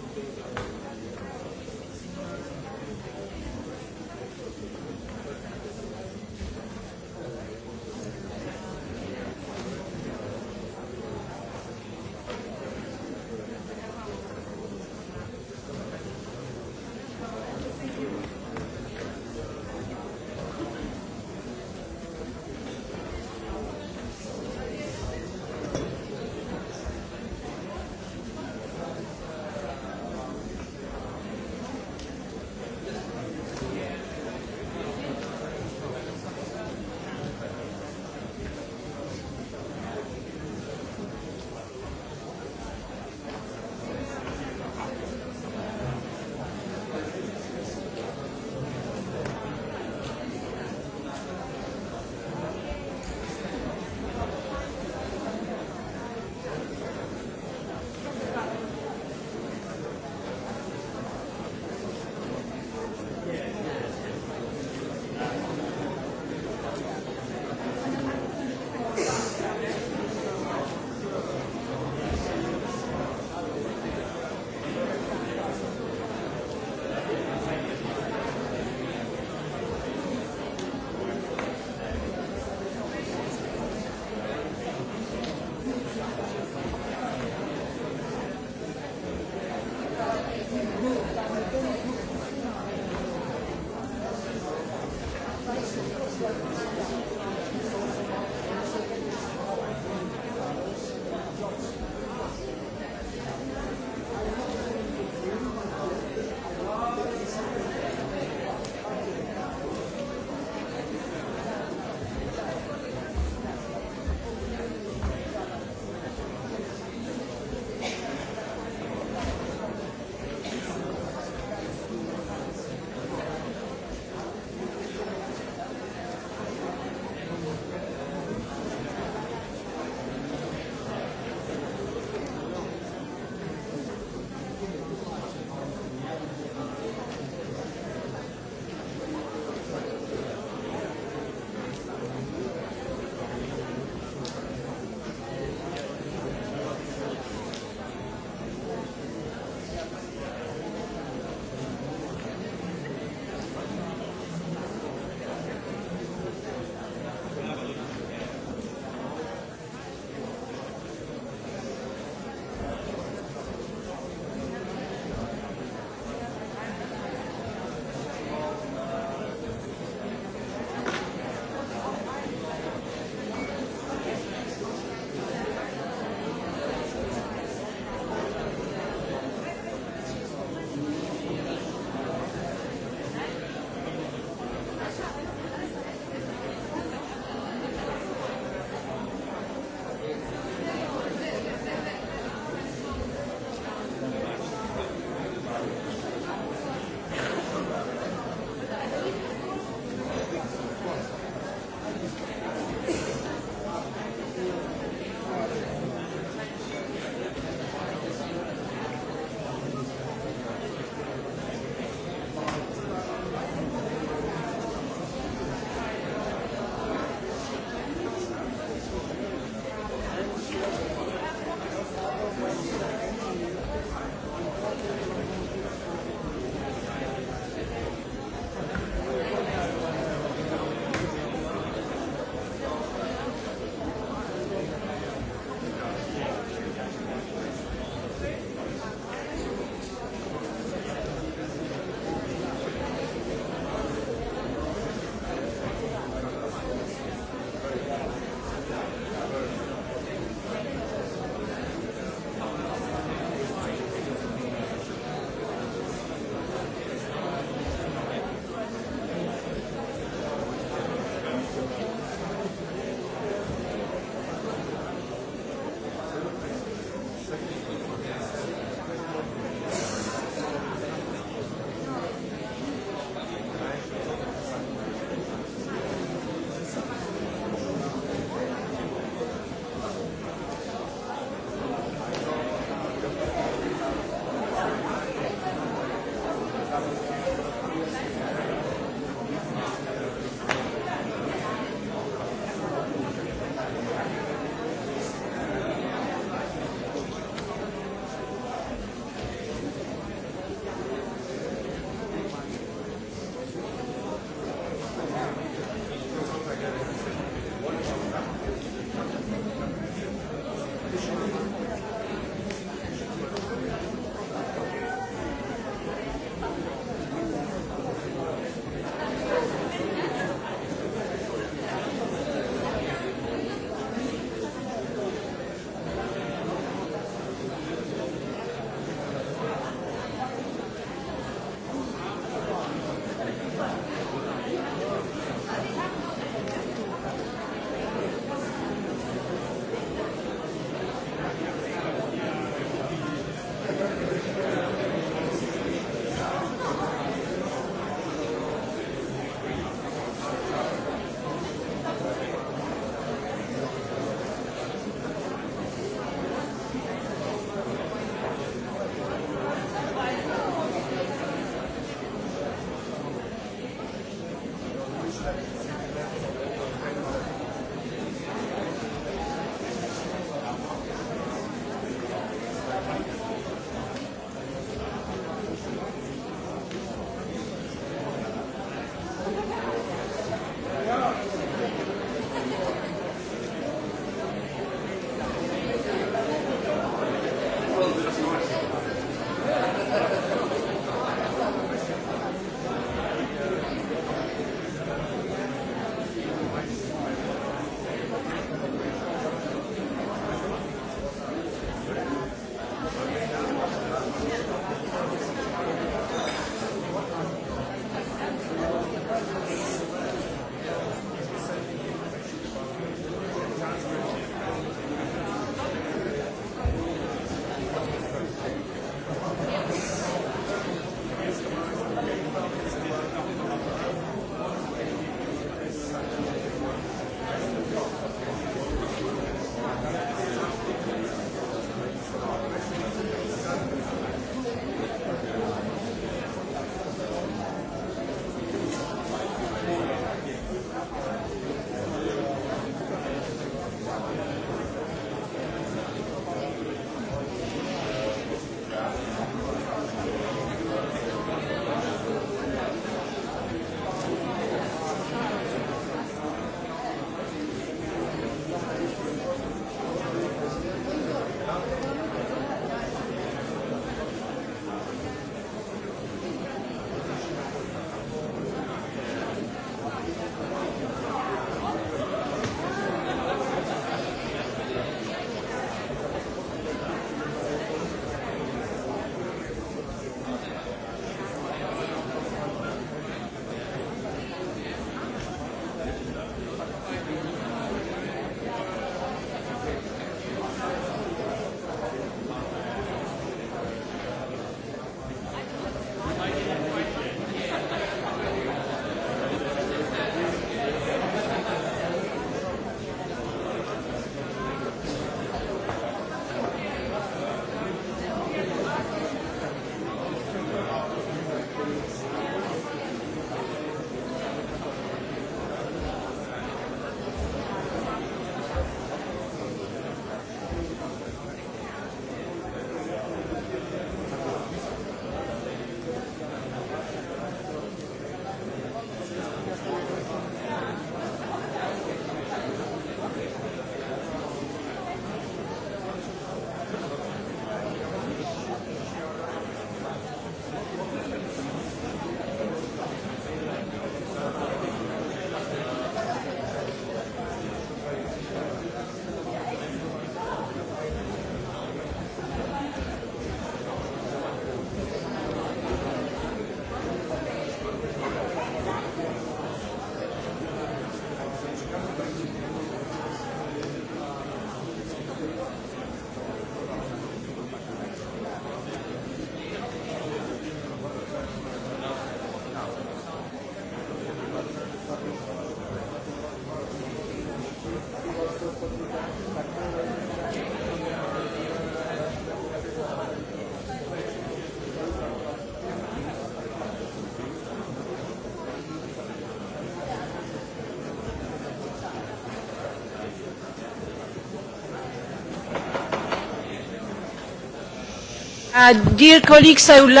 Uh,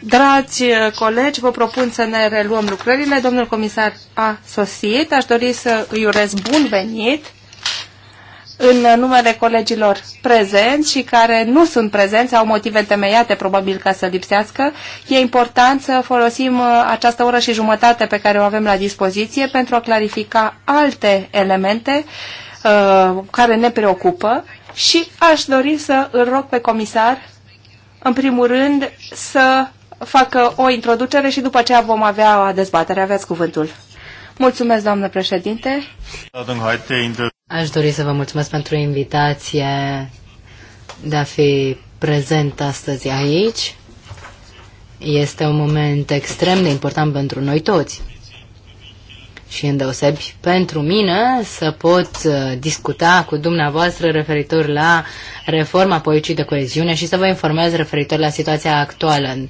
Dragi uh, colegi, vă propun să ne reluăm lucrările. Domnul comisar a sosit. Aș dori să îi urez bun venit în numele colegilor prezenți și care nu sunt prezenți, au motive temeiate probabil ca să lipsească, e important să folosim uh, această oră și jumătate pe care o avem la dispoziție pentru a clarifica alte elemente uh, care ne preocupă și aș dori să îl rog pe comisar în primul rând, să facă o introducere și după aceea vom avea o dezbatere. Aveți cuvântul. Mulțumesc, doamnă președinte. Aș dori să vă mulțumesc pentru invitație de a fi prezent astăzi aici. Este un moment extrem de important pentru noi toți și îndeosebi pentru mine să pot uh, discuta cu dumneavoastră referitor la reforma politicii de coeziune și să vă informez referitor la situația actuală.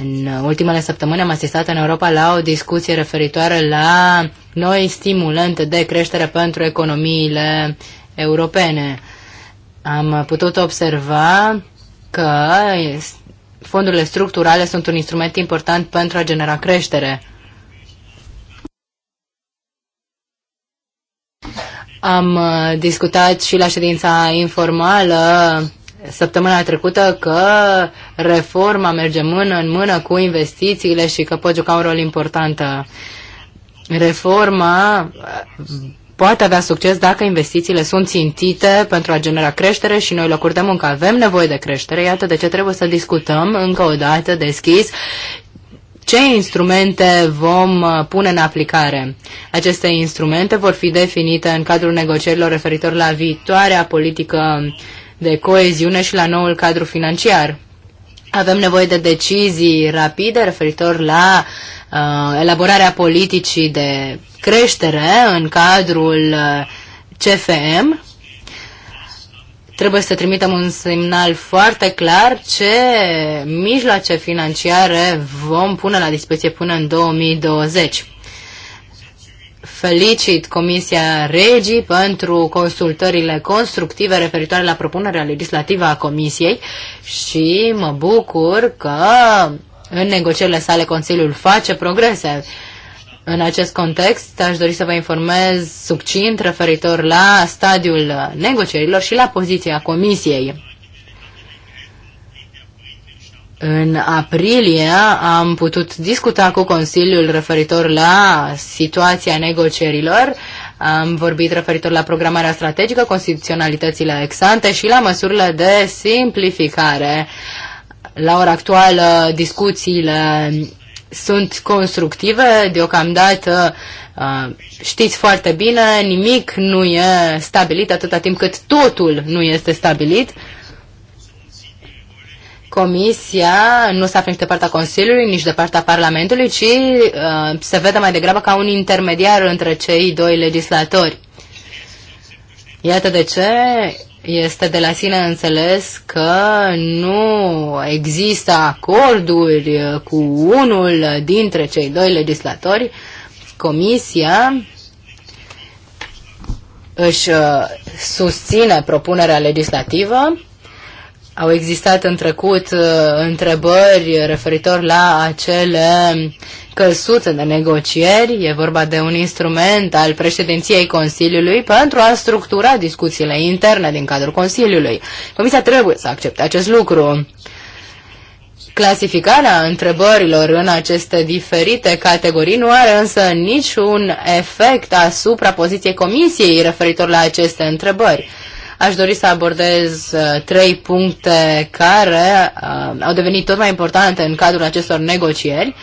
În ultimele săptămâni am asistat în Europa la o discuție referitoare la noi stimulente de creștere pentru economiile europene. Am putut observa că fondurile structurale sunt un instrument important pentru a genera creștere Am uh, discutat și la ședința informală săptămâna trecută că reforma merge mână în mână cu investițiile și că pot juca un rol important. Reforma uh, poate avea succes dacă investițiile sunt țintite pentru a genera creștere și noi locuri de muncă. Avem nevoie de creștere, iată de ce trebuie să discutăm încă o dată deschis ce instrumente vom uh, pune în aplicare. Aceste instrumente vor fi definite în cadrul negocierilor referitor la viitoarea politică de coeziune și la noul cadru financiar. Avem nevoie de decizii rapide referitor la uh, elaborarea politicii de creștere în cadrul uh, CFM Trebuie să trimitem un semnal foarte clar ce mijloace financiare vom pune la dispoziție până în 2020. Felicit Comisia Regii pentru consultările constructive referitoare la propunerea legislativă a Comisiei și mă bucur că în negocierile sale Consiliul face progrese. În acest context, aș dori să vă informez succint referitor la stadiul negocierilor și la poziția Comisiei. În aprilie am putut discuta cu Consiliul referitor la situația negocierilor, am vorbit referitor la programarea strategică, constituționalitățile exante și la măsurile de simplificare. La ora actuală, discuțiile sunt constructive, deocamdată uh, știți foarte bine, nimic nu e stabilit atâta timp cât totul nu este stabilit. Comisia nu se află nici de partea Consiliului, nici de partea Parlamentului, ci uh, se vede mai degrabă ca un intermediar între cei doi legislatori. Iată de ce este de la sine înțeles că nu există acorduri cu unul dintre cei doi legislatori. Comisia își uh, susține propunerea legislativă. Au existat în trecut uh, întrebări referitor la acele căsuță de negocieri, e vorba de un instrument al președinției Consiliului pentru a structura discuțiile interne din cadrul Consiliului. Comisia trebuie să accepte acest lucru. Clasificarea întrebărilor în aceste diferite categorii nu are însă niciun efect asupra poziției Comisiei referitor la aceste întrebări aș dori să abordez uh, trei puncte care uh, au devenit tot mai importante în cadrul acestor negocieri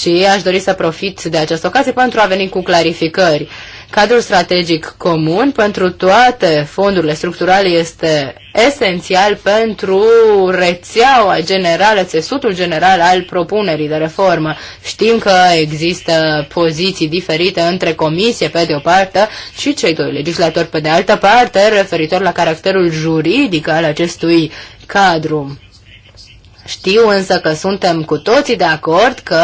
și aș dori să profit de această ocazie pentru a veni cu clarificări. Cadrul strategic comun pentru toate fondurile structurale este esențial pentru rețeaua generală, țesutul general al propunerii de reformă. Știm că există poziții diferite între comisie pe de o parte și cei doi legislatori pe de altă parte referitor la caracterul juridic al acestui cadru. Știu însă că suntem cu toții de acord că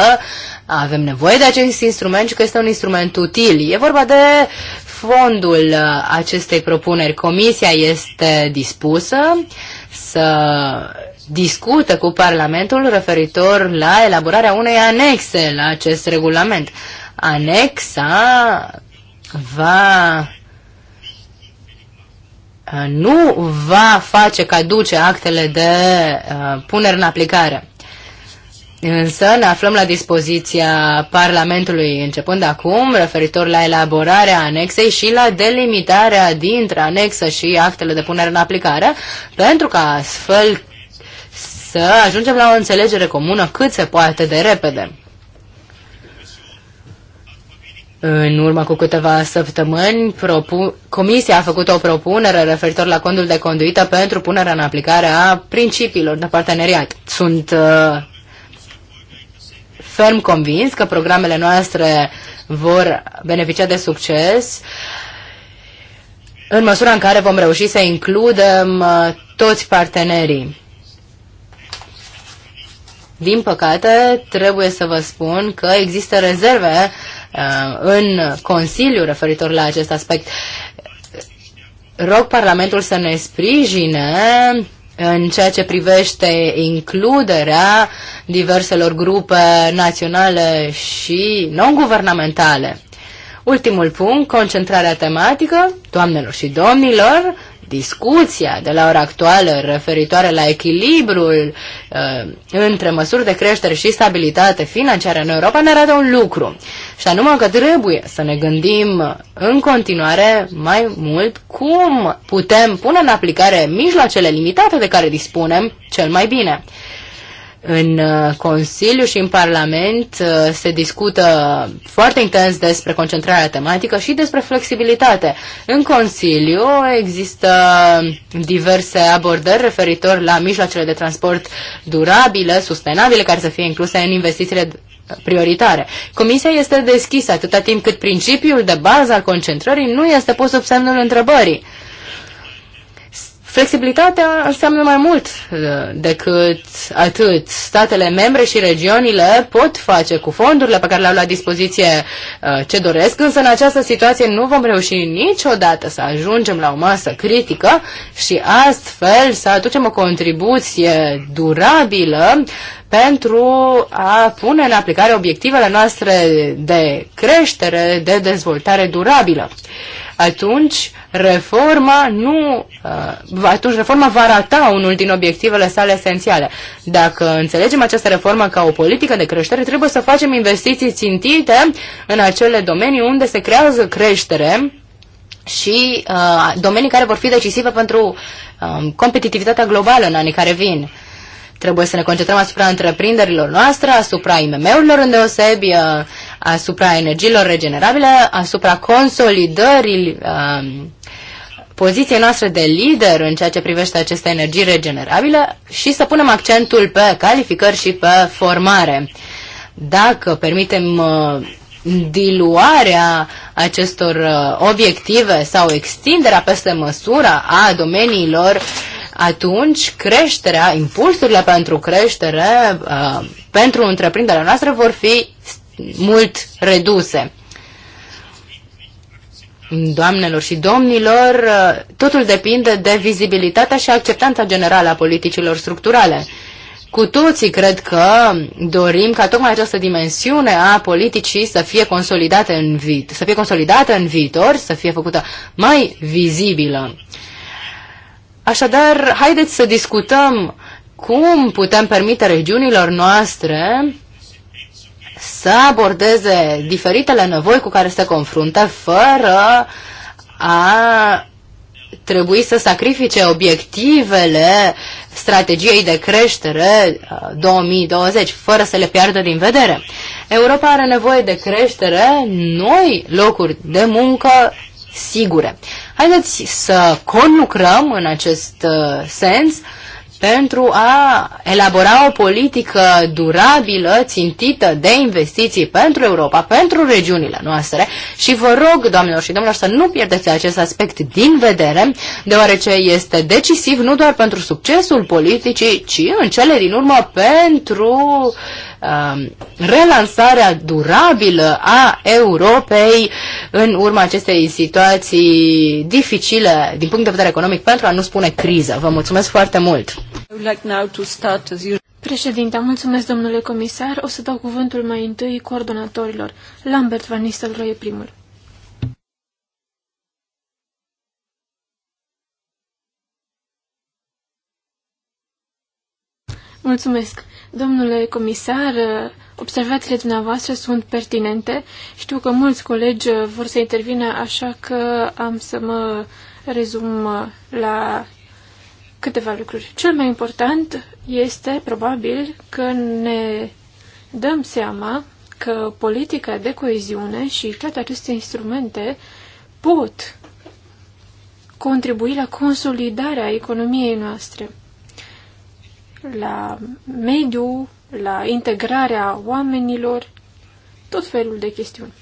avem nevoie de acest instrument și că este un instrument util. E vorba de fondul uh, acestei propuneri. Comisia este dispusă să discută cu Parlamentul referitor la elaborarea unei anexe la acest regulament. Anexa va nu va face caduce actele de uh, punere în aplicare. Însă ne aflăm la dispoziția Parlamentului începând acum, referitor la elaborarea anexei și la delimitarea dintre anexă și actele de punere în aplicare, pentru că astfel să ajungem la o înțelegere comună cât se poate de repede. În urmă cu câteva săptămâni, Comisia a făcut o propunere referitor la condul de conduită pentru punerea în aplicare a principiilor de parteneriat. Sunt uh, ferm convins că programele noastre vor beneficia de succes în măsura în care vom reuși să includem uh, toți partenerii. Din păcate, trebuie să vă spun că există rezerve Uh, în Consiliu referitor la acest aspect. Rog Parlamentul să ne sprijine în ceea ce privește includerea diverselor grupe naționale și non-guvernamentale. Ultimul punct, concentrarea tematică, doamnelor și domnilor, discuția de la ora actuală referitoare la echilibrul uh, între măsuri de creștere și stabilitate financiară în Europa ne arată un lucru. Și anume că trebuie să ne gândim în continuare mai mult cum putem pune în aplicare mijloacele limitate de care dispunem cel mai bine. În uh, Consiliu și în Parlament uh, se discută foarte intens despre concentrarea tematică și despre flexibilitate. În Consiliu există diverse abordări referitor la mijloacele de transport durabile, sustenabile, care să fie incluse în investițiile prioritare. Comisia este deschisă atâta timp cât principiul de bază al concentrării nu este pus sub semnul întrebării. Flexibilitatea înseamnă mai mult uh, decât atât. Statele membre și regiunile pot face cu fondurile pe care le-au la dispoziție uh, ce doresc, însă în această situație nu vom reuși niciodată să ajungem la o masă critică și astfel să aducem o contribuție durabilă pentru a pune în aplicare obiectivele noastre de creștere, de dezvoltare durabilă. Atunci reforma nu, uh, atunci reforma va rata unul din obiectivele sale esențiale. Dacă înțelegem această reformă ca o politică de creștere, trebuie să facem investiții țintite în acele domenii unde se creează creștere și uh, domenii care vor fi decisive pentru uh, competitivitatea globală în anii care vin. Trebuie să ne concentrăm asupra întreprinderilor noastre, asupra IMM-urilor îndeosebi, uh, asupra energiilor regenerabile, asupra consolidării um, poziției noastre de lider în ceea ce privește aceste energii regenerabile și să punem accentul pe calificări și pe formare. Dacă permitem uh, diluarea acestor uh, obiective sau extinderea peste măsura a domeniilor atunci creșterea, impulsurile pentru creștere, uh, pentru întreprinderea noastră vor fi mult reduse. Doamnelor și domnilor, uh, totul depinde de vizibilitatea și acceptanța generală a politicilor structurale. Cu toții cred că dorim ca tocmai această dimensiune a politicii să fie consolidată în, vi- să fie consolidată în viitor, să fie făcută mai vizibilă. Așadar, haideți să discutăm cum putem permite regiunilor noastre să abordeze diferitele nevoi cu care se confruntă fără a trebui să sacrifice obiectivele strategiei de creștere 2020, uh, fără să le piardă din vedere. Europa are nevoie de creștere, noi locuri de muncă sigure. Haideți să conlucrăm în acest uh, sens pentru a elabora o politică durabilă, țintită de investiții pentru Europa, pentru regiunile noastre și vă rog, doamnelor și domnilor, să nu pierdeți acest aspect din vedere, deoarece este decisiv nu doar pentru succesul politicii, ci în cele din urmă pentru uh, Um, relansarea durabilă a Europei în urma acestei situații dificile din punct de vedere economic pentru a nu spune criză. Vă mulțumesc foarte mult! Președinte, mulțumesc domnule comisar. O să dau cuvântul mai întâi coordonatorilor. Lambert Van Nistelrooy e primul. Mulțumesc. Domnule comisar, observațiile dumneavoastră sunt pertinente. Știu că mulți colegi vor să intervină, așa că am să mă rezum la câteva lucruri. Cel mai important este, probabil, că ne dăm seama că politica de coeziune și toate aceste instrumente pot contribui la consolidarea economiei noastre la mediu, la integrarea oamenilor, tot felul de chestiuni.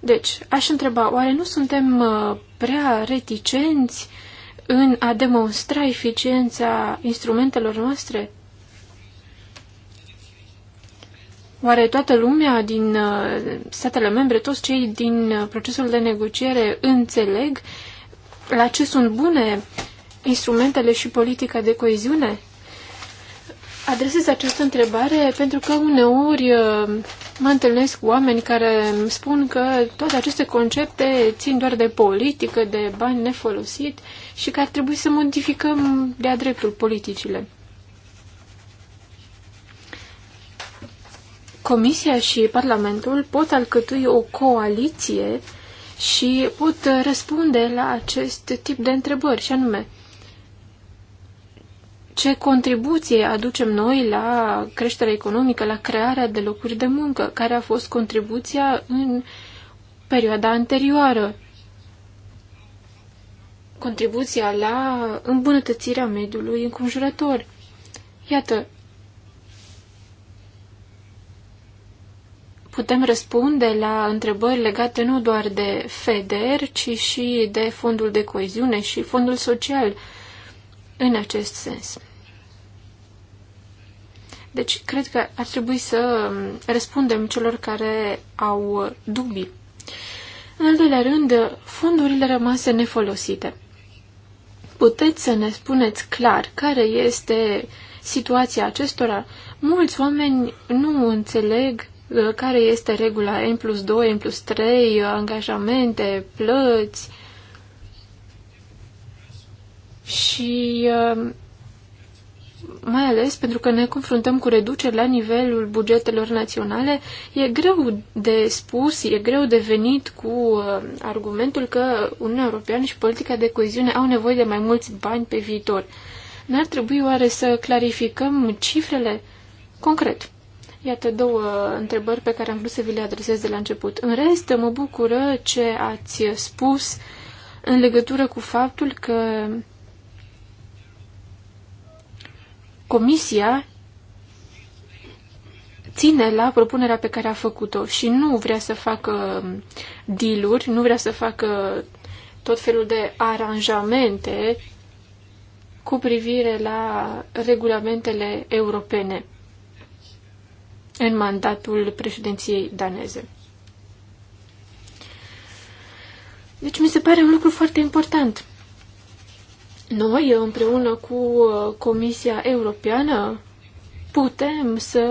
Deci, aș întreba, oare nu suntem uh, prea reticenți în a demonstra eficiența instrumentelor noastre? Oare toată lumea din uh, statele membre, toți cei din uh, procesul de negociere înțeleg la ce sunt bune instrumentele și politica de coeziune? Adresez această întrebare pentru că uneori uh, mă întâlnesc cu oameni care îmi spun că toate aceste concepte țin doar de politică, de bani nefolosit și că ar trebui să modificăm de-a dreptul politicile. Comisia și Parlamentul pot alcătui o coaliție și pot răspunde la acest tip de întrebări, și anume, ce contribuție aducem noi la creșterea economică, la crearea de locuri de muncă, care a fost contribuția în perioada anterioară, contribuția la îmbunătățirea mediului înconjurător. Iată, putem răspunde la întrebări legate nu doar de FEDER, ci și de fondul de coeziune și fondul social în acest sens. Deci, cred că ar trebui să um, răspundem celor care au dubii. În al doilea rând, fondurile rămase nefolosite. Puteți să ne spuneți clar care este situația acestora? Mulți oameni nu înțeleg uh, care este regula N plus 2, N plus 3, uh, angajamente, plăți și um, mai ales pentru că ne confruntăm cu reduceri la nivelul bugetelor naționale, e greu de spus, e greu de venit cu uh, argumentul că Uniunea Europeană și politica de coeziune au nevoie de mai mulți bani pe viitor. N-ar trebui oare să clarificăm cifrele concret? Iată două întrebări pe care am vrut să vi le adresez de la început. În rest, mă bucură ce ați spus în legătură cu faptul că Comisia ține la propunerea pe care a făcut-o și nu vrea să facă um, dealuri, nu vrea să facă tot felul de aranjamente cu privire la regulamentele europene în mandatul președinției daneze. Deci mi se pare un lucru foarte important. Noi, împreună cu uh, Comisia Europeană, putem să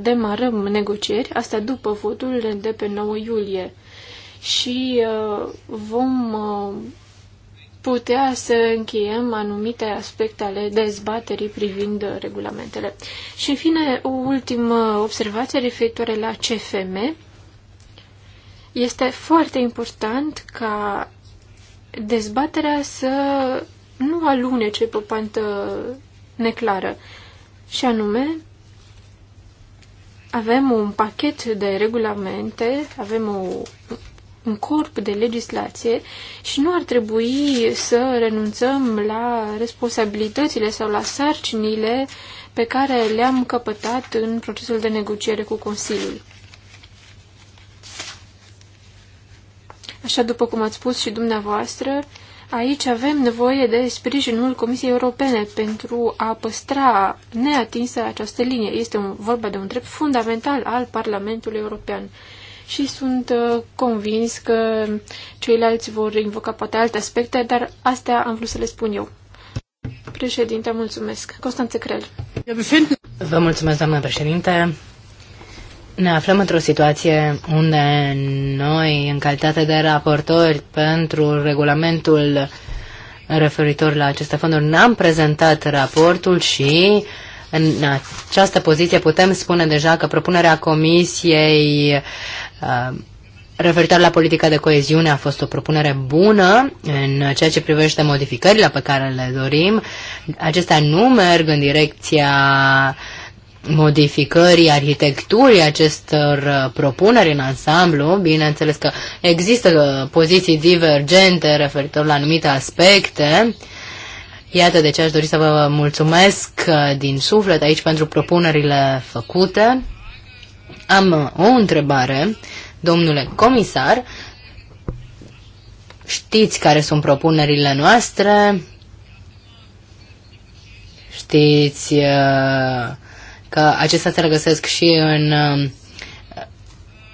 demarăm negocieri, asta după votul de pe 9 iulie. Și uh, vom uh, putea să încheiem anumite aspecte ale dezbaterii privind regulamentele. Și, în fine, o ultimă observație referitoare la CFM. Este foarte important ca dezbaterea să nu alunece pe o pantă neclară. Și anume, avem un pachet de regulamente, avem o, un corp de legislație și nu ar trebui să renunțăm la responsabilitățile sau la sarcinile pe care le-am căpătat în procesul de negociere cu Consiliul. Așa după cum ați spus și dumneavoastră, Aici avem nevoie de sprijinul Comisiei Europene pentru a păstra neatinsă această linie. Este un, vorba de un drept fundamental al Parlamentului European. Și sunt uh, convins că ceilalți vor invoca poate alte aspecte, dar astea am vrut să le spun eu. Președinte, mulțumesc. Constanțe Crel. Vă mulțumesc, doamnă președinte ne aflăm într-o situație unde noi, în calitate de raportori pentru regulamentul referitor la aceste fonduri, n-am prezentat raportul și în această poziție putem spune deja că propunerea Comisiei uh, referitor la politica de coeziune a fost o propunere bună în ceea ce privește modificările pe care le dorim. Acestea nu merg în direcția uh, modificării arhitecturii acestor uh, propuneri în ansamblu. Bineînțeles că există uh, poziții divergente referitor la anumite aspecte. Iată de ce aș dori să vă mulțumesc uh, din suflet aici pentru propunerile făcute. Am o întrebare, domnule comisar. Știți care sunt propunerile noastre? Știți uh, că acestea se regăsesc și în um,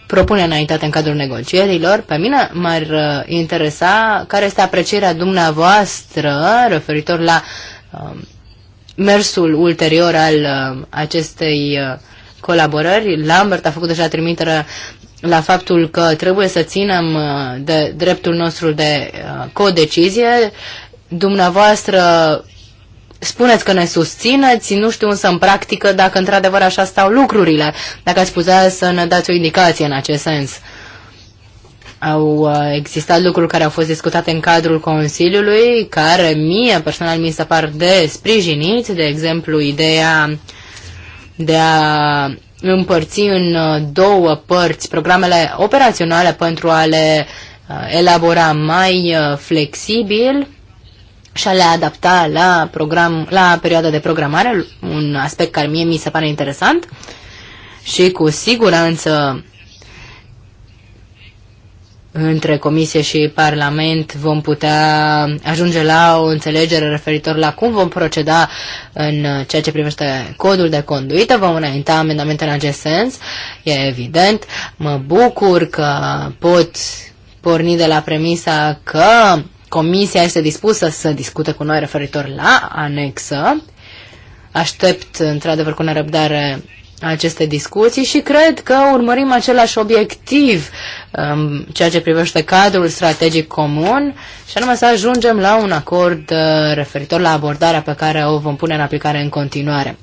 propune înaintate în cadrul negocierilor. Pe mine m-ar uh, interesa care este aprecierea dumneavoastră referitor la um, mersul ulterior al um, acestei uh, colaborări. Lambert a făcut deja trimitere la faptul că trebuie să ținem uh, de dreptul nostru de codecizie. Dumneavoastră spuneți că ne susțineți, nu știu însă în practică dacă într-adevăr așa stau lucrurile, dacă ați putea să ne dați o indicație în acest sens. Au uh, existat lucruri care au fost discutate în cadrul Consiliului, care mie personal mi se par de sprijinit, de exemplu ideea de a împărți în uh, două părți programele operaționale pentru a le uh, elabora mai flexibil și a le adapta la, program, la perioada de programare, un aspect care mie mi se pare interesant și cu siguranță între Comisie și Parlament vom putea ajunge la o înțelegere referitor la cum vom proceda în ceea ce privește codul de conduită. Vom înainta amendamente în acest sens, e evident. Mă bucur că pot porni de la premisa că Comisia este dispusă să discute cu noi referitor la anexă. Aștept într-adevăr cu nerăbdare aceste discuții și cred că urmărim același obiectiv în um, ceea ce privește cadrul strategic comun și anume să ajungem la un acord uh, referitor la abordarea pe care o vom pune în aplicare în continuare.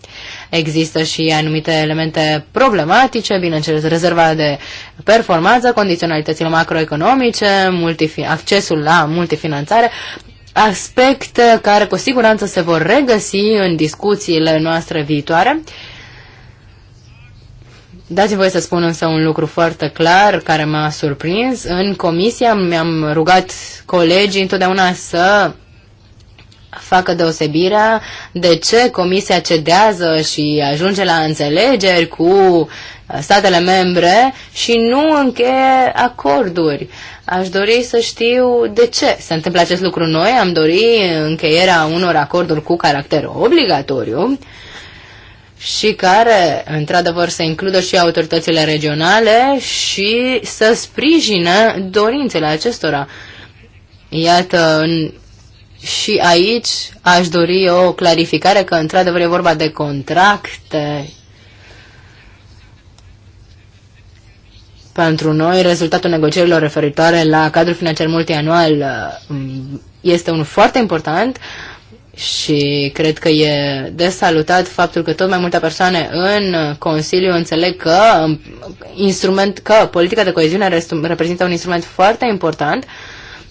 Există și anumite elemente problematice, bineînțeles, rezerva de performanță, condiționalitățile macroeconomice, accesul la multifinanțare, aspecte care cu siguranță se vor regăsi în discuțiile noastre viitoare. Dați-mi voi să spun însă un lucru foarte clar care m-a surprins. În comisia mi-am rugat colegii întotdeauna să facă deosebirea de ce Comisia cedează și ajunge la înțelegeri cu statele membre și nu încheie acorduri. Aș dori să știu de ce se întâmplă acest lucru. Noi am dori încheierea unor acorduri cu caracter obligatoriu și care, într-adevăr, să includă și autoritățile regionale și să sprijină dorințele acestora. Iată, în și aici aș dori o clarificare că într-adevăr e vorba de contracte. Pentru noi, rezultatul negocierilor referitoare la cadrul financiar multianual uh, este unul foarte important și cred că e de salutat faptul că tot mai multe persoane în Consiliu înțeleg că um, instrument că politica de coeziune reprezintă un instrument foarte important,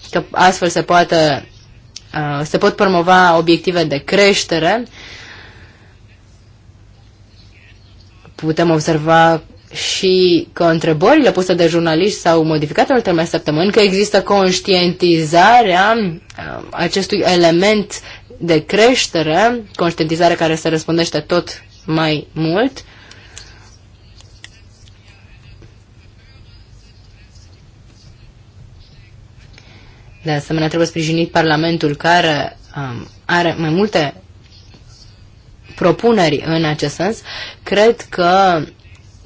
că astfel se poate Uh, se pot promova obiective de creștere. Putem observa și că întrebările puse de jurnaliști s-au modificat în ultimele săptămâni, că există conștientizarea uh, acestui element de creștere, conștientizare care se răspândește tot mai mult. De asemenea, trebuie sprijinit Parlamentul care um, are mai multe propuneri în acest sens. Cred că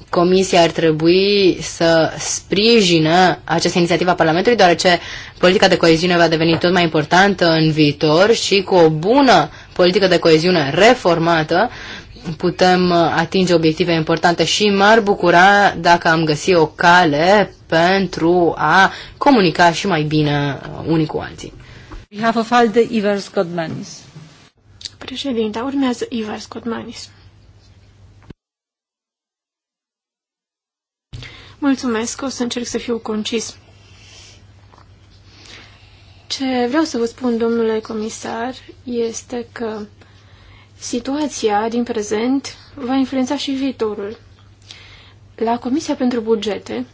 Comisia ar trebui să sprijină această inițiativă a Parlamentului, deoarece politica de coeziune va deveni tot mai importantă în viitor și cu o bună politică de coeziune reformată putem uh, atinge obiective importante și m-ar bucura dacă am găsit o cale pentru a comunica și mai bine uh, unii cu alții. We have a file de Ivers Scottmanis. Președinta, urmează Ivers Scottmanis. Mulțumesc, o să încerc să fiu concis. Ce vreau să vă spun, domnule comisar, este că Situația din prezent va influența și viitorul. La Comisia pentru Bugete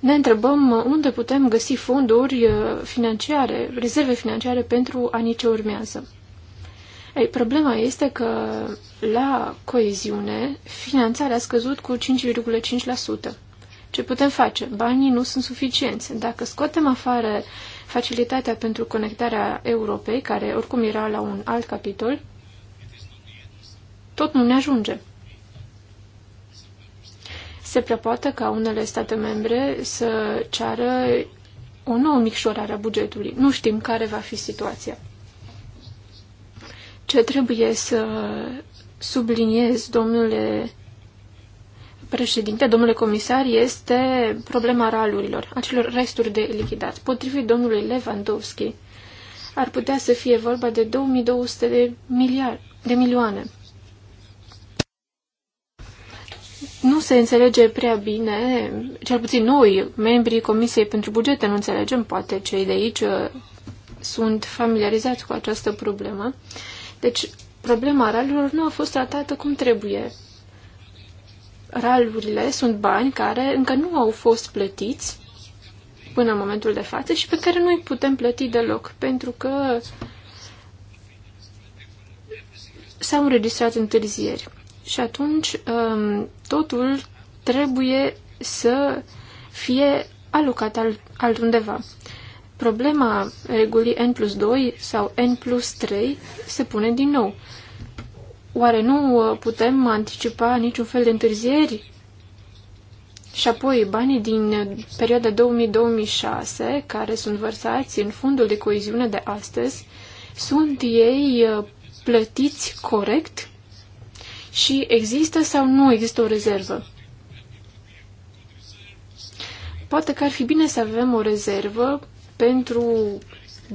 ne întrebăm unde putem găsi fonduri uh, financiare, rezerve financiare pentru anii ce urmează. Ei, problema este că la coeziune finanțarea a scăzut cu 5,5%. Ce putem face? Banii nu sunt suficienți. Dacă scoatem afară facilitatea pentru conectarea Europei, care oricum era la un alt capitol, tot nu ne ajunge. Se prea poate ca unele state membre să ceară o nouă micșorare a bugetului. Nu știm care va fi situația. Ce trebuie să subliniez, domnule președinte, domnule comisar, este problema ralurilor, acelor resturi de lichidat. Potrivit domnului Lewandowski, ar putea să fie vorba de 2200 de, miliard, de milioane. Nu se înțelege prea bine, cel puțin noi, membrii Comisiei pentru Bugete, nu înțelegem, poate cei de aici uh, sunt familiarizați cu această problemă. Deci, problema ralurilor nu a fost tratată cum trebuie. Ralurile sunt bani care încă nu au fost plătiți până în momentul de față și pe care nu îi putem plăti deloc, pentru că s-au înregistrat întârzieri. Și atunci um, totul trebuie să fie alocat altundeva. Problema regulii N plus 2 sau N plus 3 se pune din nou. Oare nu uh, putem anticipa niciun fel de întârzieri? Și apoi banii din uh, perioada 2000-2006, care sunt vărsați în fondul de coeziune de astăzi, sunt ei uh, plătiți corect? Și există sau nu există o rezervă? Poate că ar fi bine să avem o rezervă pentru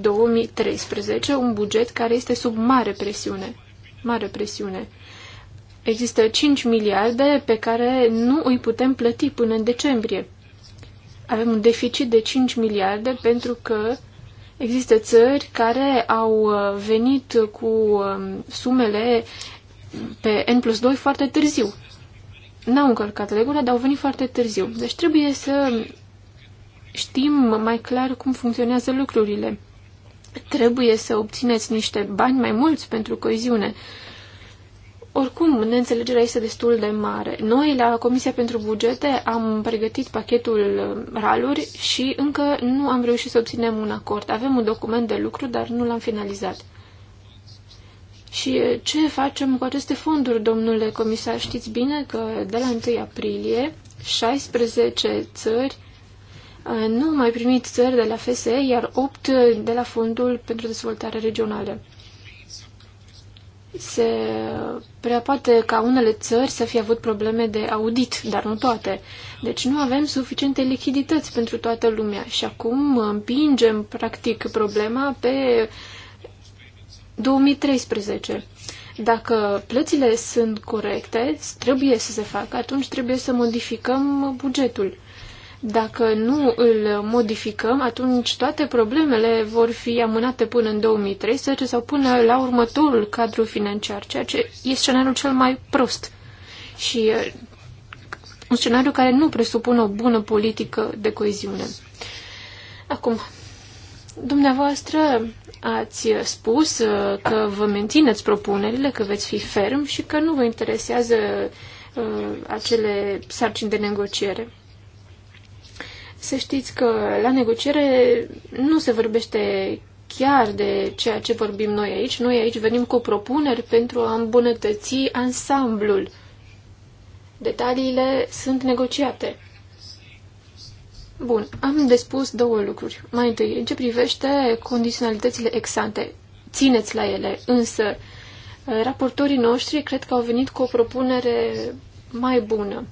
2013, un buget care este sub mare presiune mare presiune. Există 5 miliarde pe care nu îi putem plăti până în decembrie. Avem un deficit de 5 miliarde pentru că există țări care au uh, venit cu um, sumele pe N plus 2 foarte târziu. N-au încălcat regula, dar au venit foarte târziu. Deci trebuie să știm mai clar cum funcționează lucrurile trebuie să obțineți niște bani mai mulți pentru coeziune. Oricum, neînțelegerea este destul de mare. Noi, la Comisia pentru Bugete, am pregătit pachetul uh, raluri și încă nu am reușit să obținem un acord. Avem un document de lucru, dar nu l-am finalizat. Și uh, ce facem cu aceste fonduri, domnule comisar? Știți bine că de la 1 aprilie 16 țări Uh, nu au mai primit țări de la FSE, iar 8 de la Fondul pentru Dezvoltare Regională. Se prea poate ca unele țări să fie avut probleme de audit, dar nu toate. Deci nu avem suficiente lichidități pentru toată lumea și acum împingem practic problema pe 2013 dacă plățile sunt corecte, trebuie să se facă, atunci trebuie să modificăm bugetul. Dacă nu îl modificăm, atunci toate problemele vor fi amânate până în 2013 sau până la următorul cadru financiar, ceea ce e scenariul cel mai prost și un scenariu care nu presupune o bună politică de coeziune. Acum, dumneavoastră ați spus că vă mențineți propunerile, că veți fi ferm și că nu vă interesează uh, acele sarcini de negociere. Să știți că la negociere nu se vorbește chiar de ceea ce vorbim noi aici. Noi aici venim cu propuneri pentru a îmbunătăți ansamblul. Detaliile sunt negociate. Bun, am de spus două lucruri. Mai întâi, în ce privește condiționalitățile exante, țineți la ele, însă raportorii noștri cred că au venit cu o propunere mai bună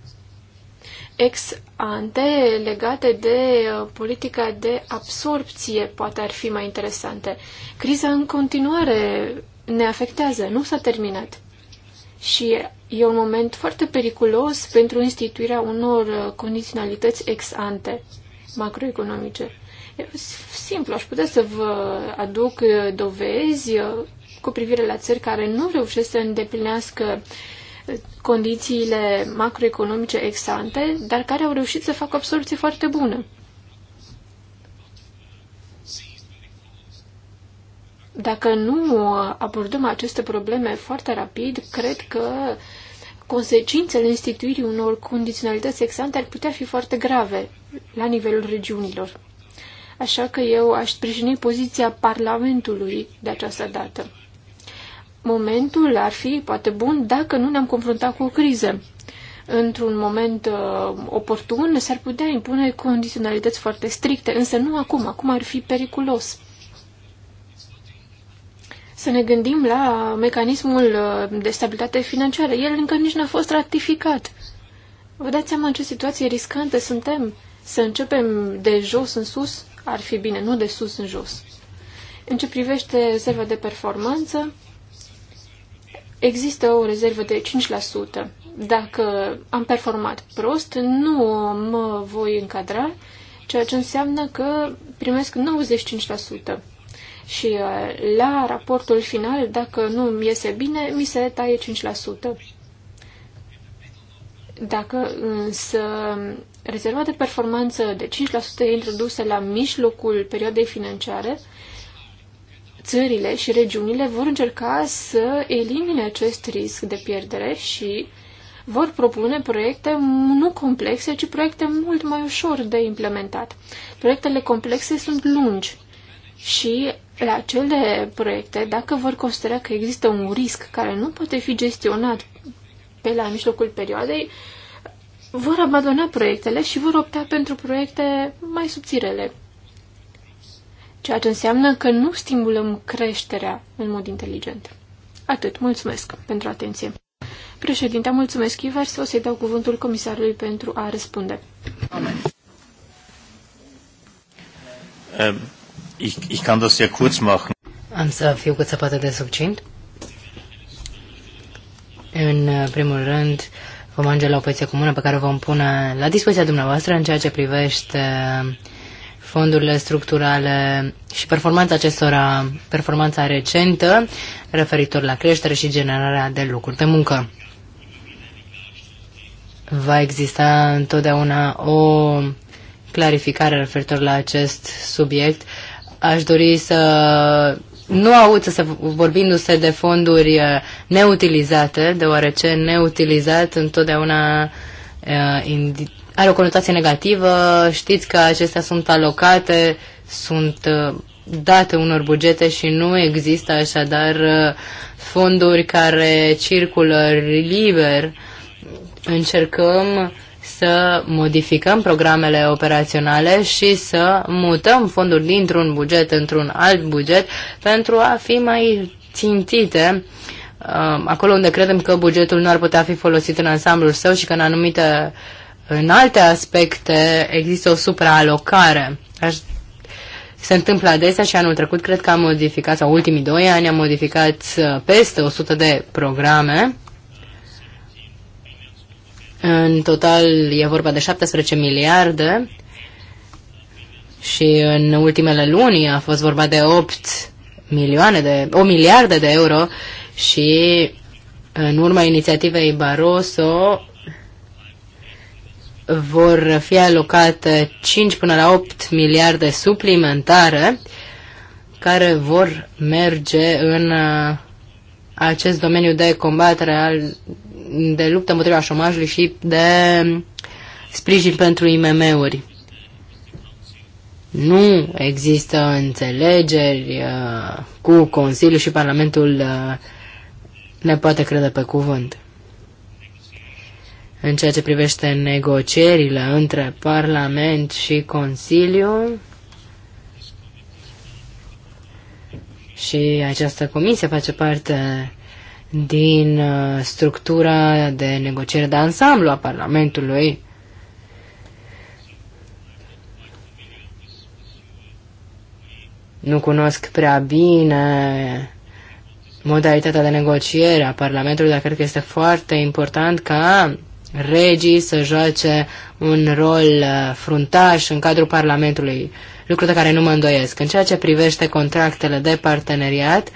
ex ante legate de uh, politica de absorpție poate ar fi mai interesante. Criza în continuare ne afectează, nu s-a terminat. Și e un moment foarte periculos pentru instituirea unor uh, condiționalități ex ante macroeconomice. simplu, aș putea să vă aduc uh, dovezi cu privire la țări care nu reușesc să îndeplinească uh, condițiile macroeconomice exante, dar care au reușit să facă absorpție foarte bună. Dacă nu abordăm aceste probleme foarte rapid, cred că consecințele instituirii unor condiționalități exante ar putea fi foarte grave la nivelul regiunilor. Așa că eu aș sprijini poziția Parlamentului de această dată momentul ar fi poate bun dacă nu ne-am confruntat cu o criză. Într-un moment uh, oportun s-ar putea impune condiționalități foarte stricte, însă nu acum. Acum ar fi periculos. Să ne gândim la mecanismul uh, de stabilitate financiară. El încă nici nu a fost ratificat. Vă dați seama în ce situație riscantă suntem? Să începem de jos în sus ar fi bine, nu de sus în jos. În ce privește rezerva de performanță, există o rezervă de 5%. Dacă am performat prost, nu mă voi încadra, ceea ce înseamnă că primesc 95%. Și uh, la raportul final, dacă nu mi iese bine, mi se taie 5%. Dacă însă rezerva de performanță de 5% e introdusă la mijlocul perioadei financiare, țările și regiunile vor încerca să elimine acest risc de pierdere și vor propune proiecte nu complexe, ci proiecte mult mai ușor de implementat. Proiectele complexe sunt lungi și la acele proiecte, dacă vor considera că există un risc care nu poate fi gestionat pe la mijlocul perioadei, vor abandona proiectele și vor opta pentru proiecte mai subțirele ceea ce înseamnă că nu stimulăm creșterea în mod inteligent. Atât. Mulțumesc pentru atenție. Președinte, mulțumesc, să O să-i dau cuvântul comisarului pentru a răspunde. Ähm, ich kann das sehr kurz machen. Am să fiu cât se poate de succint. În primul rând, vom ajunge la o poziție comună pe care o vom pune la dispoziția dumneavoastră în ceea ce privește uh, fondurile structurale și performanța acestora, performanța recentă referitor la creștere și generarea de locuri de muncă. Va exista întotdeauna o clarificare referitor la acest subiect. Aș dori să nu aud să se vorbindu-se de fonduri neutilizate, deoarece neutilizat întotdeauna uh, are o conotație negativă, știți că acestea sunt alocate, sunt uh, date unor bugete și nu există așadar uh, fonduri care circulă liber. Încercăm să modificăm programele operaționale și să mutăm fonduri dintr-un buget într-un alt buget pentru a fi mai țintite uh, acolo unde credem că bugetul nu ar putea fi folosit în ansamblul său și că în anumite uh, în alte aspecte există o supraalocare. Aș se întâmplă adesea și anul trecut cred că am modificat, sau ultimii doi ani am modificat uh, peste 100 de programe. În total e vorba de 17 miliarde și în ultimele luni a fost vorba de 8 milioane de, 8 miliarde de euro și în urma inițiativei Barroso vor fi alocate 5 până la 8 miliarde suplimentare care vor merge în uh, acest domeniu de combatere al, de luptă împotriva șomajului și de sprijin pentru IMM-uri. Nu există înțelegeri uh, cu Consiliul și Parlamentul uh, ne poate crede pe cuvânt. În ceea ce privește negocierile între Parlament și Consiliu, și această comisie face parte din uh, structura de negociere de ansamblu a Parlamentului. Nu cunosc prea bine modalitatea de negociere a Parlamentului, dar cred că este foarte important ca regii să joace un rol uh, fruntaș în cadrul Parlamentului, lucru de care nu mă îndoiesc. În ceea ce privește contractele de parteneriat,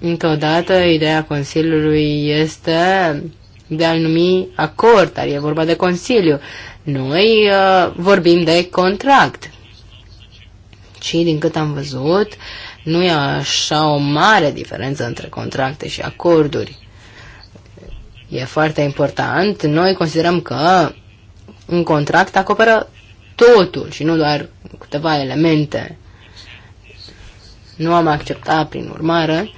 încă o dată, ideea Consiliului este de a numi acord, dar e vorba de Consiliu. Noi uh, vorbim de contract. Și din cât am văzut, nu e așa o mare diferență între contracte și acorduri. E foarte important. Noi considerăm că un contract acoperă totul și nu doar câteva elemente. Nu am acceptat, prin urmare,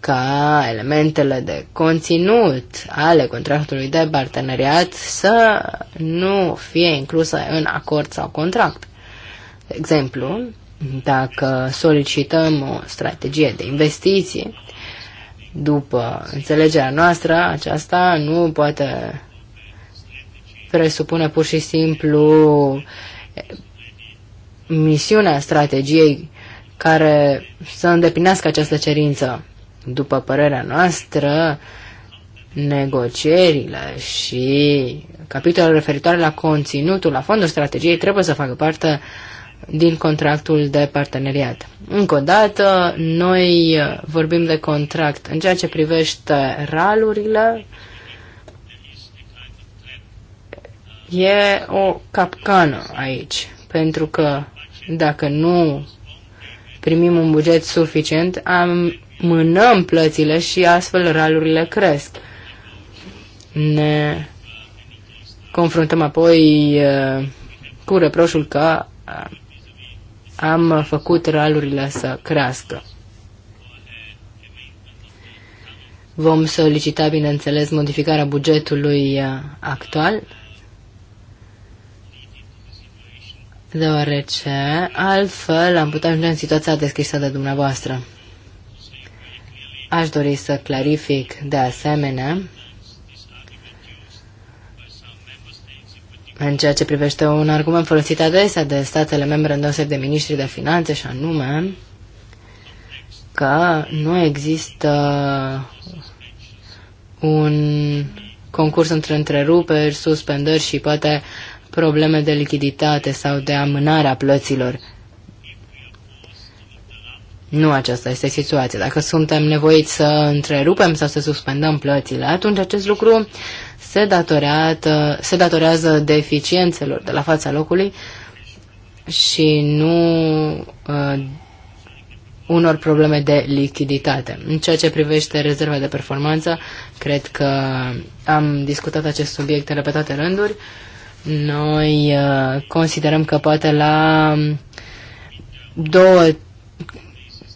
ca elementele de conținut ale contractului de parteneriat să nu fie incluse în acord sau contract. De exemplu, dacă solicităm o strategie de investiții, după înțelegerea noastră, aceasta nu poate presupune pur și simplu misiunea strategiei care să îndeplinească această cerință. După părerea noastră, negocierile și capitolul referitoare la conținutul, la fondul strategiei trebuie să facă parte uh, din contractul de parteneriat. Încă o dată, noi vorbim de contract în ceea ce privește ralurile. E o capcană aici, pentru că dacă nu primim un buget suficient, am, mânăm plățile și astfel ralurile cresc. Ne confruntăm apoi eh, cu reproșul că am făcut ralurile să crească. Vom solicita, bineînțeles, modificarea bugetului uh, actual, deoarece altfel am putea ajunge în situația descrisă de dumneavoastră. Aș dori să clarific de asemenea în ceea ce privește un argument folosit adesea de statele membre în dosă de ministrii de finanțe și anume că nu există un concurs între întreruperi, suspendări și poate probleme de lichiditate sau de amânare a plăților. Nu aceasta este situația. Dacă suntem nevoiți să întrerupem sau să suspendăm plățile, atunci acest lucru se, datorează, se datorează deficiențelor de la fața locului și nu uh, unor probleme de lichiditate. În ceea ce privește rezerva de performanță, cred că am discutat acest subiect în repetate rânduri. Noi uh, considerăm că poate la două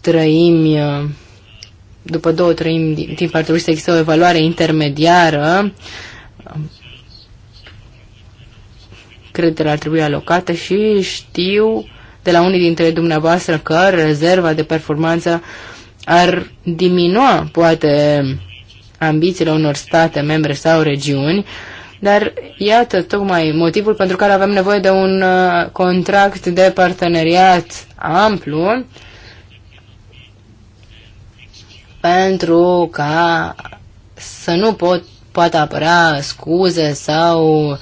trăimi uh, după două trăimi din timp ar trebui să există o evaluare intermediară creditele ar trebui alocate și știu de la unii dintre dumneavoastră că rezerva de performanță ar diminua poate ambițiile unor state membre sau regiuni, dar iată tocmai motivul pentru care avem nevoie de un uh, contract de parteneriat amplu pentru ca să nu pot, poată apărea scuze sau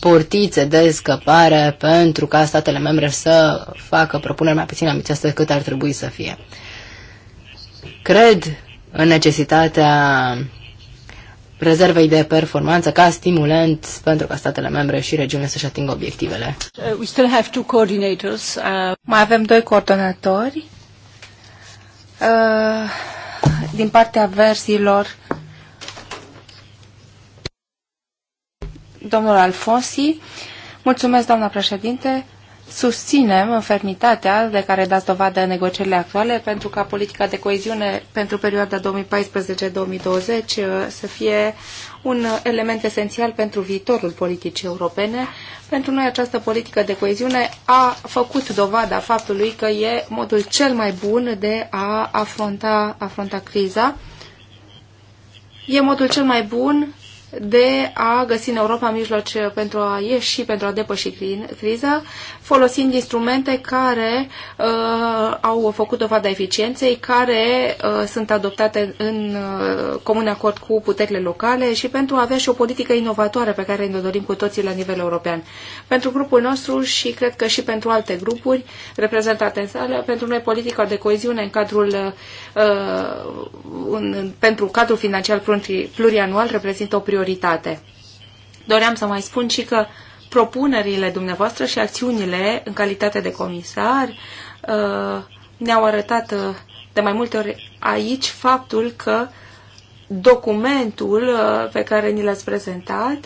portițe de scăpare pentru ca statele membre să facă propuneri mai puțin ambițioase decât ar trebui să fie. Cred în necesitatea rezervei de performanță ca stimulant pentru ca statele membre și regiunile să-și atingă obiectivele. Uh, we still have two coordinators. Uh... Mai avem doi coordonatori. Uh, din partea versiilor. Domnul Alfonsi, mulțumesc, doamna președinte. Susținem fermitatea de care dați dovadă în negocierile actuale pentru ca politica de coeziune pentru perioada 2014-2020 uh, să fie un element esențial pentru viitorul politicii europene. Pentru noi această politică de coeziune a făcut dovada faptului că e modul cel mai bun de a afronta, afronta criza. E modul cel mai bun de a găsi în Europa mijloace pentru a ieși, pentru a depăși criza folosind instrumente care uh, au făcut dovada eficienței, care uh, sunt adoptate în uh, comun acord cu puterile locale și pentru a avea și o politică inovatoare pe care ne dorim cu toții la nivel european. Pentru grupul nostru și cred că și pentru alte grupuri reprezentate în sală, pentru noi politica de coeziune în cadrul uh, în, pentru cadrul financiar plurianual reprezintă o prioritate. Doream să mai spun și că uh, propunerile dumneavoastră și acțiunile în calitate de comisar uh, ne-au arătat uh, de mai multe ori aici faptul că documentul uh, pe care ni l-ați prezentat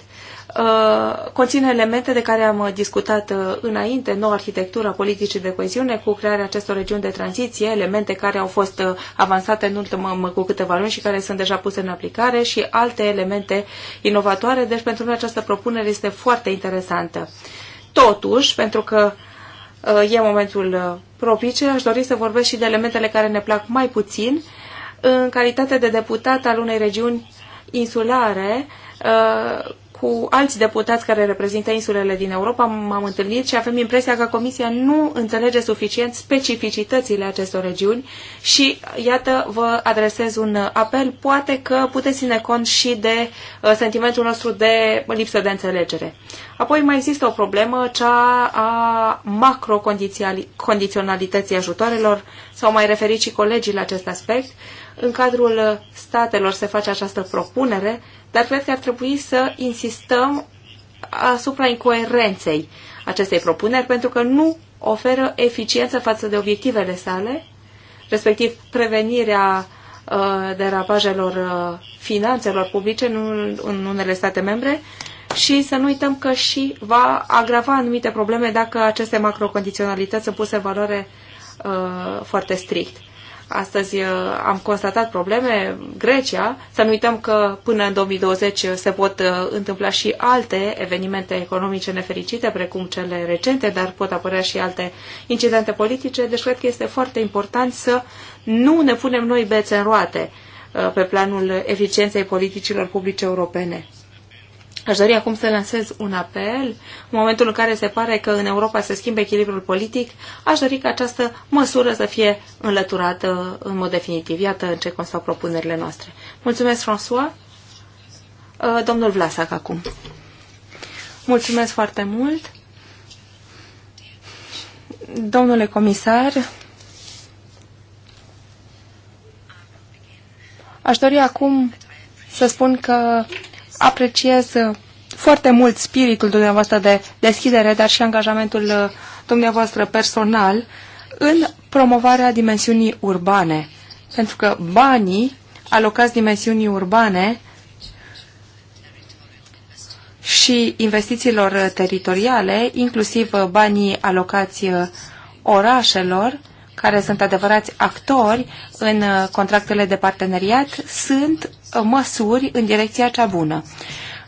Uh, conține elemente de care am discutat uh, înainte, noua arhitectură a politicii de coeziune cu crearea acestor regiuni de tranziție, elemente care au fost uh, avansate în ultimă cu câteva luni și care sunt deja puse în aplicare și alte elemente inovatoare. Deci pentru noi această propunere este foarte interesantă. Totuși, pentru că e momentul propice, aș dori să vorbesc și de elementele care ne plac mai puțin. În calitate de deputat al unei regiuni insulare, cu alți deputați care reprezintă insulele din Europa m-am întâlnit și avem impresia că Comisia nu înțelege suficient specificitățile acestor regiuni și, iată, vă adresez un apel. Poate că puteți ține cont și de uh, sentimentul nostru de lipsă de înțelegere. Apoi mai există o problemă, cea a macrocondiționalității ajutoarelor. S-au mai referit și colegii la acest aspect. În cadrul statelor se face această propunere dar cred că ar trebui să insistăm asupra incoerenței acestei propuneri, pentru că nu oferă eficiență față de obiectivele sale, respectiv prevenirea uh, derapajelor uh, finanțelor publice în, în unele state membre și să nu uităm că și va agrava anumite probleme dacă aceste macrocondiționalități sunt puse în valoare uh, foarte strict. Astăzi uh, am constatat probleme. Grecia, să nu uităm că până în 2020 se pot uh, întâmpla și alte evenimente economice nefericite, precum cele recente, dar pot apărea și alte incidente politice. Deci cred că este foarte important să nu ne punem noi bețe în roate uh, pe planul eficienței politicilor publice europene. Aș dori acum să lansez un apel. În momentul în care se pare că în Europa se schimbă echilibrul politic, aș dori ca această măsură să fie înlăturată în mod definitiv. Iată în ce constau propunerile noastre. Mulțumesc, François. Uh, domnul Vlasac acum. Mulțumesc foarte mult. Domnule comisar, aș dori acum să spun că apreciez uh, foarte mult spiritul dumneavoastră de deschidere, dar și angajamentul uh, dumneavoastră personal în promovarea dimensiunii urbane. Pentru că banii alocați dimensiunii urbane și investițiilor uh, teritoriale, inclusiv banii alocați orașelor, care sunt adevărați actori în uh, contractele de parteneriat sunt uh, măsuri în direcția cea bună.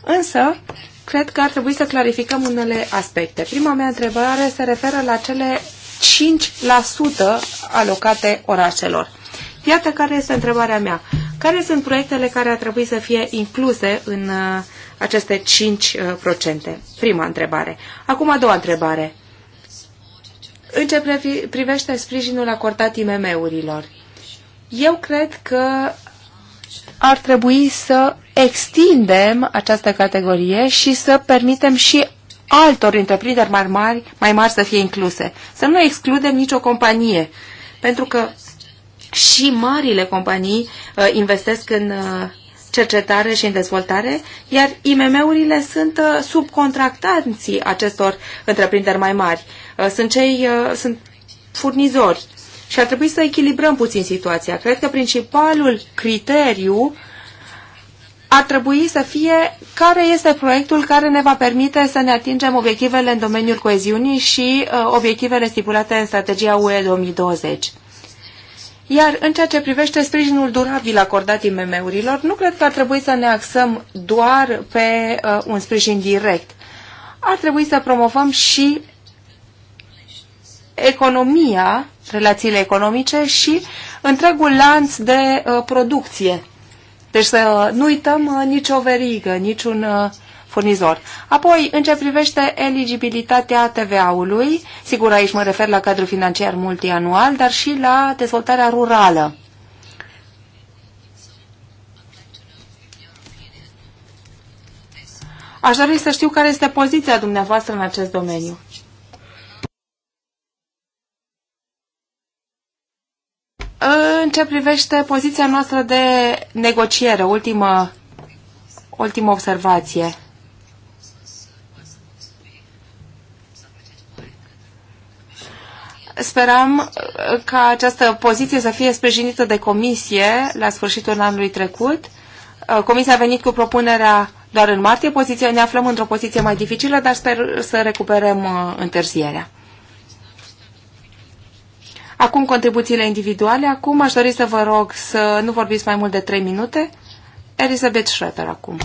Însă, cred că ar trebui să clarificăm unele aspecte. Prima mea întrebare se referă la cele 5% alocate orașelor. Iată care este întrebarea mea. Care sunt proiectele care ar trebui să fie incluse în uh, aceste 5%? Prima întrebare. Acum a doua întrebare. În ce privește sprijinul acordat IMM-urilor, eu cred că ar trebui să extindem această categorie și să permitem și altor întreprinderi mai mari, mai mari să fie incluse. Să nu excludem nicio companie, pentru că și marile companii uh, investesc în uh, cercetare și în dezvoltare, iar IMM-urile sunt uh, subcontractanții acestor întreprinderi mai mari. Uh, sunt cei, uh, sunt furnizori. Și ar trebui să echilibrăm puțin situația. Cred că principalul criteriu ar trebui să fie care este proiectul care ne va permite să ne atingem obiectivele în domeniul coeziunii și uh, obiectivele stipulate în strategia UE 2020. Iar în ceea ce privește sprijinul durabil acordat IMM-urilor, nu cred că ar trebui să ne axăm doar pe uh, un sprijin direct. Ar trebui să promovăm și economia, relațiile economice și întregul lanț de uh, producție. Deci să nu uităm uh, nicio verigă, niciun uh, furnizor. Apoi, în ce privește eligibilitatea TVA-ului, sigur aici mă refer la cadrul financiar multianual, dar și la dezvoltarea rurală. Aș dori să știu care este poziția dumneavoastră în acest domeniu. În ce privește poziția noastră de negociere, ultimă, ultimă observație. Speram uh, ca această poziție să fie sprijinită de comisie la sfârșitul anului trecut. Uh, comisia a venit cu propunerea doar în martie, poziția, ne aflăm într-o poziție mai dificilă, dar sper să recuperăm uh, întârzierea. Acum contribuțiile individuale. Acum aș dori să vă rog să nu vorbiți mai mult de 3 minute. Elizabeth Schroeder acum.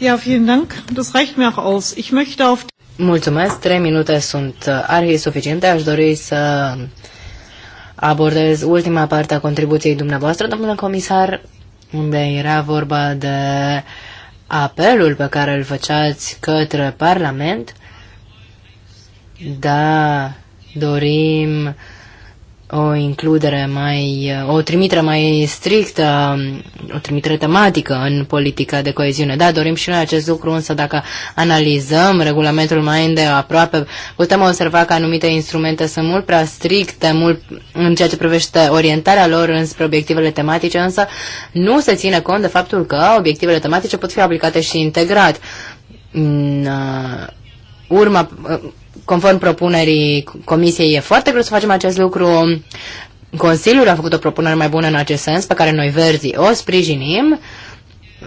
Ja, vielen Dank. Das reicht mir auch aus. Ich möchte auf Mulțumesc, trei minute sunt arhi suficiente. Aș dori să abordez ultima parte a contribuției dumneavoastră, domnule comisar, unde era vorba de uh, apelul pe care îl făceați către Parlament, da, dorim o includere mai, o trimitere mai strictă, o trimitere tematică în politica de coeziune. Da, dorim și noi acest lucru, însă dacă analizăm regulamentul mai de aproape, putem observa că anumite instrumente sunt mult prea stricte mult în ceea ce privește orientarea lor înspre obiectivele tematice, însă nu se ține cont de faptul că obiectivele tematice pot fi aplicate și integrat. În, uh, urma, uh, conform propunerii Comisiei, e foarte greu să facem acest lucru. Consiliul a făcut o propunere mai bună în acest sens, pe care noi verzii o sprijinim.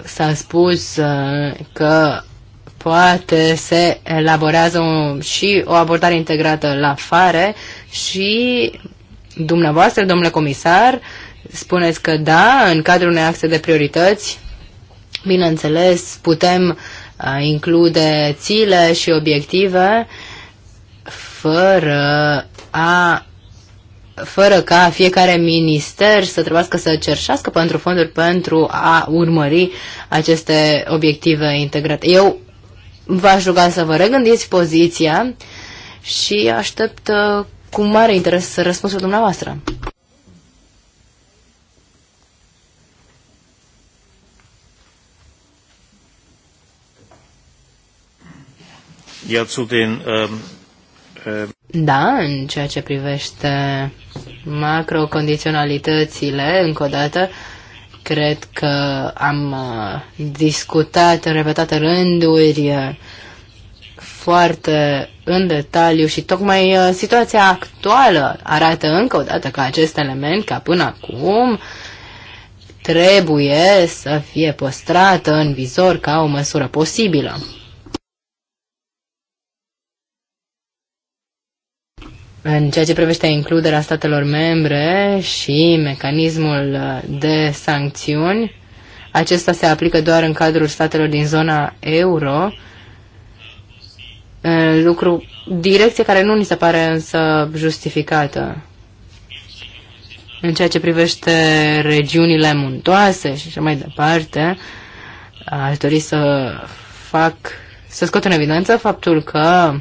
S-a spus uh, că poate se elaborează și o abordare integrată la fare și dumneavoastră, domnule comisar, spuneți că da, în cadrul unei axe de priorități, bineînțeles, putem uh, include țile și obiective fără a fără ca fiecare minister să trebuiască să cerșească pentru fonduri pentru a urmări aceste obiective integrate. Eu v-aș ruga să vă regândiți poziția și aștept uh, cu mare interes răspunsul dumneavoastră. Ja, zu den ähm, da, în ceea ce privește macrocondiționalitățile, încă o dată, cred că am uh, discutat în repetate rânduri uh, foarte în detaliu și tocmai uh, situația actuală arată încă o dată că acest element, ca până acum, trebuie să fie păstrată în vizor ca o măsură posibilă. În ceea ce privește includerea statelor membre și mecanismul uh, de sancțiuni, acesta se aplică doar în cadrul statelor din zona euro, uh, lucru, direcție care nu ni se pare însă justificată. În ceea ce privește regiunile muntoase și așa mai departe, aș dori să fac, să scot în evidență faptul că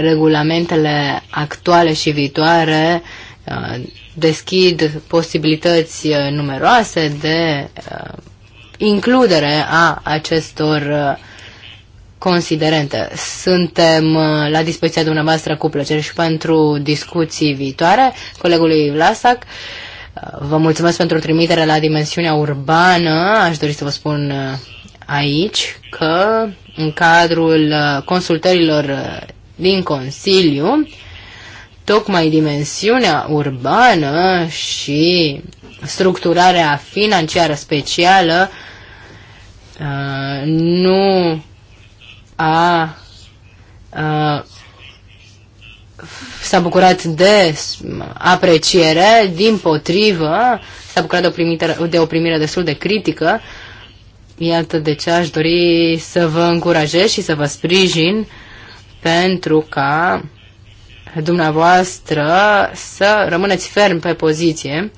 Regulamentele actuale și viitoare uh, deschid posibilități uh, numeroase de uh, includere a acestor considerente. Suntem la dispoziția dumneavoastră cu plăcere și pentru discuții viitoare. Colegului Vlasac, vă mulțumesc pentru trimitere la dimensiunea urbană. Aș dori să vă spun aici că în cadrul consultărilor din Consiliu, tocmai dimensiunea urbană și structurarea financiară specială uh, nu a uh, s-a bucurat de apreciere, din potrivă, s-a bucurat de o, primire, de o primire destul de critică. Iată de ce aș dori să vă încurajez și să vă sprijin pentru ca dumneavoastră să rămâneți ferm pe poziție.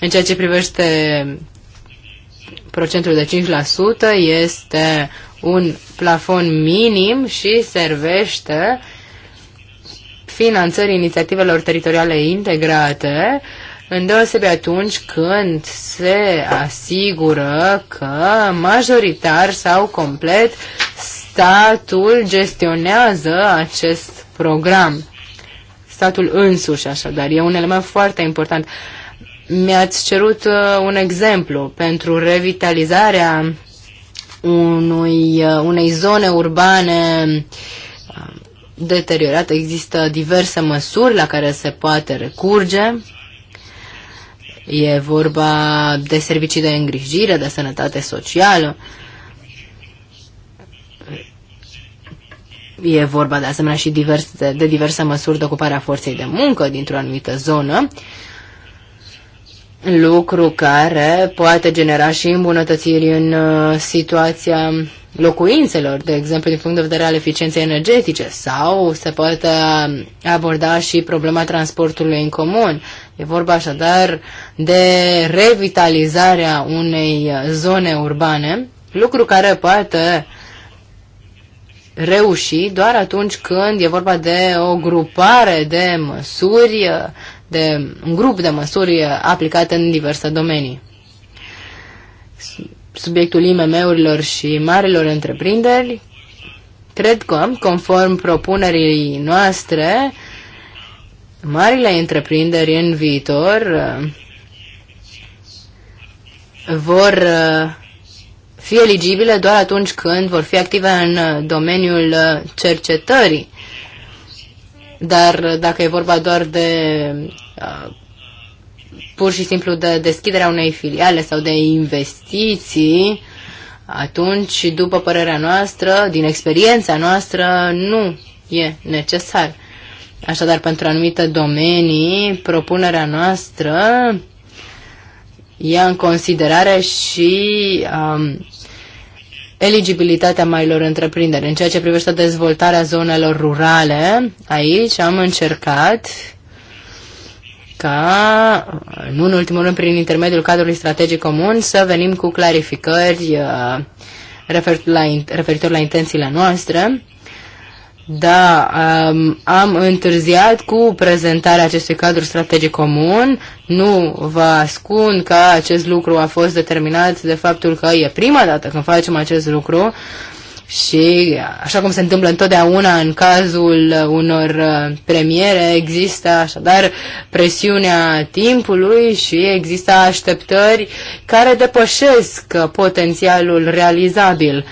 În ceea ce privește procentul de 5%, este un plafon minim și servește finanțării inițiativelor teritoriale integrate, în deosebi atunci când se asigură că majoritar sau complet statul gestionează acest program. Statul însuși, așadar, e un element foarte important. Mi-ați cerut uh, un exemplu pentru revitalizarea unui, uh, unei zone urbane uh, deteriorate. Există diverse măsuri la care se poate recurge. E vorba de servicii de îngrijire, de sănătate socială. Uh, E vorba de asemenea și diverse, de diverse măsuri de ocupare a forței de muncă dintr-o anumită zonă, lucru care poate genera și îmbunătățiri în uh, situația locuințelor, de exemplu, din punct de vedere al eficienței energetice, sau se poate uh, aborda și problema transportului în comun. E vorba așadar de revitalizarea unei uh, zone urbane, lucru care poate uh, reuși doar atunci când e vorba de o grupare de măsuri, de un grup de măsuri aplicate în diverse domenii. Subiectul IMM-urilor și marilor întreprinderi, cred că, conform propunerii noastre, marile întreprinderi în viitor uh, vor uh, fi eligibile doar atunci când vor fi active în uh, domeniul uh, cercetării. Dar uh, dacă e vorba doar de pur și simplu de deschiderea unei filiale sau de investiții, atunci, după părerea noastră, din experiența noastră, nu e necesar. Așadar, pentru anumite domenii, propunerea noastră ia în considerare și um, eligibilitatea mailor întreprinderi. În ceea ce privește dezvoltarea zonelor rurale, aici am încercat ca, nu în ultimul rând, prin intermediul cadrului strategic comun, să venim cu clarificări uh, referitor la, referitor la intențiile noastre. Da, um, am întârziat cu prezentarea acestui cadru strategic comun. Nu vă ascund că acest lucru a fost determinat de faptul că e prima dată când facem acest lucru și, așa cum se întâmplă întotdeauna în cazul unor uh, premiere, există așadar presiunea timpului și există așteptări care depășesc potențialul realizabil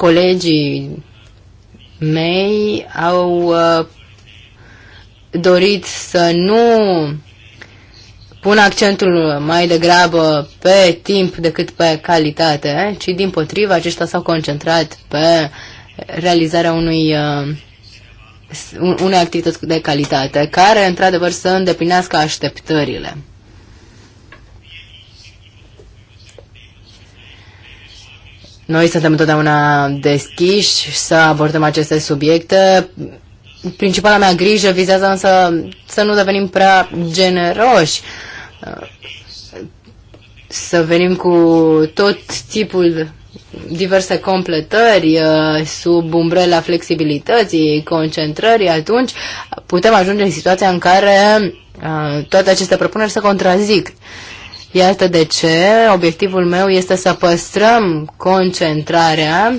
colegii mei au uh, dorit să nu pun accentul mai degrabă pe timp decât pe calitate, ci din potrivă aceștia s-au concentrat pe realizarea unui uh, unei activități de calitate, care într-adevăr să îndeplinească așteptările. Noi suntem întotdeauna deschiși să abordăm aceste subiecte. Principala mea grijă vizează însă să nu devenim prea generoși, să venim cu tot tipul diverse completări uh, sub umbrela flexibilității, concentrării, atunci putem ajunge în situația în care uh, toate aceste propuneri se contrazic. Iată de ce obiectivul meu este să păstrăm concentrarea,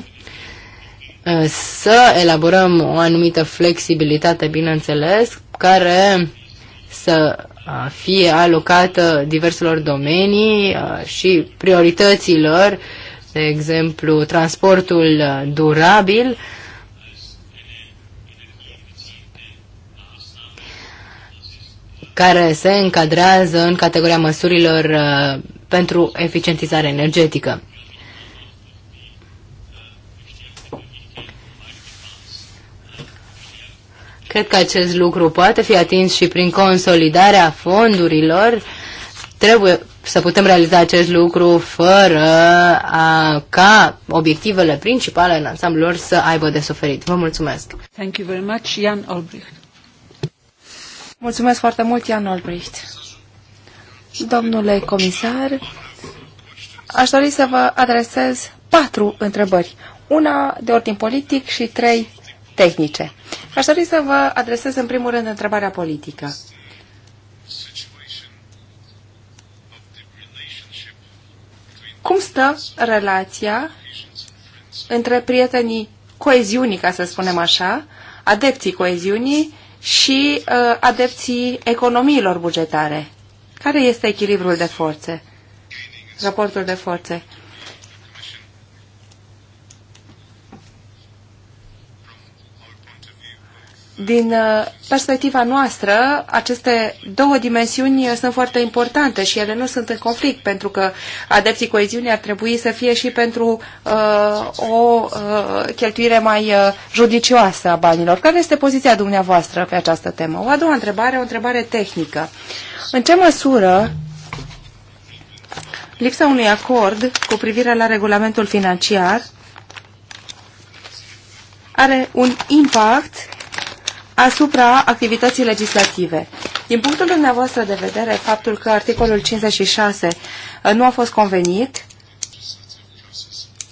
uh, să elaborăm o anumită flexibilitate, bineînțeles, care să uh, fie alocată diverselor domenii uh, și priorităților, de exemplu, transportul durabil, care se încadrează în categoria măsurilor uh, pentru eficientizare energetică. Cred că acest lucru poate fi atins și prin consolidarea fondurilor. Trebuie să putem realiza acest lucru fără a, ca obiectivele principale în ansamblul lor să aibă de suferit. Vă mulțumesc! Thank you very much, Jan Albrecht. Mulțumesc foarte mult, Ian Olbricht. Domnule comisar, aș dori să vă adresez patru întrebări. Una de ordin politic și trei tehnice. Aș dori să vă adresez în primul rând întrebarea politică. Cum stă relația între prietenii coeziunii, ca să spunem așa, adepții coeziunii și uh, adepții economiilor bugetare. Care este echilibrul de forțe? Raportul de forțe. Din uh, perspectiva noastră, aceste două dimensiuni sunt foarte importante și ele nu sunt în conflict, pentru că adepții coeziunii ar trebui să fie și pentru uh, o uh, cheltuire mai uh, judicioasă a banilor. Care este poziția dumneavoastră pe această temă? O a doua întrebare, o întrebare tehnică. În ce măsură lipsa unui acord cu privire la regulamentul financiar are un impact asupra activității legislative. Din punctul dumneavoastră de vedere, faptul că articolul 56 uh, nu a fost convenit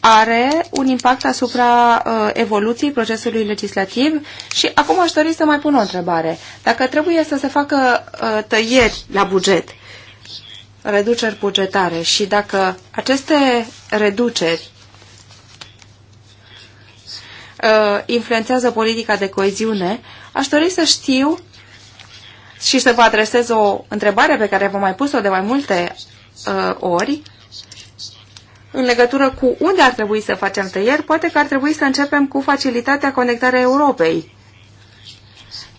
are un impact asupra uh, evoluției procesului legislativ și acum aș dori să mai pun o întrebare. Dacă trebuie să se facă uh, tăieri la buget, reduceri bugetare și dacă aceste reduceri uh, influențează politica de coeziune, Aș dori să știu și să vă adresez o întrebare pe care v-am mai pus-o de mai multe uh, ori în legătură cu unde ar trebui să facem tăieri, poate că ar trebui să începem cu facilitatea conectarea Europei,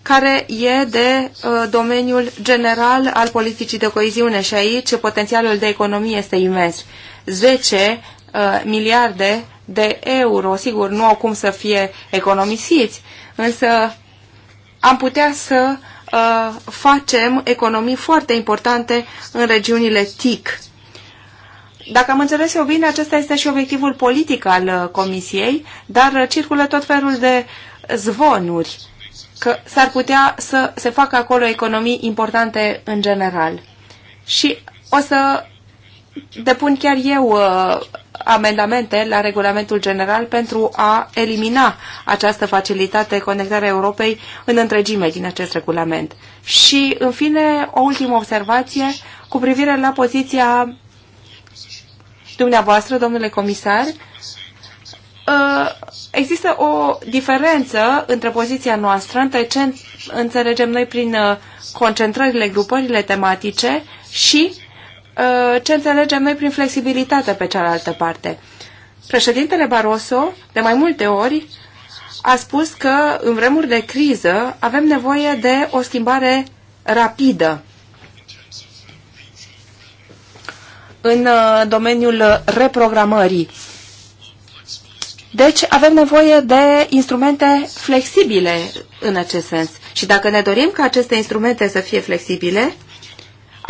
care e de uh, domeniul general al politicii de coeziune și aici potențialul de economie este imens. 10 uh, miliarde de euro, sigur, nu au cum să fie economisiți, însă am putea să uh, facem economii foarte importante în regiunile TIC. Dacă am înțeles eu bine, acesta este și obiectivul politic al uh, Comisiei, dar uh, circulă tot felul de zvonuri că s-ar putea să se facă acolo economii importante în general. Și o să depun chiar eu uh, amendamente la regulamentul general pentru a elimina această facilitate conectarea Europei în întregime din acest regulament. Și, în fine, o ultimă observație cu privire la poziția dumneavoastră, domnule comisar, ă, există o diferență între poziția noastră, între ce înțelegem noi prin ă, concentrările, grupările tematice și Uh, ce înțelegem noi prin flexibilitate pe cealaltă parte. Președintele Barroso, de mai multe ori, a spus că în vremuri de criză avem nevoie de o schimbare rapidă în uh, domeniul reprogramării. Deci avem nevoie de instrumente flexibile în acest sens. Și dacă ne dorim ca aceste instrumente să fie flexibile,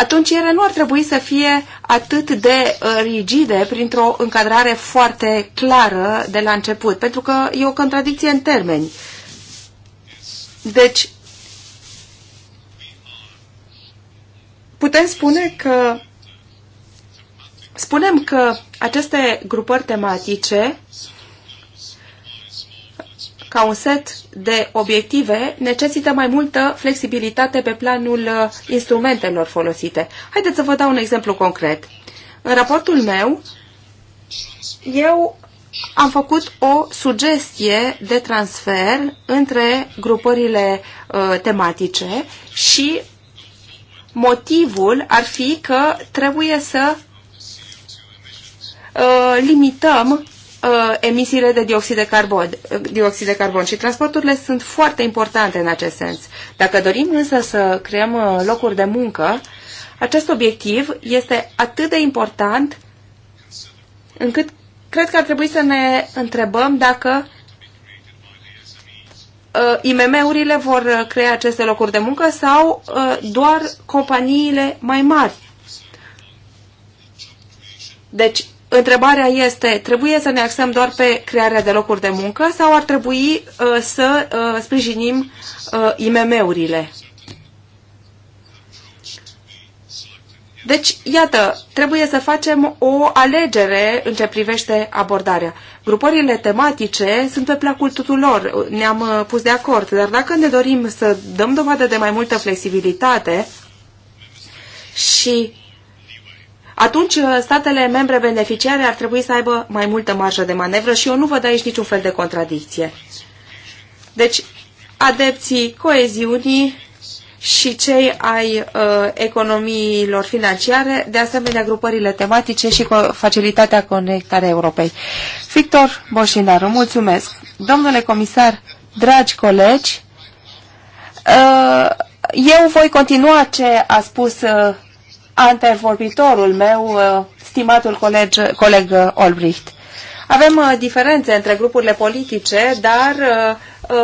atunci ele nu ar trebui să fie atât de uh, rigide printr-o încadrare foarte clară de la început, pentru că e o contradicție în termeni. Deci, putem spune că spunem că aceste grupări tematice ca un set de obiective necesită mai multă flexibilitate pe planul uh, instrumentelor folosite. Haideți să vă dau un exemplu concret. În raportul meu, eu am făcut o sugestie de transfer între grupările uh, tematice și motivul ar fi că trebuie să uh, limităm uh, emisiile de dioxid de, carbon, dioxid de carbon și transporturile sunt foarte importante în acest sens. Dacă dorim însă să creăm uh, locuri de muncă, acest obiectiv este atât de important încât cred că ar trebui să ne întrebăm dacă uh, IMM-urile vor uh, crea aceste locuri de muncă sau uh, doar companiile mai mari. Deci, Întrebarea este, trebuie să ne axăm doar pe crearea de locuri de muncă sau ar trebui uh, să uh, sprijinim uh, IMM-urile? Deci, iată, trebuie să facem o alegere în ce privește abordarea. Grupările tematice sunt pe placul tuturor, ne-am uh, pus de acord, dar dacă ne dorim să dăm dovadă de mai multă flexibilitate și atunci uh, statele membre beneficiare ar trebui să aibă mai multă marjă de manevră și eu nu văd aici niciun fel de contradicție. Deci, adepții coeziunii și cei ai uh, economiilor financiare, de asemenea grupările tematice și facilitatea conectarea Europei. Victor Boșinaru, mulțumesc. Domnule comisar, dragi colegi, uh, eu voi continua ce a spus uh, antevorbitorul meu, uh, stimatul coleg, coleg uh, Olbricht. Avem uh, diferențe între grupurile politice, dar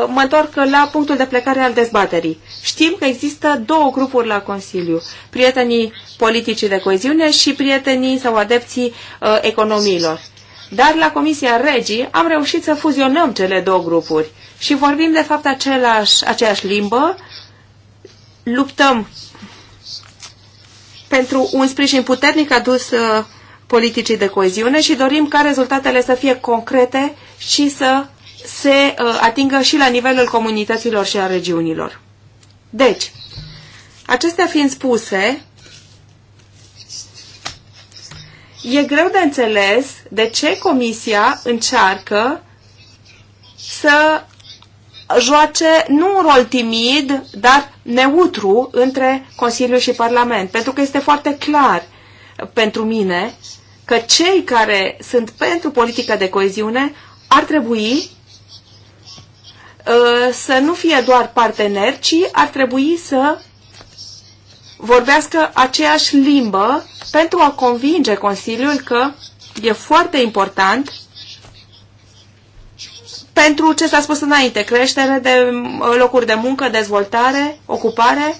mă întorc la punctul de plecare al dezbaterii. Știm că există două grupuri la Consiliu, prietenii politicii de coeziune și prietenii sau adepții economiilor. Dar la Comisia Regii am reușit să fuzionăm cele două grupuri și vorbim de fapt același, aceeași limbă, luptăm pentru un sprijin puternic adus uh, politicii de coeziune și dorim ca rezultatele să fie concrete și să se uh, atingă și la nivelul comunităților și a regiunilor. Deci, acestea fiind spuse, e greu de înțeles de ce Comisia încearcă să joace nu un rol timid, dar neutru între Consiliu și Parlament, pentru că este foarte clar pentru mine că cei care sunt pentru politica de coeziune ar trebui uh, să nu fie doar parteneri, ci ar trebui să vorbească aceeași limbă pentru a convinge Consiliul că e foarte important pentru ce s-a spus înainte, creștere de locuri de muncă, dezvoltare, ocupare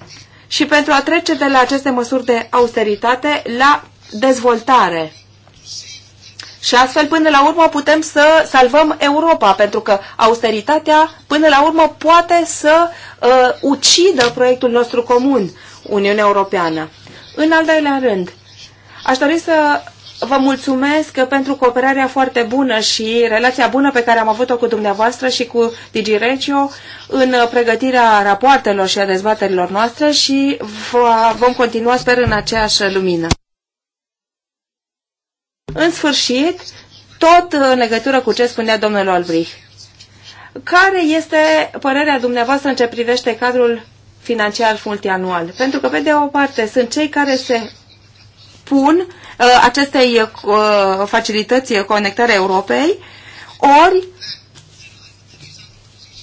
și pentru a trece de la aceste măsuri de austeritate la dezvoltare. Și astfel, până la urmă, putem să salvăm Europa, pentru că austeritatea, până la urmă, poate să uh, ucidă proiectul nostru comun, Uniunea Europeană. În al doilea rând, aș dori să Vă mulțumesc pentru cooperarea foarte bună și relația bună pe care am avut-o cu dumneavoastră și cu Regio în pregătirea rapoartelor și a dezbaterilor noastre și vom continua, sper, în aceeași lumină. În sfârșit, tot în legătură cu ce spunea domnul Albrich, care este părerea dumneavoastră în ce privește cadrul financiar multianual? Pentru că, pe de o parte, sunt cei care se opun uh, acestei uh, facilități conectare Europei, ori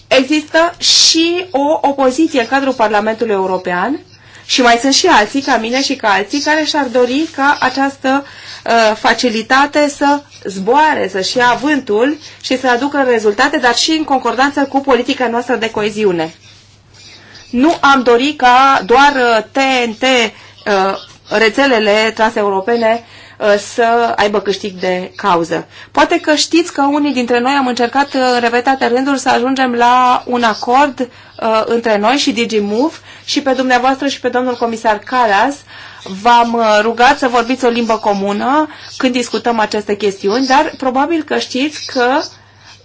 există și o opoziție în cadrul Parlamentului European și mai sunt și alții ca mine și ca alții care și-ar dori ca această uh, facilitate să zboare, să-și ia avântul și să aducă rezultate, dar și în concordanță cu politica noastră de coeziune. Nu am dorit ca doar TNT uh, rețelele transeuropene uh, să aibă câștig de cauză. Poate că știți că unii dintre noi am încercat uh, în repetate rânduri să ajungem la un acord uh, între noi și DigiMove și pe dumneavoastră și pe domnul comisar Caras v-am uh, rugat să vorbiți o limbă comună când discutăm aceste chestiuni, dar probabil că știți că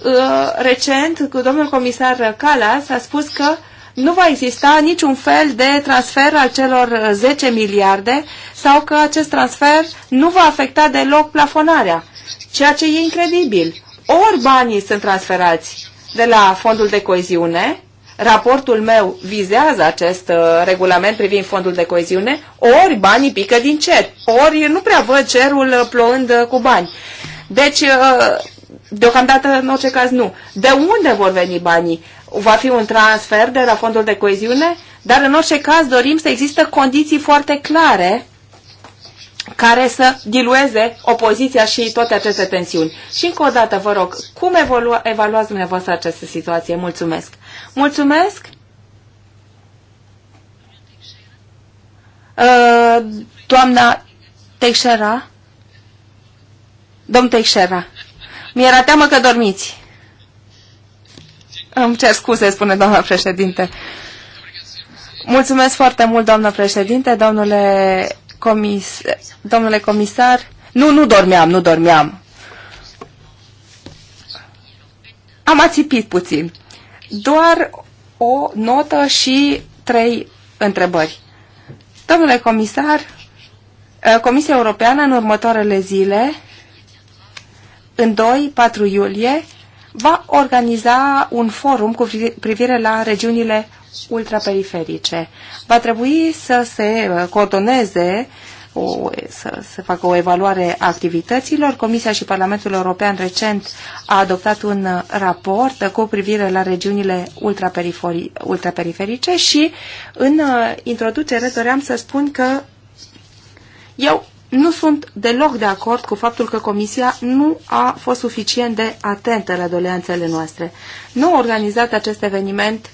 uh, recent domnul comisar Calas a spus că uh, nu va exista niciun fel de transfer al celor 10 uh, miliarde sau că acest transfer nu va afecta deloc plafonarea, ceea ce e incredibil. Ori banii sunt transferați de la fondul de coeziune, raportul meu vizează acest uh, regulament privind fondul de coeziune, ori banii pică din cer, ori nu prea văd cerul uh, plouând uh, cu bani. Deci, uh, deocamdată, în orice caz, nu. De unde vor veni banii? va fi un transfer de la fondul de coeziune, dar în orice caz dorim să există condiții foarte clare care să dilueze opoziția și toate aceste tensiuni. Și încă o dată, vă rog, cum evalua, evaluați dumneavoastră această situație? Mulțumesc! Mulțumesc! Uh, doamna Teixeira? Domn Teixeira, mi-era teamă că dormiți. Îmi cer scuze, spune doamna președinte. Mulțumesc foarte mult, doamna președinte, domnule, comis, domnule comisar. Nu, nu dormeam, nu dormeam. Am ațipit puțin. Doar o notă și trei întrebări. Domnule comisar, eh, Comisia Europeană în următoarele zile, în 2-4 iulie, va organiza un forum cu privire la regiunile ultraperiferice. Va trebui să se uh, coordoneze o, să se facă o evaluare a activităților. Comisia și Parlamentul European recent a adoptat un raport cu privire la regiunile ultraperiferice și în uh, introducere doream să spun că eu nu sunt deloc de acord cu faptul că Comisia nu a fost suficient de atentă la doleanțele noastre. Nu a organizat acest eveniment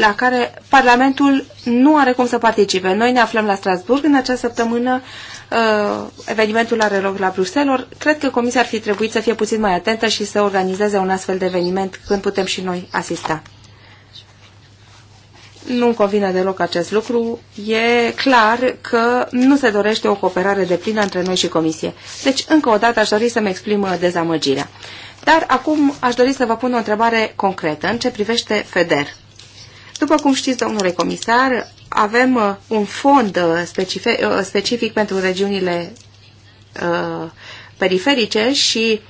la care Parlamentul nu are cum să participe. Noi ne aflăm la Strasburg în această săptămână, uh, evenimentul are loc la Bruxelles, cred că Comisia ar fi trebuit să fie puțin mai atentă și să organizeze un astfel de eveniment când putem și noi asista nu-mi convine deloc acest lucru. E clar că nu se dorește o cooperare de plină între noi și Comisie. Deci, încă o dată, aș dori să-mi exprim uh, dezamăgirea. Dar acum aș dori să vă pun o întrebare concretă în ce privește FEDER. După cum știți, domnule comisar, avem uh, un fond uh, specific, specific pentru regiunile uh, periferice și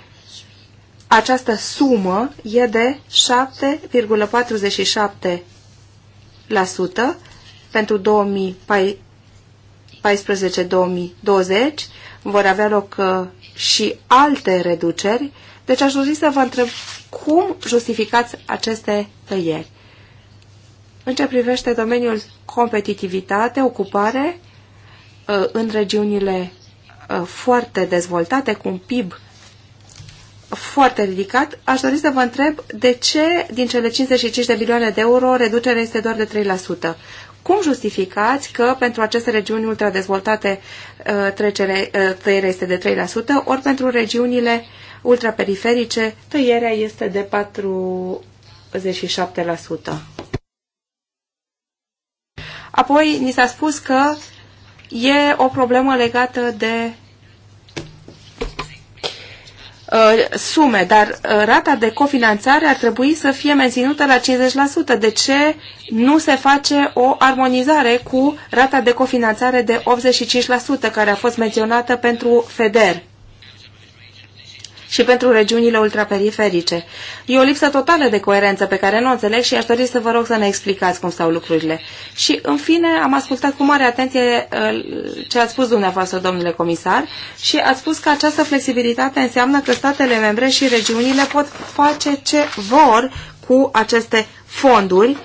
această sumă e de 7,47 pentru 2014-2020 vor avea loc uh, și alte reduceri. Deci aș dori să vă întreb cum justificați aceste tăieri. În ce privește domeniul competitivitate, ocupare, uh, în regiunile uh, foarte dezvoltate, cu un PIB foarte ridicat. Aș dori să vă întreb de ce din cele 55 de milioane de euro reducerea este doar de 3%. Cum justificați că pentru aceste regiuni ultradezvoltate uh, trecere, uh, tăierea este de 3%, ori pentru regiunile ultraperiferice tăierea este de 47%? Apoi ni s-a spus că e o problemă legată de Uh, sume, dar uh, rata de cofinanțare ar trebui să fie menținută la 50%. De ce nu se face o armonizare cu rata de cofinanțare de 85% care a fost menționată pentru FEDER? și pentru regiunile ultraperiferice. E o lipsă totală de coerență pe care nu o înțeleg și aș dori să vă rog să ne explicați cum stau lucrurile. Și, în fine, am ascultat cu mare atenție uh, ce ați spus dumneavoastră, domnule comisar, și ați spus că această flexibilitate înseamnă că statele membre și regiunile pot face ce vor cu aceste fonduri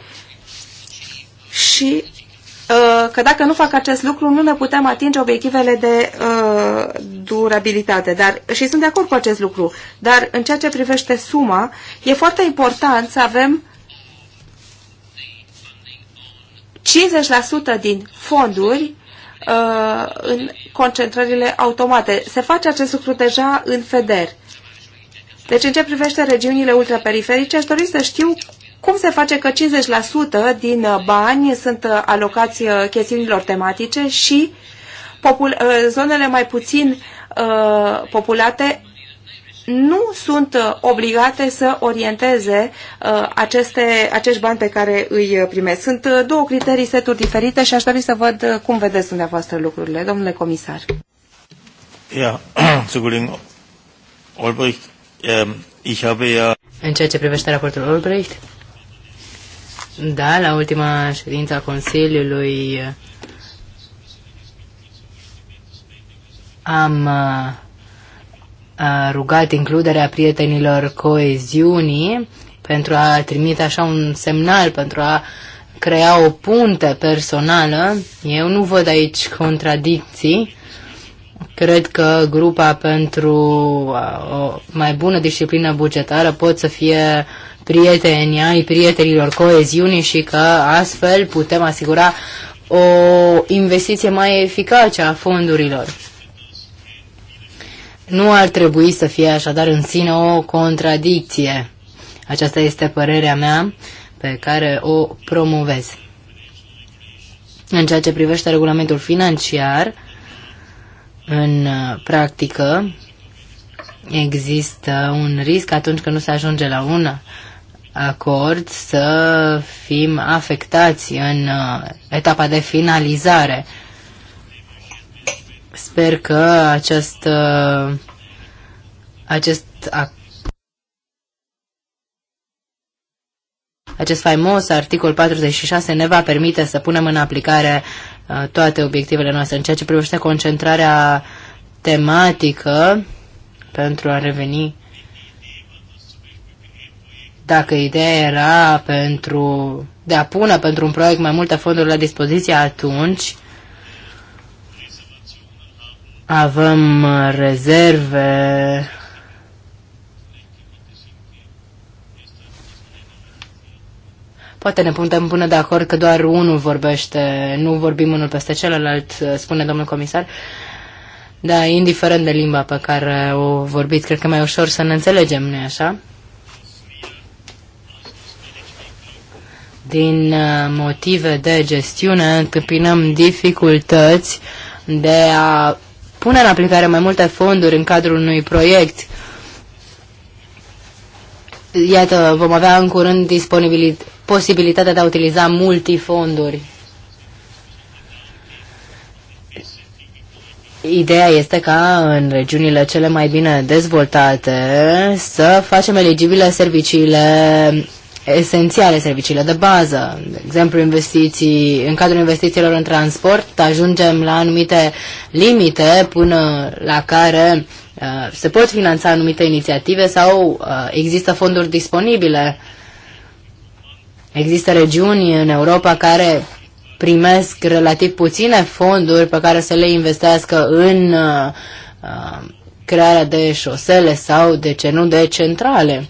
și Uh, că dacă nu fac acest lucru, nu ne putem atinge obiectivele de uh, durabilitate. Dar, și sunt de acord cu acest lucru. Dar în ceea ce privește suma, e foarte important să avem 50% din fonduri uh, în concentrările automate. Se face acest lucru deja în FEDER. Deci, în ce privește regiunile ultraperiferice, aș dori să știu cum se face că 50% din uh, bani sunt uh, alocați uh, chestiunilor tematice și zonele mai puțin uh, populate nu sunt obligate să orienteze uh, aceste, acești bani pe care îi primesc. Sunt două criterii, seturi diferite și aș dori să văd cum vedeți dumneavoastră lucrurile, domnule comisar. Olbricht, ähm, ich habe ja... În ceea ce privește raportul Olbricht, da, la ultima ședință a Consiliului am uh, uh, rugat includerea prietenilor coeziunii pentru a trimite așa un semnal, pentru a crea o punte personală. Eu nu văd aici contradicții. Cred că grupa pentru uh, o mai bună disciplină bugetară pot să fie prieteni ai prietenilor coeziunii și că astfel putem asigura o investiție mai eficace a fondurilor. Nu ar trebui să fie așadar în sine o contradicție. Aceasta este părerea mea pe care o promovez. În ceea ce privește regulamentul financiar, în practică, există un risc atunci când nu se ajunge la un acord să fim afectați în uh, etapa de finalizare. Sper că acest, uh, acest acest faimos articol 46 ne va permite să punem în aplicare uh, toate obiectivele noastre. În ceea ce privește concentrarea tematică, pentru a reveni dacă ideea era pentru, de a pune pentru un proiect mai multe fonduri la dispoziție atunci, avem rezerve Poate ne putem pune de acord că doar unul vorbește, nu vorbim unul peste celălalt, spune domnul comisar. Da, indiferent de limba pe care o vorbiți, cred că mai ușor să ne înțelegem, nu-i așa? Din uh, motive de gestiune întâmpinăm dificultăți de a pune în aplicare mai multe fonduri în cadrul unui proiect. Iată, vom avea în curând posibilitatea de a utiliza multifonduri. Ideea este ca în regiunile cele mai bine dezvoltate să facem eligibile serviciile esențiale, serviciile de bază, de exemplu investiții, în cadrul investițiilor în transport, ajungem la anumite limite până la care uh, se pot finanța anumite inițiative sau uh, există fonduri disponibile. Există regiuni în Europa care primesc relativ puține fonduri pe care să le investească în uh, uh crearea de șosele sau, de ce nu, de centrale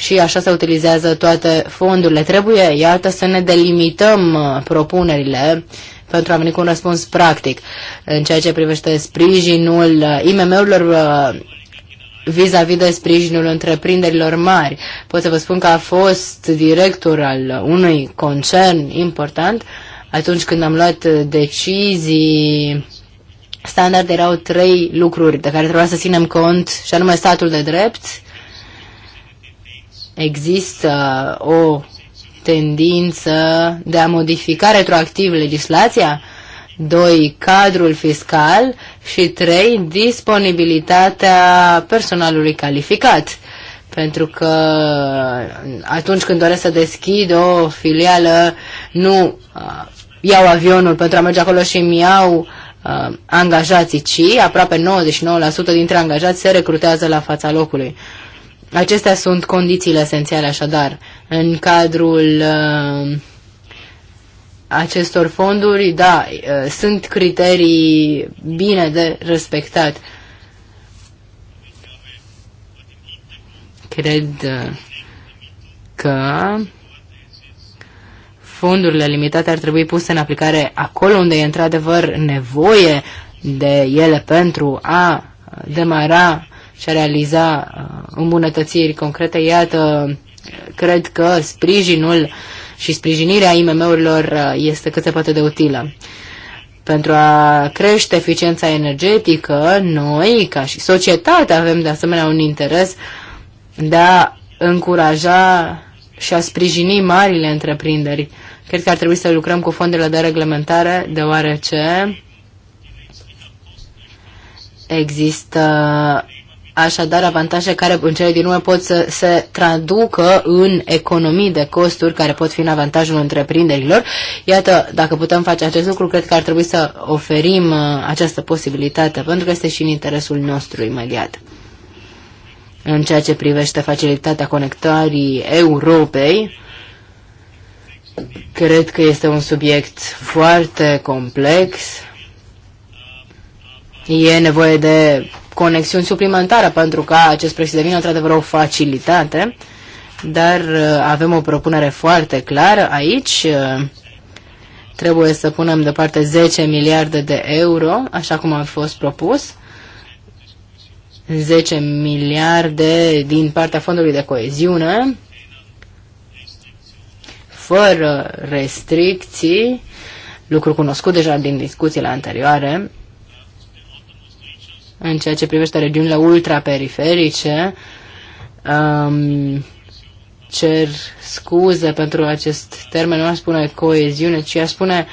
și așa se utilizează toate fondurile. Trebuie, iată, să ne delimităm uh, propunerile pentru a veni cu un răspuns practic în ceea ce privește sprijinul uh, IMM-urilor uh, vis-a-vis -vis de sprijinul întreprinderilor mari. Pot să vă spun că a fost director al unui concern important atunci când am luat decizii standard erau trei lucruri de care trebuia să ținem cont și anume statul de drept, Există o tendință de a modifica retroactiv legislația? 2. Cadrul fiscal și 3. Disponibilitatea personalului calificat. Pentru că atunci când doresc să deschid o filială, nu uh, iau avionul pentru a merge acolo și îmi iau uh, angajații, ci aproape 99% dintre angajați se recrutează la fața locului. Acestea sunt condițiile esențiale, așadar, în cadrul uh, acestor fonduri, da, uh, sunt criterii bine de respectat. Cred uh, că fondurile limitate ar trebui puse în aplicare acolo unde e într-adevăr nevoie de ele pentru a demara și a realiza uh, îmbunătățiri concrete. Iată, cred că sprijinul și sprijinirea IMM-urilor uh, este cât se poate de utilă. Pentru a crește eficiența energetică, noi, ca și societate, avem de asemenea un interes de a încuraja și a sprijini marile întreprinderi. Cred că ar trebui să lucrăm cu fondurile de reglementare, deoarece există Așadar, avantaje care în cele din urmă pot să se traducă în economii de costuri care pot fi în avantajul întreprinderilor. Iată, dacă putem face acest lucru, cred că ar trebui să oferim uh, această posibilitate, pentru că este și în interesul nostru imediat. În ceea ce privește facilitatea conectării Europei, cred că este un subiect foarte complex. E nevoie de conexiuni suplimentare pentru ca acest proiect să devină într-adevăr o facilitate, dar uh, avem o propunere foarte clară aici. Uh, trebuie să punem deoparte 10 miliarde de euro, așa cum a fost propus. 10 miliarde din partea fondului de coeziune, fără restricții, lucru cunoscut deja din discuțiile anterioare, în ceea ce privește regiunile ultraperiferice. Um, cer scuze pentru acest termen, nu aș spune coeziune, ci aș spune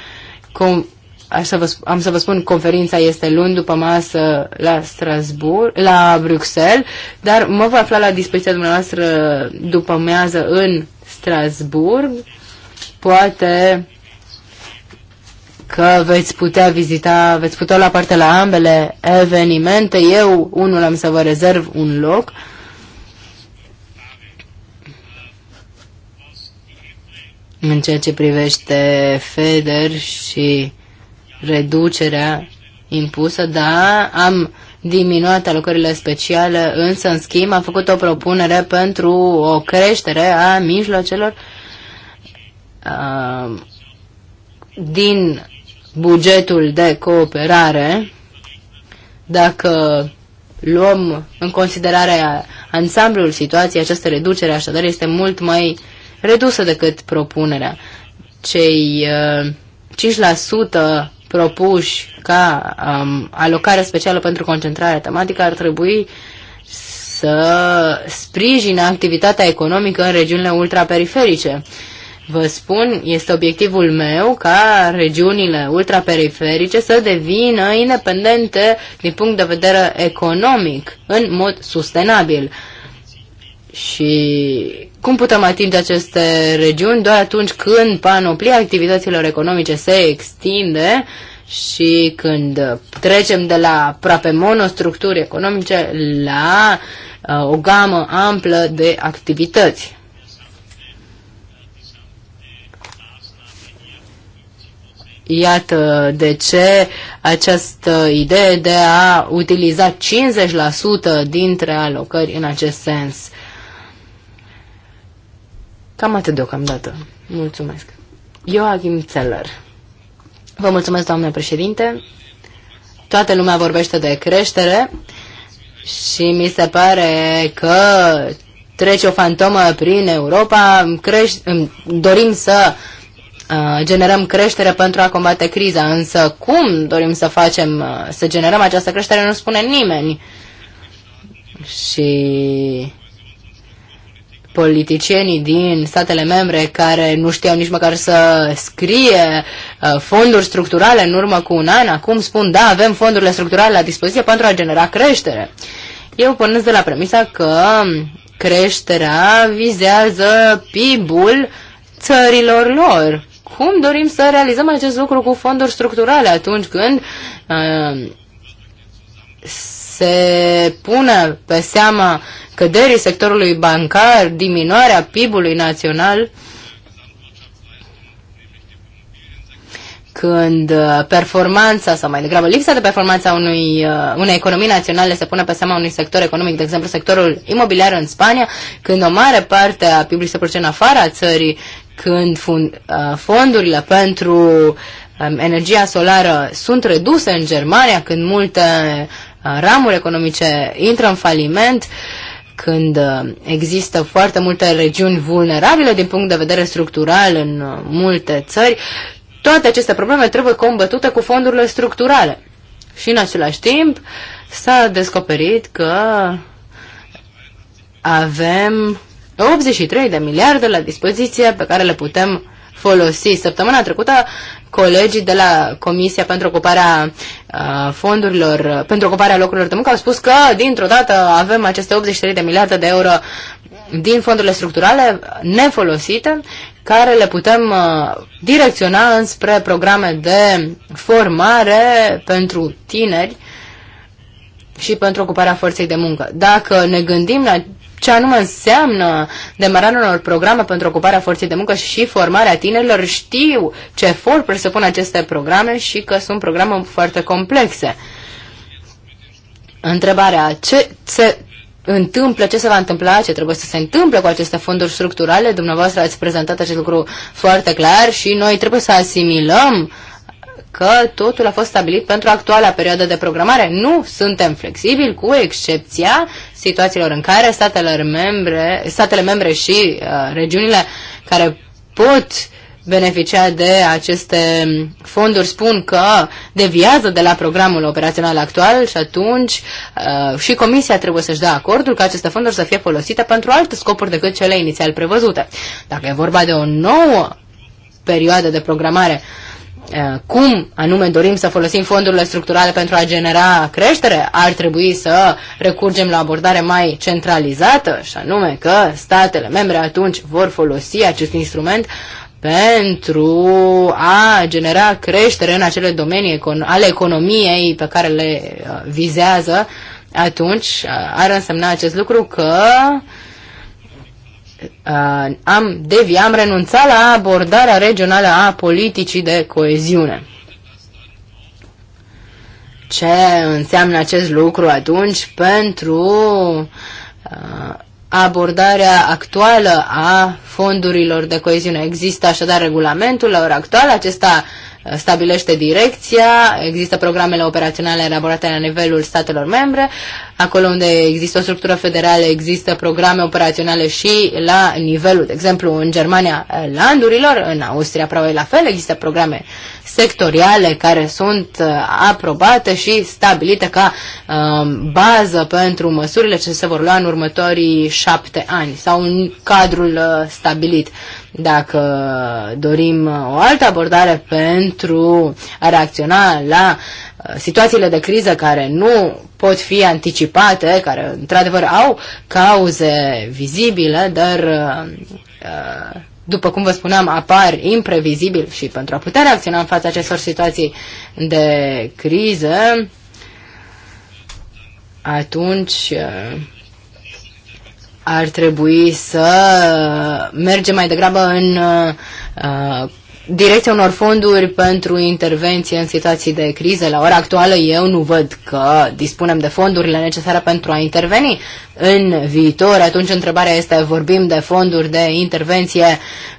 com- aș să vă, am să vă spun, conferința este luni după masă la Strasbourg, la Bruxelles, dar mă voi afla la dispoziția dumneavoastră după mează în Strasbourg. Poate că veți putea vizita, veți putea la parte la ambele evenimente. Eu, unul, am să vă rezerv un loc. În ceea ce privește FEDER și reducerea impusă, da, am diminuat alocările speciale, însă, în schimb, am făcut o propunere pentru o creștere a mijloacelor uh, din bugetul de cooperare, dacă luăm în considerare ansamblul situației, această reducere așadar este mult mai redusă decât propunerea. Cei uh, 5% propuși ca um, alocare specială pentru concentrarea tematică ar trebui să sprijină activitatea economică în regiunile ultraperiferice. Uh, Vă spun, este obiectivul meu ca regiunile ultraperiferice să devină independente din punct de vedere economic, în mod sustenabil. Și cum putem atinge aceste regiuni? Doar atunci când panoplia activităților economice se extinde și când trecem de la aproape monostructuri economice la uh, o gamă amplă de activități. Iată de ce această idee de a utiliza 50% dintre alocări în acest sens. Cam atât deocamdată. Mulțumesc. Joachim Zeller. Vă mulțumesc, doamne președinte. Toată lumea vorbește de creștere și mi se pare că trece o fantomă prin Europa. Creș- dorim să uh, Uh, generăm creștere pentru a combate criza, însă cum dorim să facem, uh, să generăm această creștere, nu spune nimeni. Și politicienii din statele membre care nu știau nici măcar să scrie uh, fonduri structurale în urmă cu un an, acum spun da, avem fondurile structurale la dispoziție pentru a genera creștere. Eu pornesc de la premisa că creșterea vizează PIB-ul țărilor lor cum dorim să realizăm acest lucru cu fonduri structurale atunci când uh, se pune pe seama căderii sectorului bancar, diminuarea PIB-ului național, când uh, performanța, sau mai degrabă lipsa de performanță a unui, uh, unei economii naționale se pune pe seama unui sector economic, de exemplu sectorul imobiliar în Spania, când o mare parte a PIB-ului se produce în afara țării, când fund, uh, fondurile pentru um, energia solară sunt reduse în Germania, când multe uh, ramuri economice intră în faliment, când uh, există foarte multe regiuni vulnerabile din punct de vedere structural în multe țări, toate aceste probleme trebuie combătute cu fondurile structurale. Și în același timp s-a descoperit că avem 83 de miliarde la dispoziție pe care le putem folosi. Săptămâna trecută, colegii de la Comisia pentru ocuparea uh, fondurilor, pentru ocuparea locurilor de muncă au spus că, dintr-o dată, avem aceste 83 de miliarde de euro din fondurile structurale nefolosite, care le putem uh, direcționa înspre programe de formare pentru tineri și pentru ocuparea forței de muncă. Dacă ne gândim la ce anume înseamnă demararea unor programe pentru ocuparea forței de muncă și formarea tinerilor. Știu ce efort presupun aceste programe și că sunt programe foarte complexe. Întrebarea, ce se întâmplă, ce se va întâmpla, ce trebuie să se întâmple cu aceste fonduri structurale. Dumneavoastră ați prezentat acest lucru foarte clar și noi trebuie să asimilăm că totul a fost stabilit pentru actuala perioadă de programare. Nu suntem flexibili, cu excepția situațiilor în care statele membre, statele membre și uh, regiunile care pot beneficia de aceste fonduri spun că deviază de la programul operațional actual și atunci uh, și Comisia trebuie să-și dea acordul ca aceste fonduri să fie folosite pentru alte scopuri decât cele inițial prevăzute. Dacă e vorba de o nouă perioadă de programare uh, Eh, cum anume dorim să folosim fondurile structurale pentru a genera creștere, ar trebui să recurgem la abordare mai centralizată, și anume că statele membre atunci vor folosi acest instrument pentru a genera creștere în acele domenii ale economiei pe care le eh, vizează, atunci eh, ar însemna acest lucru că uh, uh, am devi, am renunțat la abordarea regională a politicii de coeziune. Ce înseamnă acest lucru atunci pentru uh, abordarea actuală a fondurilor de coeziune? Există așadar regulamentul la ora actuală, acesta uh, stabilește direcția, există programele operaționale elaborate la nivelul statelor membre, uh, Acolo unde există o structură federală, există programe operaționale și la nivelul, de exemplu, în Germania, landurilor, în Austria, probabil la fel, există programe sectoriale care sunt uh, aprobate și stabilite ca um, bază pentru măsurile ce se vor lua în următorii șapte ani sau în cadrul uh, stabilit. Dacă dorim uh, o altă abordare pentru a reacționa la situațiile de criză care nu pot fi anticipate, anticipate, care într-adevăr au cauze vizibile, dar uh, uh, după cum vă spuneam, apar imprevizibil și pentru a putea reacționa în fața acestor situații de criză, atunci uh, ar trebui să mergem mai degrabă în direcția unor fonduri pentru intervenție în situații de criză. La ora actuală eu nu văd că dispunem de fondurile necesare pentru a interveni în viitor. Atunci întrebarea este, vorbim de fonduri de intervenție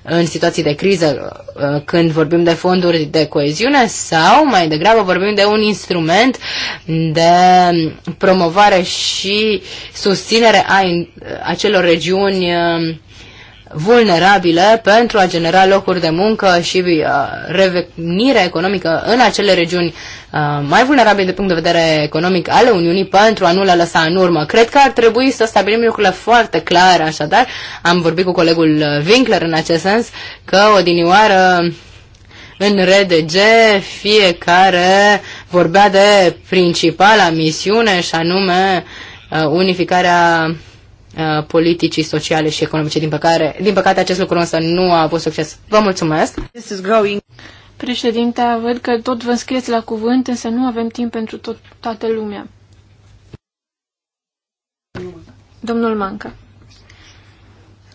în situații de criză uh, când vorbim de fonduri de coeziune sau mai degrabă vorbim de un instrument de promovare și susținere a acelor regiuni uh, vulnerabile pentru a genera locuri de muncă și uh, revenire economică în acele regiuni uh, mai vulnerabile de punct de vedere economic ale Uniunii pentru a nu le lăsa în urmă. Cred că ar trebui să stabilim lucrurile foarte clare, așadar. Am vorbit cu colegul Winkler în acest sens că odinioară în RDG fiecare vorbea de principala misiune și anume uh, unificarea Uh, politicii sociale și economice. Din păcate, din păcate, acest lucru însă nu a avut succes. Vă mulțumesc! This is going. Președinte, văd că tot vă înscrieți la cuvânt, însă nu avem timp pentru tot, toată lumea. Domnul Manca.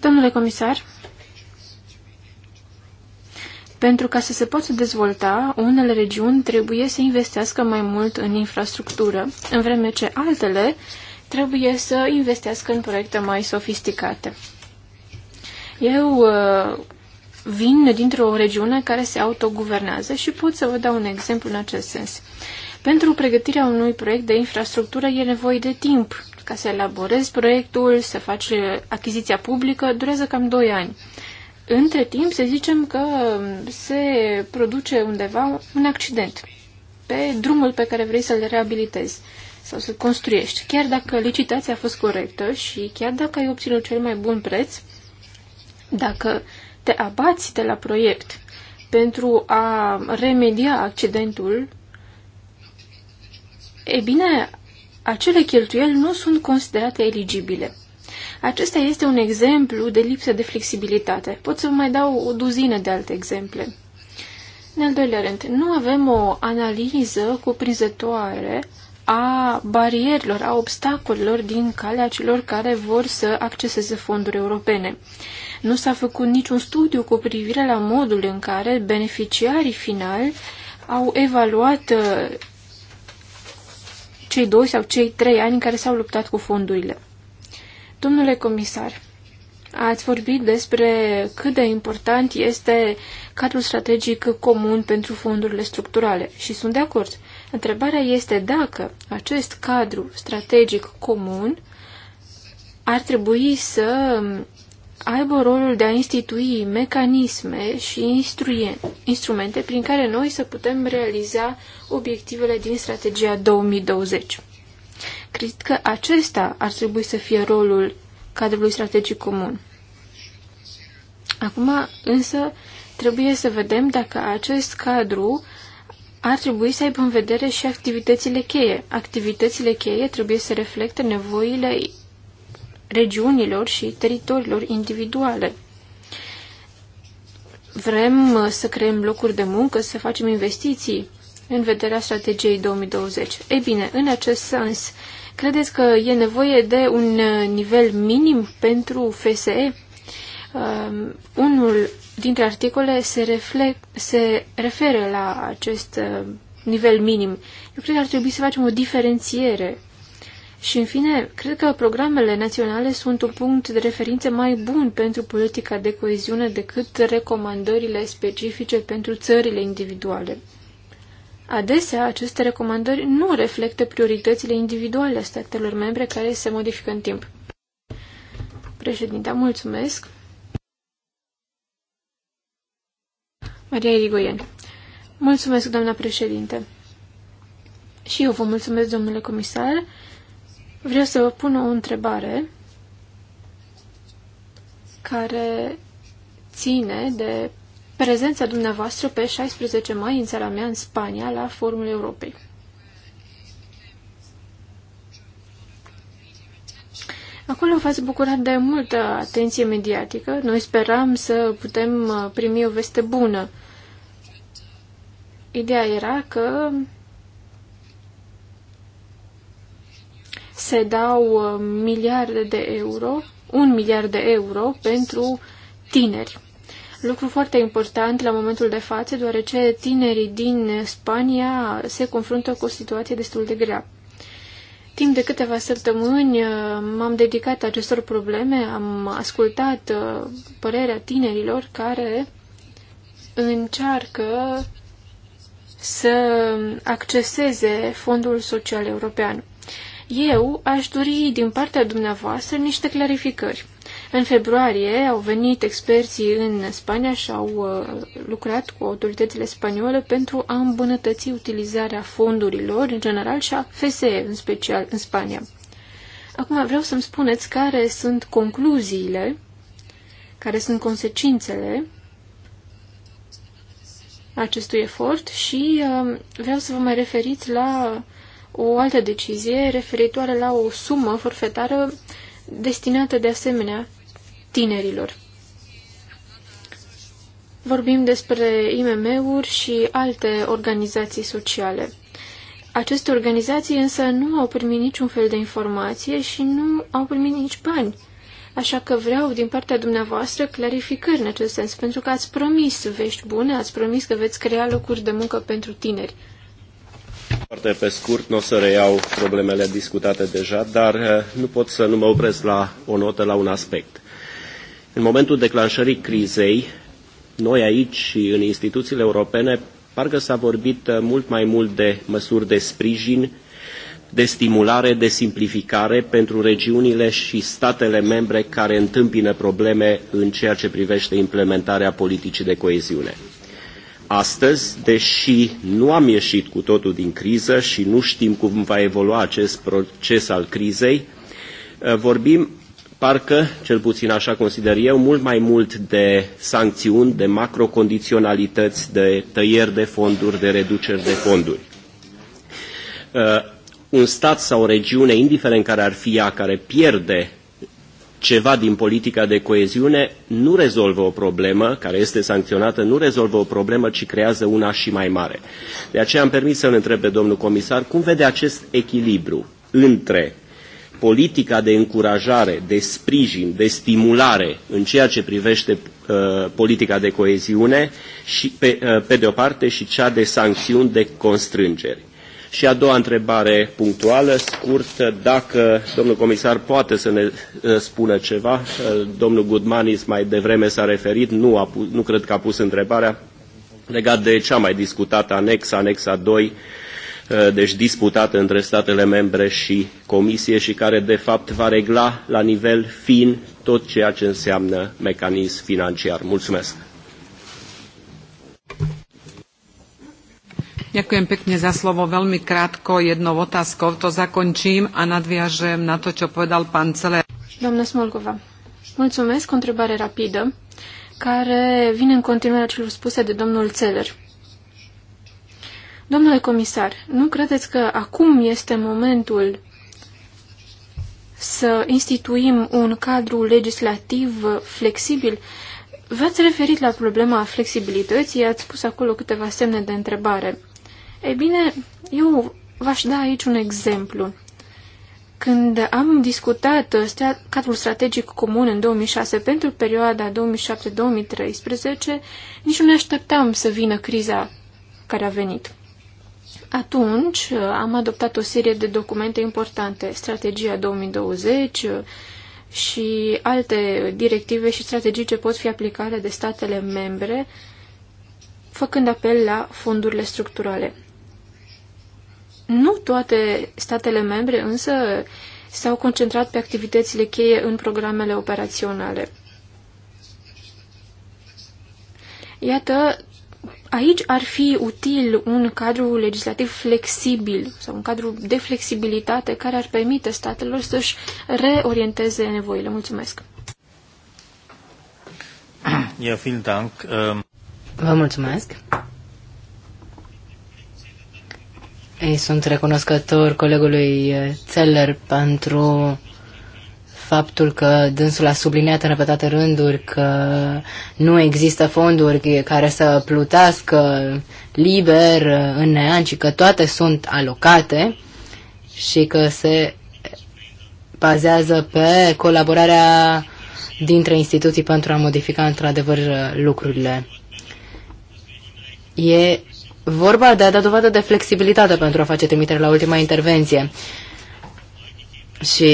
Domnule comisar, pentru ca să se poată dezvolta, unele regiuni trebuie să investească mai mult în infrastructură, în vreme ce altele trebuie să investească în proiecte mai sofisticate. Eu uh, vin dintr-o regiune care se autoguvernează și pot să vă dau un exemplu în acest sens. Pentru pregătirea unui proiect de infrastructură e nevoie de timp. Ca să elaborezi proiectul, să faci uh, achiziția publică, durează cam 2 ani. Între timp, să zicem că um, se produce undeva un accident pe drumul pe care vrei să-l reabilitezi sau să construiești. Chiar dacă licitația a fost corectă și chiar dacă ai obținut cel mai bun preț, dacă te abați de la proiect pentru a remedia accidentul, e bine, acele cheltuieli nu sunt considerate eligibile. Acesta este un exemplu de lipsă de flexibilitate. Pot să vă mai dau o duzină de alte exemple. În al doilea rând, nu avem o analiză cuprinzătoare a barierilor, a obstacolelor din calea celor care vor să acceseze fonduri europene. Nu s-a făcut niciun studiu cu privire la modul în care beneficiarii finali au evaluat uh, cei doi sau cei trei ani în care s-au luptat cu fondurile. Domnule comisar, ați vorbit despre cât de important este cadrul strategic comun pentru fondurile structurale și sunt de acord. Întrebarea este dacă acest cadru strategic comun ar trebui să aibă rolul de a institui mecanisme și instrumente prin care noi să putem realiza obiectivele din strategia 2020. Cred că acesta ar trebui să fie rolul cadrului strategic comun. Acum, însă, trebuie să vedem dacă acest cadru ar trebui să aibă în vedere și activitățile cheie. Activitățile cheie trebuie să reflecte nevoile regiunilor și teritoriilor individuale. Vrem să creăm locuri de muncă, să facem investiții în vederea strategiei 2020. Ei bine, în acest sens, credeți că e nevoie de un nivel minim pentru FSE? Um, unul dintre articole se, reflect, se referă la acest uh, nivel minim. Eu cred că ar trebui să facem o diferențiere. Și, în fine, cred că programele naționale sunt un punct de referință mai bun pentru politica de coeziune decât recomandările specifice pentru țările individuale. Adesea, aceste recomandări nu reflectă prioritățile individuale a statelor membre care se modifică în timp. Președinte, mulțumesc! Maria Irigoyen. Mulțumesc, doamna președinte. Și eu vă mulțumesc, domnule comisar. Vreau să vă pun o întrebare care ține de prezența dumneavoastră pe 16 mai în țara mea, în Spania, la Forumul Europei. Acolo v-ați bucurat de multă atenție mediatică. Noi speram să putem uh, primi o veste bună Ideea era că se dau uh, miliarde de euro, un miliard de euro pentru tineri. Lucru foarte important la momentul de față, deoarece tinerii din Spania se confruntă cu o situație destul de grea. Timp de câteva săptămâni uh, m-am dedicat acestor probleme, am ascultat uh, părerea tinerilor care încearcă să acceseze Fondul Social European. Eu aș dori din partea dumneavoastră niște clarificări. În februarie au venit experții în Spania și au uh, lucrat cu autoritățile spaniole pentru a îmbunătăți utilizarea fondurilor în general și a FSE în special în Spania. Acum vreau să-mi spuneți care sunt concluziile, care sunt consecințele acestui efort și uh, vreau să vă mai referiți la o altă decizie referitoare la o sumă forfetară destinată de asemenea tinerilor. Vorbim despre IMM-uri și alte organizații sociale. Aceste organizații însă nu au primit niciun fel de informație și nu au primit nici bani. Așa că vreau din partea dumneavoastră clarificări în acest sens, pentru că ați promis vești bune, ați promis că veți crea locuri de muncă pentru tineri. Foarte pe scurt, nu o să reiau problemele discutate deja, dar eh, nu pot să nu mă opresc la o notă, la un aspect. În momentul declanșării crizei, noi aici și în instituțiile europene, parcă s-a vorbit eh, mult mai mult de măsuri de sprijin de stimulare, de simplificare pentru regiunile și statele membre care întâmpină probleme în ceea ce privește implementarea politicii de coeziune. Astăzi, deși nu am ieșit cu totul din criză și nu știm cum va evolua acest proces al crizei, vorbim parcă, cel puțin așa consider eu, mult mai mult de sancțiuni, de macrocondiționalități, de tăieri de fonduri, de reduceri de fonduri un stat sau o regiune, indiferent care ar fi ea, care pierde ceva din politica de coeziune, nu rezolvă o problemă care este sancționată, nu rezolvă o problemă, ci creează una și mai mare. De aceea am permis să-l întreb pe domnul comisar cum vede acest echilibru între politica de încurajare, de sprijin, de stimulare în ceea ce privește uh, politica de coeziune și pe, uh, pe de o parte și cea de sancțiuni de constrângeri. Și a doua întrebare punctuală, scurtă, dacă domnul comisar poate să ne eh, spună ceva. Eh, domnul Gudmanis mai devreme s-a referit, nu, a pus, nu cred că a pus întrebarea legat de cea mai discutată anexa, anexa 2, eh, deci disputată între statele membre și Comisie și care de fapt va regla la nivel fin tot ceea ce înseamnă mecanism financiar. Mulțumesc! Ďakujem pekne za slovo. Veľmi krátko jednou otázkou to zakončím a nadviažem na to, čo povedal pán Celer. Doamna Smolgova, mulțumesc. O întrebare rapidă care vine în continuarea celor spuse de domnul Țeler. Domnule comisar, nu credeți că acum este momentul să instituim un cadru legislativ flexibil? V-ați referit la problema flexibilității, ați spus acolo câteva semne de întrebare. Ei bine, eu v-aș da aici un exemplu. Când am discutat uh, cadrul strategic comun în 2006 pentru perioada 2007-2013, nici nu ne așteptam să vină criza care a venit. Atunci uh, am adoptat o serie de documente importante, strategia 2020 uh, și alte directive și strategii ce pot fi aplicate de statele membre, făcând apel la fondurile structurale. Nu toate statele membre însă s-au concentrat pe activitățile cheie în programele operaționale. Iată, aici ar fi util un cadru legislativ flexibil sau un cadru de flexibilitate care ar permite statelor să-și reorienteze nevoile. Mulțumesc! Vă mulțumesc! Ei sunt recunoscător colegului Zeller pentru faptul că dânsul a subliniat în repetate rânduri că nu există fonduri care să plutească liber în nean, ci că toate sunt alocate și că se bazează pe colaborarea dintre instituții pentru a modifica într-adevăr lucrurile. E vorba de a da dovadă de flexibilitate pentru a face trimitere la ultima intervenție. Și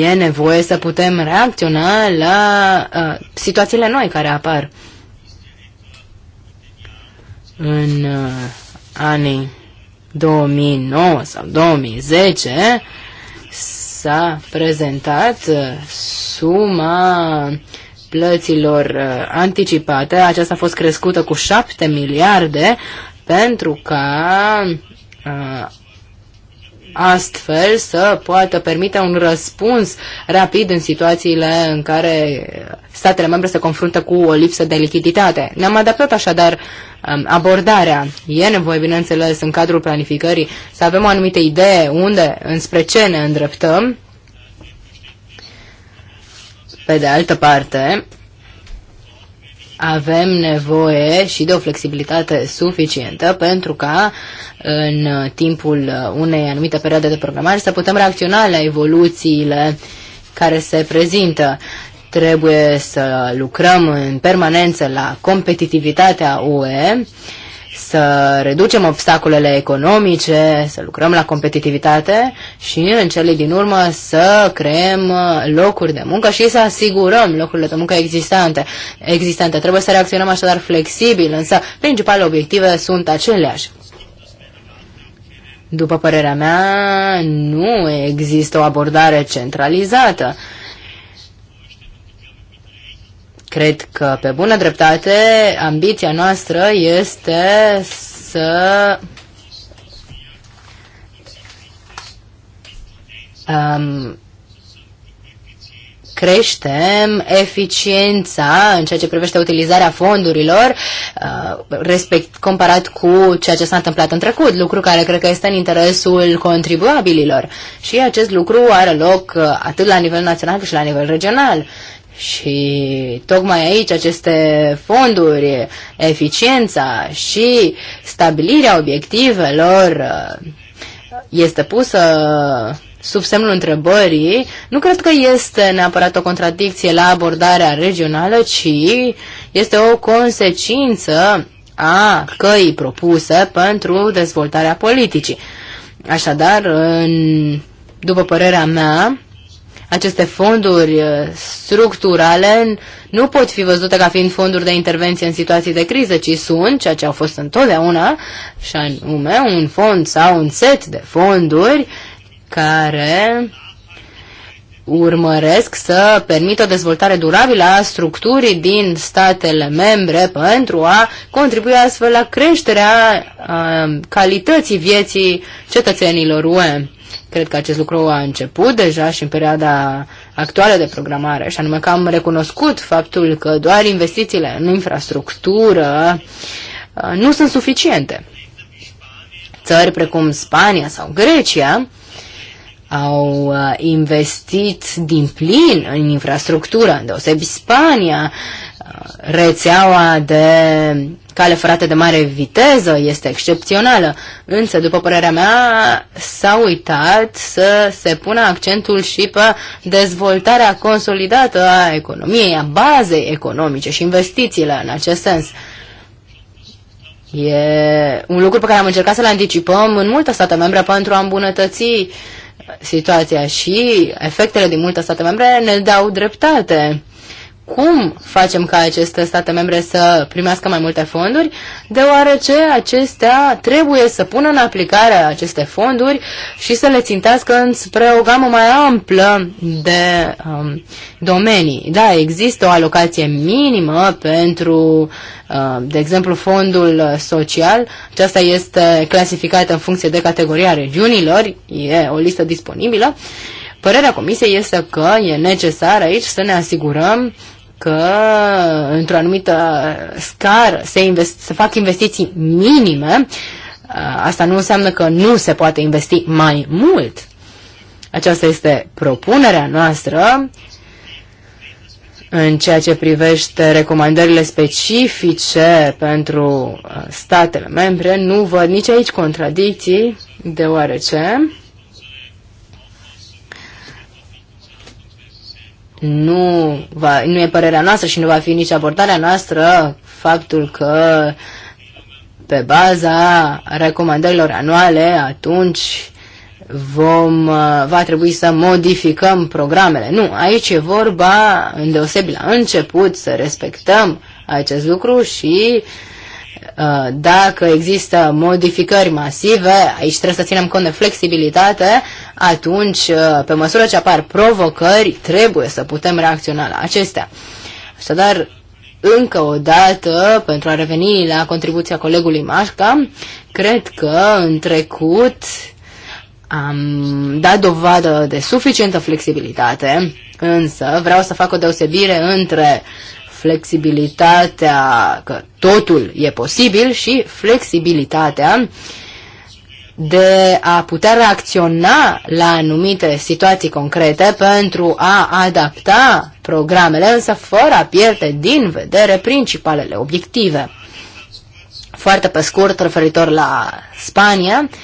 e nevoie să putem reacționa la uh, situațiile noi care apar în uh, anii 2009 sau 2010 s-a prezentat uh, suma plăților uh, anticipate, aceasta a fost crescută cu 7 miliarde pentru ca uh, astfel să poată permite un răspuns rapid în situațiile în care statele membre se confruntă cu o lipsă de lichiditate. Ne-am adaptat așadar um, abordarea. E nevoie, bineînțeles, în cadrul planificării să avem o anumită idee unde, înspre ce ne îndreptăm, pe de altă parte, avem nevoie și de o flexibilitate suficientă pentru ca în timpul unei anumite perioade de programare să putem reacționa la evoluțiile care se prezintă. Trebuie să lucrăm în permanență la competitivitatea UE, să reducem obstacolele economice, să lucrăm la competitivitate și în cele din urmă să creăm locuri de muncă și să asigurăm locurile de muncă existente. existente. Trebuie să reacționăm așadar flexibil, însă principalele obiective sunt aceleași. După părerea mea, nu există o abordare centralizată. Uh, Cred că, pe bună dreptate, ambiția noastră este să um, creștem eficiența în ceea ce privește utilizarea fondurilor uh, respect, comparat cu ceea ce s-a întâmplat în trecut, lucru care cred că este în interesul contribuabililor. Și acest lucru are loc uh, atât la nivel național cât și la nivel regional. Și tocmai aici aceste fonduri, eficiența și stabilirea obiectivelor uh, este pusă sub semnul întrebării. Nu cred că este neapărat o contradicție la abordarea regională, ci este o consecință a căii propuse pentru dezvoltarea politicii. Așadar, în, după părerea mea, aceste fonduri uh, structurale nu pot fi văzute ca fiind fonduri de intervenție în situații de criză, ci sunt, ceea ce au fost întotdeauna, și anume un fond sau un set de fonduri care urmăresc să permită o dezvoltare durabilă a structurii din statele membre pentru a contribui astfel la creșterea a, uh, calității vieții cetățenilor UE. Cred că acest lucru a început deja și în perioada actuală de programare, și anume că am recunoscut faptul că doar investițiile în infrastructură uh, nu sunt suficiente. Țări precum Spania sau Grecia au uh, investit din plin în infrastructură, deosebi Spania, uh, rețeaua de cale ferată de mare viteză este excepțională, însă, după părerea mea, s-a uitat să se pună accentul și pe dezvoltarea consolidată a economiei, a bazei economice și investițiile în acest sens. E un lucru pe care am încercat să-l anticipăm în multe state membre pentru a îmbunătăți uh, situația și efectele din multe state membre ne dau dreptate cum facem ca aceste state membre să primească mai multe fonduri, deoarece acestea trebuie să pună în aplicare aceste fonduri și să le țintească înspre o gamă mai amplă de um, domenii. Da, există o alocație minimă pentru, uh, de exemplu, fondul social. Aceasta este clasificată în funcție de categoria regiunilor, e o listă disponibilă. Părerea Comisiei este că e necesar aici să ne asigurăm că într-o anumită scară se, invest- se fac investiții minime, uh, asta nu înseamnă că nu se poate investi mai mult. Aceasta este propunerea noastră în ceea ce privește recomandările specifice pentru uh, statele membre. Nu văd nici aici contradicții, deoarece Nu, va, nu e părerea noastră și nu va fi nici abordarea noastră faptul că pe baza recomandărilor anuale, atunci vom, uh, va trebui să modificăm programele. Nu, aici e vorba, îndeosebit la început, să respectăm acest lucru și uh, Uh, dacă există modificări masive, aici trebuie să ținem cont de flexibilitate, atunci, uh, pe măsură ce apar provocări, trebuie să putem reacționa la acestea. Așadar, încă o dată, pentru a reveni la contribuția colegului Mașca, cred că în trecut am dat dovadă de suficientă flexibilitate, însă vreau să fac o deosebire între flexibilitatea, că totul e posibil și flexibilitatea de a putea reacționa la anumite situații concrete pentru a adapta programele, însă fără a pierde din vedere principalele obiective. Foarte pe scurt, referitor la Spania, uh,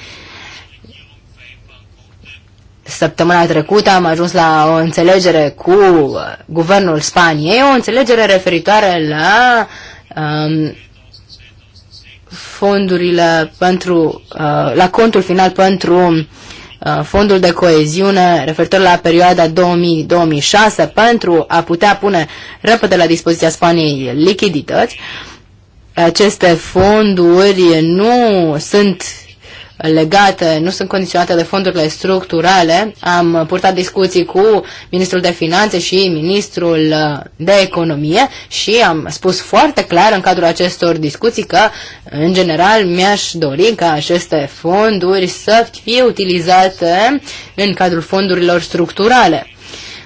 Săptămâna trecută am ajuns la o înțelegere cu uh, guvernul Spaniei, o înțelegere referitoare la um, fondurile pentru, uh, la contul final pentru uh, fondul de coeziune referitor la perioada 2000-2006 pentru a putea pune repede la dispoziția Spaniei lichidități. Aceste fonduri nu sunt legate, nu sunt condiționate de fondurile structurale. Am purtat discuții cu ministrul de finanțe și ministrul uh, de economie și am spus foarte clar în cadrul acestor discuții că, în general, mi-aș dori ca aceste fonduri să fie utilizate în cadrul fondurilor structurale.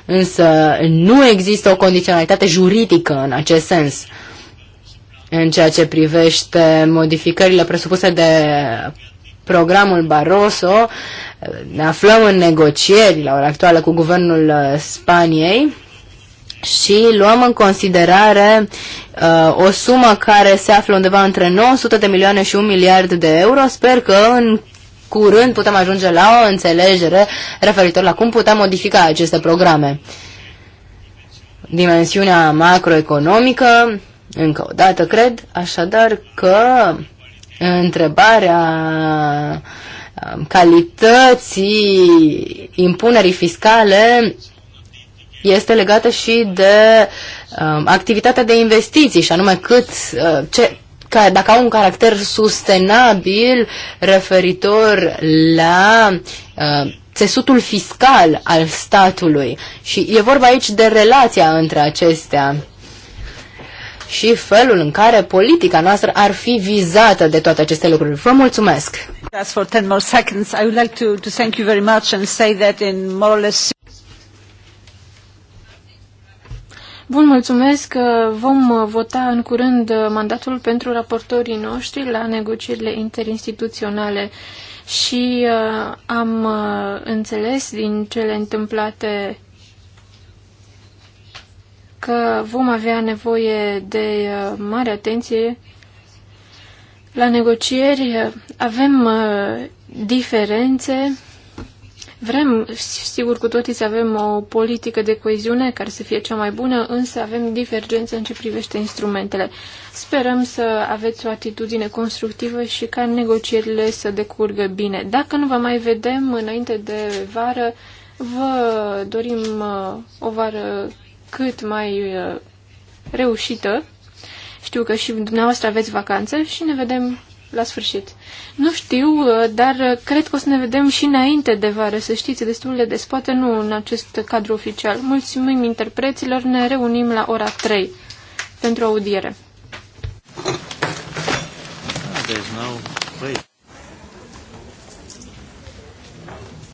Însă nu există o condiționalitate juridică în acest sens în ceea ce privește modificările presupuse de programul Barroso. Ne aflăm în negocieri la ora actuală cu guvernul uh, Spaniei și luăm în considerare uh, o sumă care se află undeva între 900 de milioane și 1 miliard de euro. Sper că în curând putem ajunge la o înțelegere referitor la cum putem modifica aceste programe. Dimensiunea macroeconomică, încă o dată cred, așadar că întrebarea um, calității impunerii fiscale este legată și de uh, activitatea de investiții și anume cât, uh, ce, ca, dacă au un caracter sustenabil referitor la uh, țesutul fiscal al statului. Și e vorba aici de relația între acestea și felul în care politica noastră ar fi vizată de toate aceste lucruri. Vă mulțumesc! For more seconds, I would like to, to thank you very much and say that in more or less... Bun, mulțumesc. Vom vota în curând mandatul pentru raportorii noștri la negocierile interinstituționale și uh, am uh, înțeles din cele întâmplate că vom avea nevoie de uh, mare atenție la negocieri. Avem uh, diferențe. Vrem, sigur, cu toții să avem o politică de coeziune care să fie cea mai bună, însă avem divergențe în ce privește instrumentele. Sperăm să aveți o atitudine constructivă și ca negocierile să decurgă bine. Dacă nu vă mai vedem înainte de vară, vă dorim uh, o vară cât mai uh, reușită. Știu că și dumneavoastră aveți vacanță și ne vedem la sfârșit. Nu știu, uh, dar uh, cred că o să ne vedem și înainte de vară, să știți, destul de des, poate nu în acest cadru oficial. Mulțumim interpreților, ne reunim la ora 3 pentru audiere. Ah,